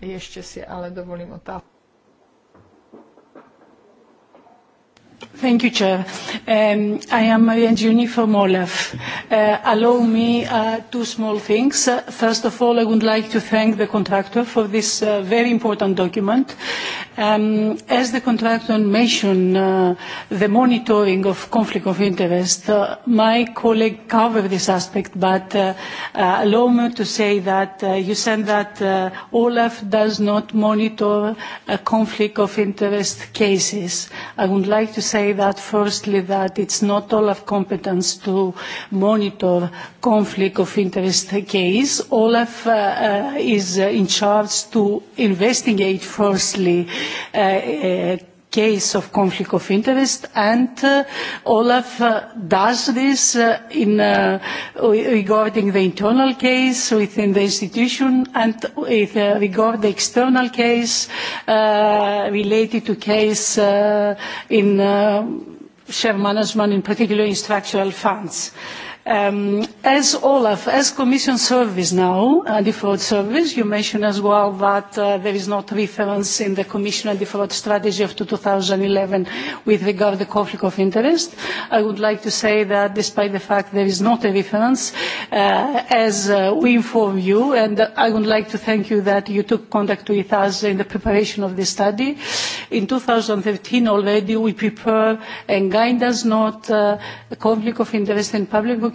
Ještě si ale dovolím otázku. Thank you, Chair. Um, I am Maria Giuni from OLAF. Uh, allow me uh, two small things. Uh, first of all, I would like to thank the contractor for this uh, very important document. Um, as the contractor mentioned, uh, the monitoring of conflict of interest, uh, my colleague covered this aspect, but uh, uh, allow me to say that uh, you said that uh, Olaf does not monitor a uh, conflict of interest cases. I would like to say that firstly that it's not Olaf competence to monitor conflict of interest case. Olaf uh, uh, is uh, in charge to investigate firstly Uh, uh, case of conflict of interest and uh, Olaf uh, does this uh, in, uh, regarding the internal case within the institution and with, uh, regard the external case uh, related to case uh, in uh, share management, in particular in structural funds. Uh, Um, as Olaf, as Commission service now, a uh, default service, you mentioned as well that uh, there is not reference in the Commission and default strategy of 2011 with regard to the conflict of interest. I would like to say that despite the fact there is not a reference, uh, as uh, we inform you, and I would like to thank you that you took contact with us in the preparation of this study. In 2013 already we prepared uh, a guidance note, uh, conflict of interest in public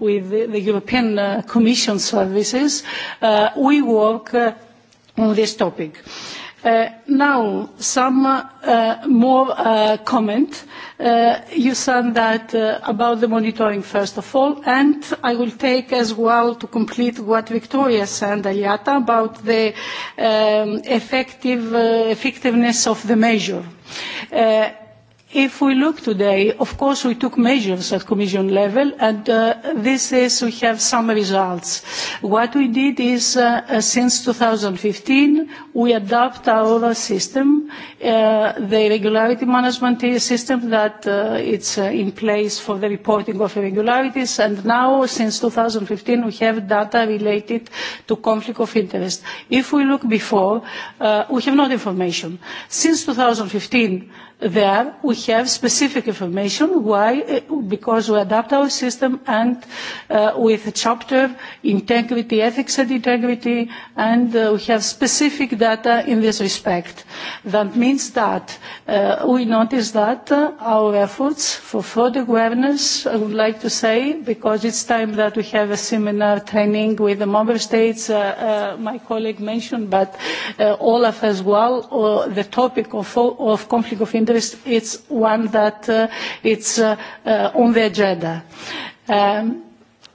with the, the European uh, Commission services, uh, we work uh, on this topic. Uh, now, some uh, more uh, comment. Uh, you said that uh, about the monitoring, first of all, and I will take as well to complete what Victoria said, Aliata, about the um, effective, uh, effectiveness of the measure. Uh, If we look today, of course, we took measures at Commission level, and uh, this is we have some results. What we did is, uh, uh, since 2015, we adapt our system, the regularity management system that it's in place for the reporting of irregularities, and now, since 2015, we have data related to conflict of interest. If we look before, we have not information. Since 2015, there we have specific information why eh, because we adapt our system and uh, with a chapter integrity ethics and integrity and uh, we have specific data in this respect that means that uh, we notice that uh, our efforts for fraud awareness i would like to say because it's time that we have a seminar training with the member states uh, uh, my colleague mentioned but uh, olaf as well uh, the topic of, of conflict of interest interest, is one that uh, it's uh, uh, on the agenda. Um,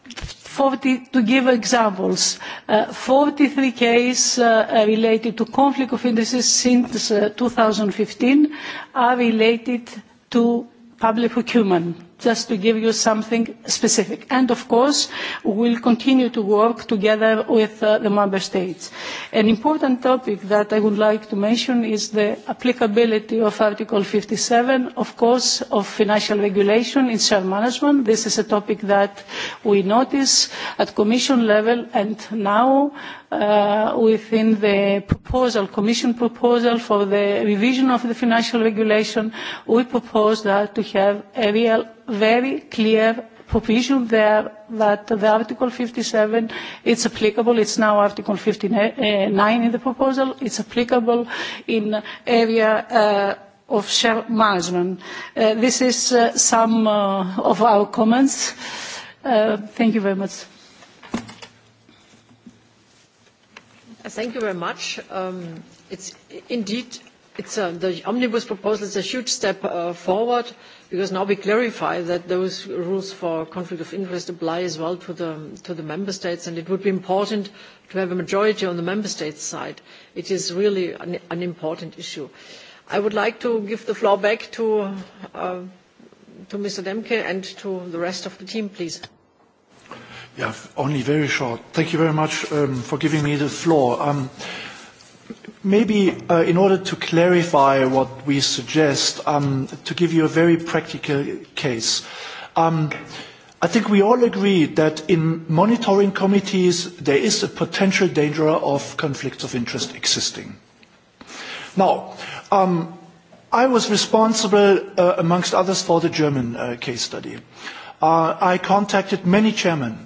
40, to give examples, uh, 43 cases uh, uh, related to conflict of interests since uh, 2015 are related to public procurement just to give you something specific. And of course, we will continue to work together with uh, the member states. An important topic that I would like to mention is the applicability of Article 57, of course, of financial regulation in share management. This is a topic that we notice at Commission level and now uh, within the proposal, Commission proposal for the revision of the financial regulation, we propose that to have a real very clear provision there that the Article 57 it's applicable. It's now Article 59 in the proposal. It's applicable in area uh, of share management. Uh, this is uh, some uh, of our comments. Uh, thank you very much. Thank you very much. Um, it's indeed it's, a, uh, the omnibus proposal is a huge step uh, forward because now we clarify that those rules for conflict of interest apply as well to the, to the member states, and it would be important to have a majority on the member states side. It is really an, an important issue. I would like to give the floor back to, uh, to Mr. Demke and to the rest of the team, please. Yeah, only very short. Thank you very much um, for giving me the floor. Um, Maybe uh, in order to clarify what we suggest, um, to give you a very practical case, um, I think we all agree that in monitoring committees there is a potential danger of conflicts of interest existing. Now, um, I was responsible, uh, amongst others, for the German uh, case study. Uh, I contacted many chairmen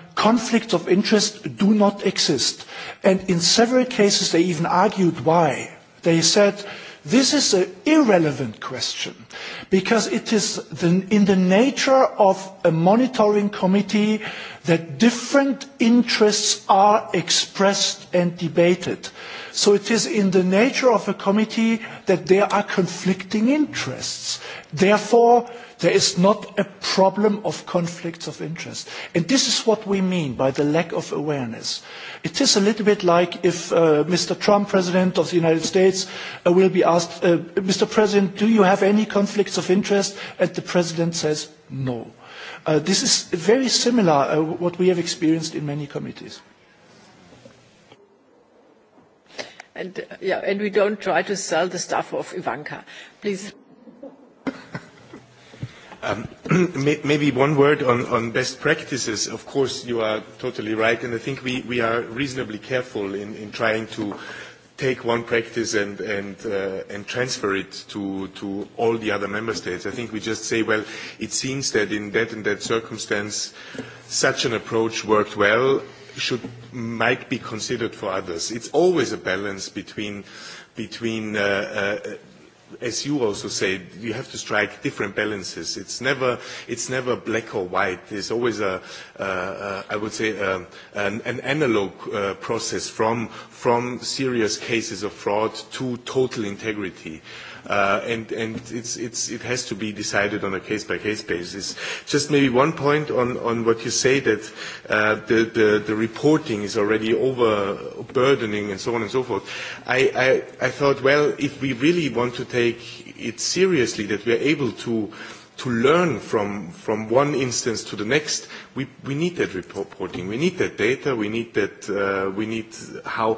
conflicts of interest do not exist. And in several cases, they even argued why. They said, this is an irrelevant question because it is the, in the nature of a monitoring committee that different interests are expressed and debated. So it is in the nature of a committee that there are conflicting interests. Therefore, there is not a problem of conflicts of interest. And this is what we mean by the lack of awareness. It is a little bit like if uh, Mr. Trump, President of the United States, uh, will be asked, uh, Mr. President, do you have any conflicts of interest? And the President says, no. Uh, this is very similar uh, what we have experienced in many committees. And, uh, yeah, and we don't try to sell the stuff of Ivanka. Please. Um, maybe one word on, on best practices. Of course, you are totally right, and I think we, we are reasonably careful in, in trying to take one practice and, and, uh, and transfer it to, to all the other member states. I think we just say, well, it seems that in that and that circumstance, such an approach worked well, should might be considered for others. It's always a balance between between. Uh, uh, as you also say, you have to strike different balances. It's never, it's never black or white. There's always a, uh, uh, I would say, a, an, an analog uh, process from, from serious cases of fraud to total integrity. Uh, Uh, and and it's, it's, it has to be decided on a case-by-case -case basis. Just maybe one point on, on what you say that uh, the, the, the reporting is already overburdening and so on and so forth. I, I, I thought, well, if we really want to take it seriously, that we are able to to learn from, from one instance to the next, we, we need that reporting. We need that data. We need that. Uh, we need how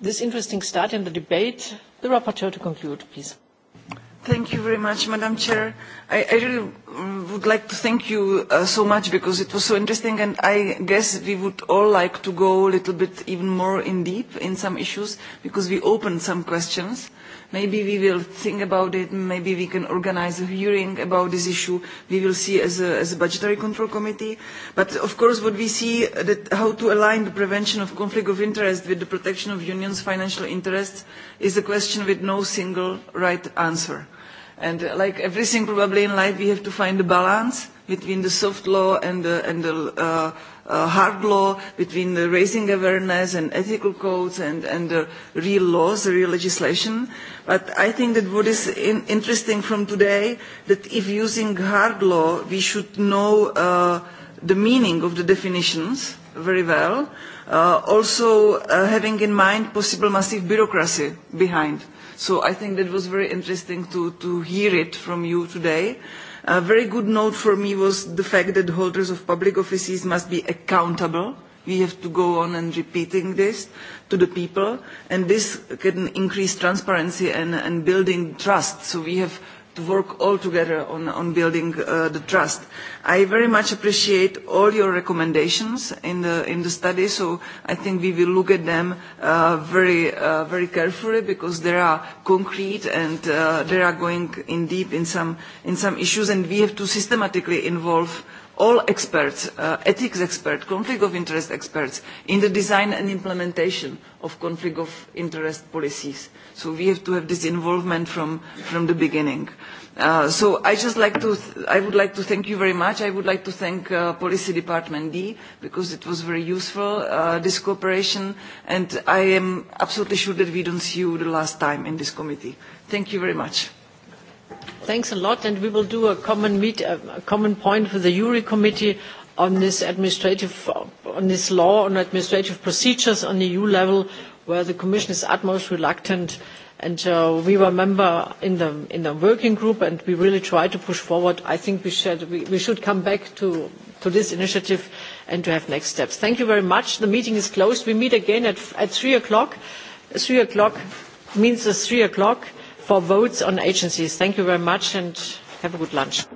this interesting start in the debate. The rapporteur to conclude, please. Thank you very much, Madam Chair. I, I really would like to thank you uh, so much because it was so interesting and I guess we would all like to go a little bit even more in deep in some issues because we opened some questions. Maybe we will think about it, maybe we can organize a hearing about this issue, we will see as a, as a budgetary control committee. But of course what we see, uh, that how to align the prevention of conflict of interest with the protection of unions' financial interests is a question with no single right answer And like everything probably in life, we have to find a balance between the soft law and the, and the uh, uh, hard law, between the raising awareness and ethical codes and, and the real laws, the real legislation. But I think that what is in, interesting from today, that if using hard law, we should know uh, the meaning of the definitions very well, uh, also uh, having in mind possible massive bureaucracy behind. Uh, So I think that was very interesting to, to hear it from you today. A very good note for me was the fact that holders of public offices must be accountable. We have to go on and repeating this to the people, and this can increase transparency and, and building trust. So we have to work all together on, on building uh, the trust. I very much appreciate all your recommendations in the, in the study, so I think we will look at them uh, very, uh, very carefully because they are concrete and uh, they are going in deep in some, in some issues and we have to systematically involve uh, all experts, uh, ethics experts, conflict of interest experts, in the design and implementation of conflict of interest policies. So we have to have this involvement from, from the beginning. Uh, so I just like to, th I would like to thank you very much. I would like to thank uh, Policy Department D because it was very useful, uh, this cooperation, and I am absolutely sure that we don't see you the last time in this committee. Thank you very much. Thanks a lot, and we will do a common meet, a common point with the URI committee on this administrative, on this law on administrative procedures on the EU level, where the Commission is utmost reluctant. And uh, we were a member in the in the working group, and we really try to push forward. I think we should we, we should come back to to this initiative and to have next steps. Thank you very much. The meeting is closed. We meet again at at three o'clock. Three o'clock means it's three o'clock for votes on agencies. Thank you very much and have a good lunch.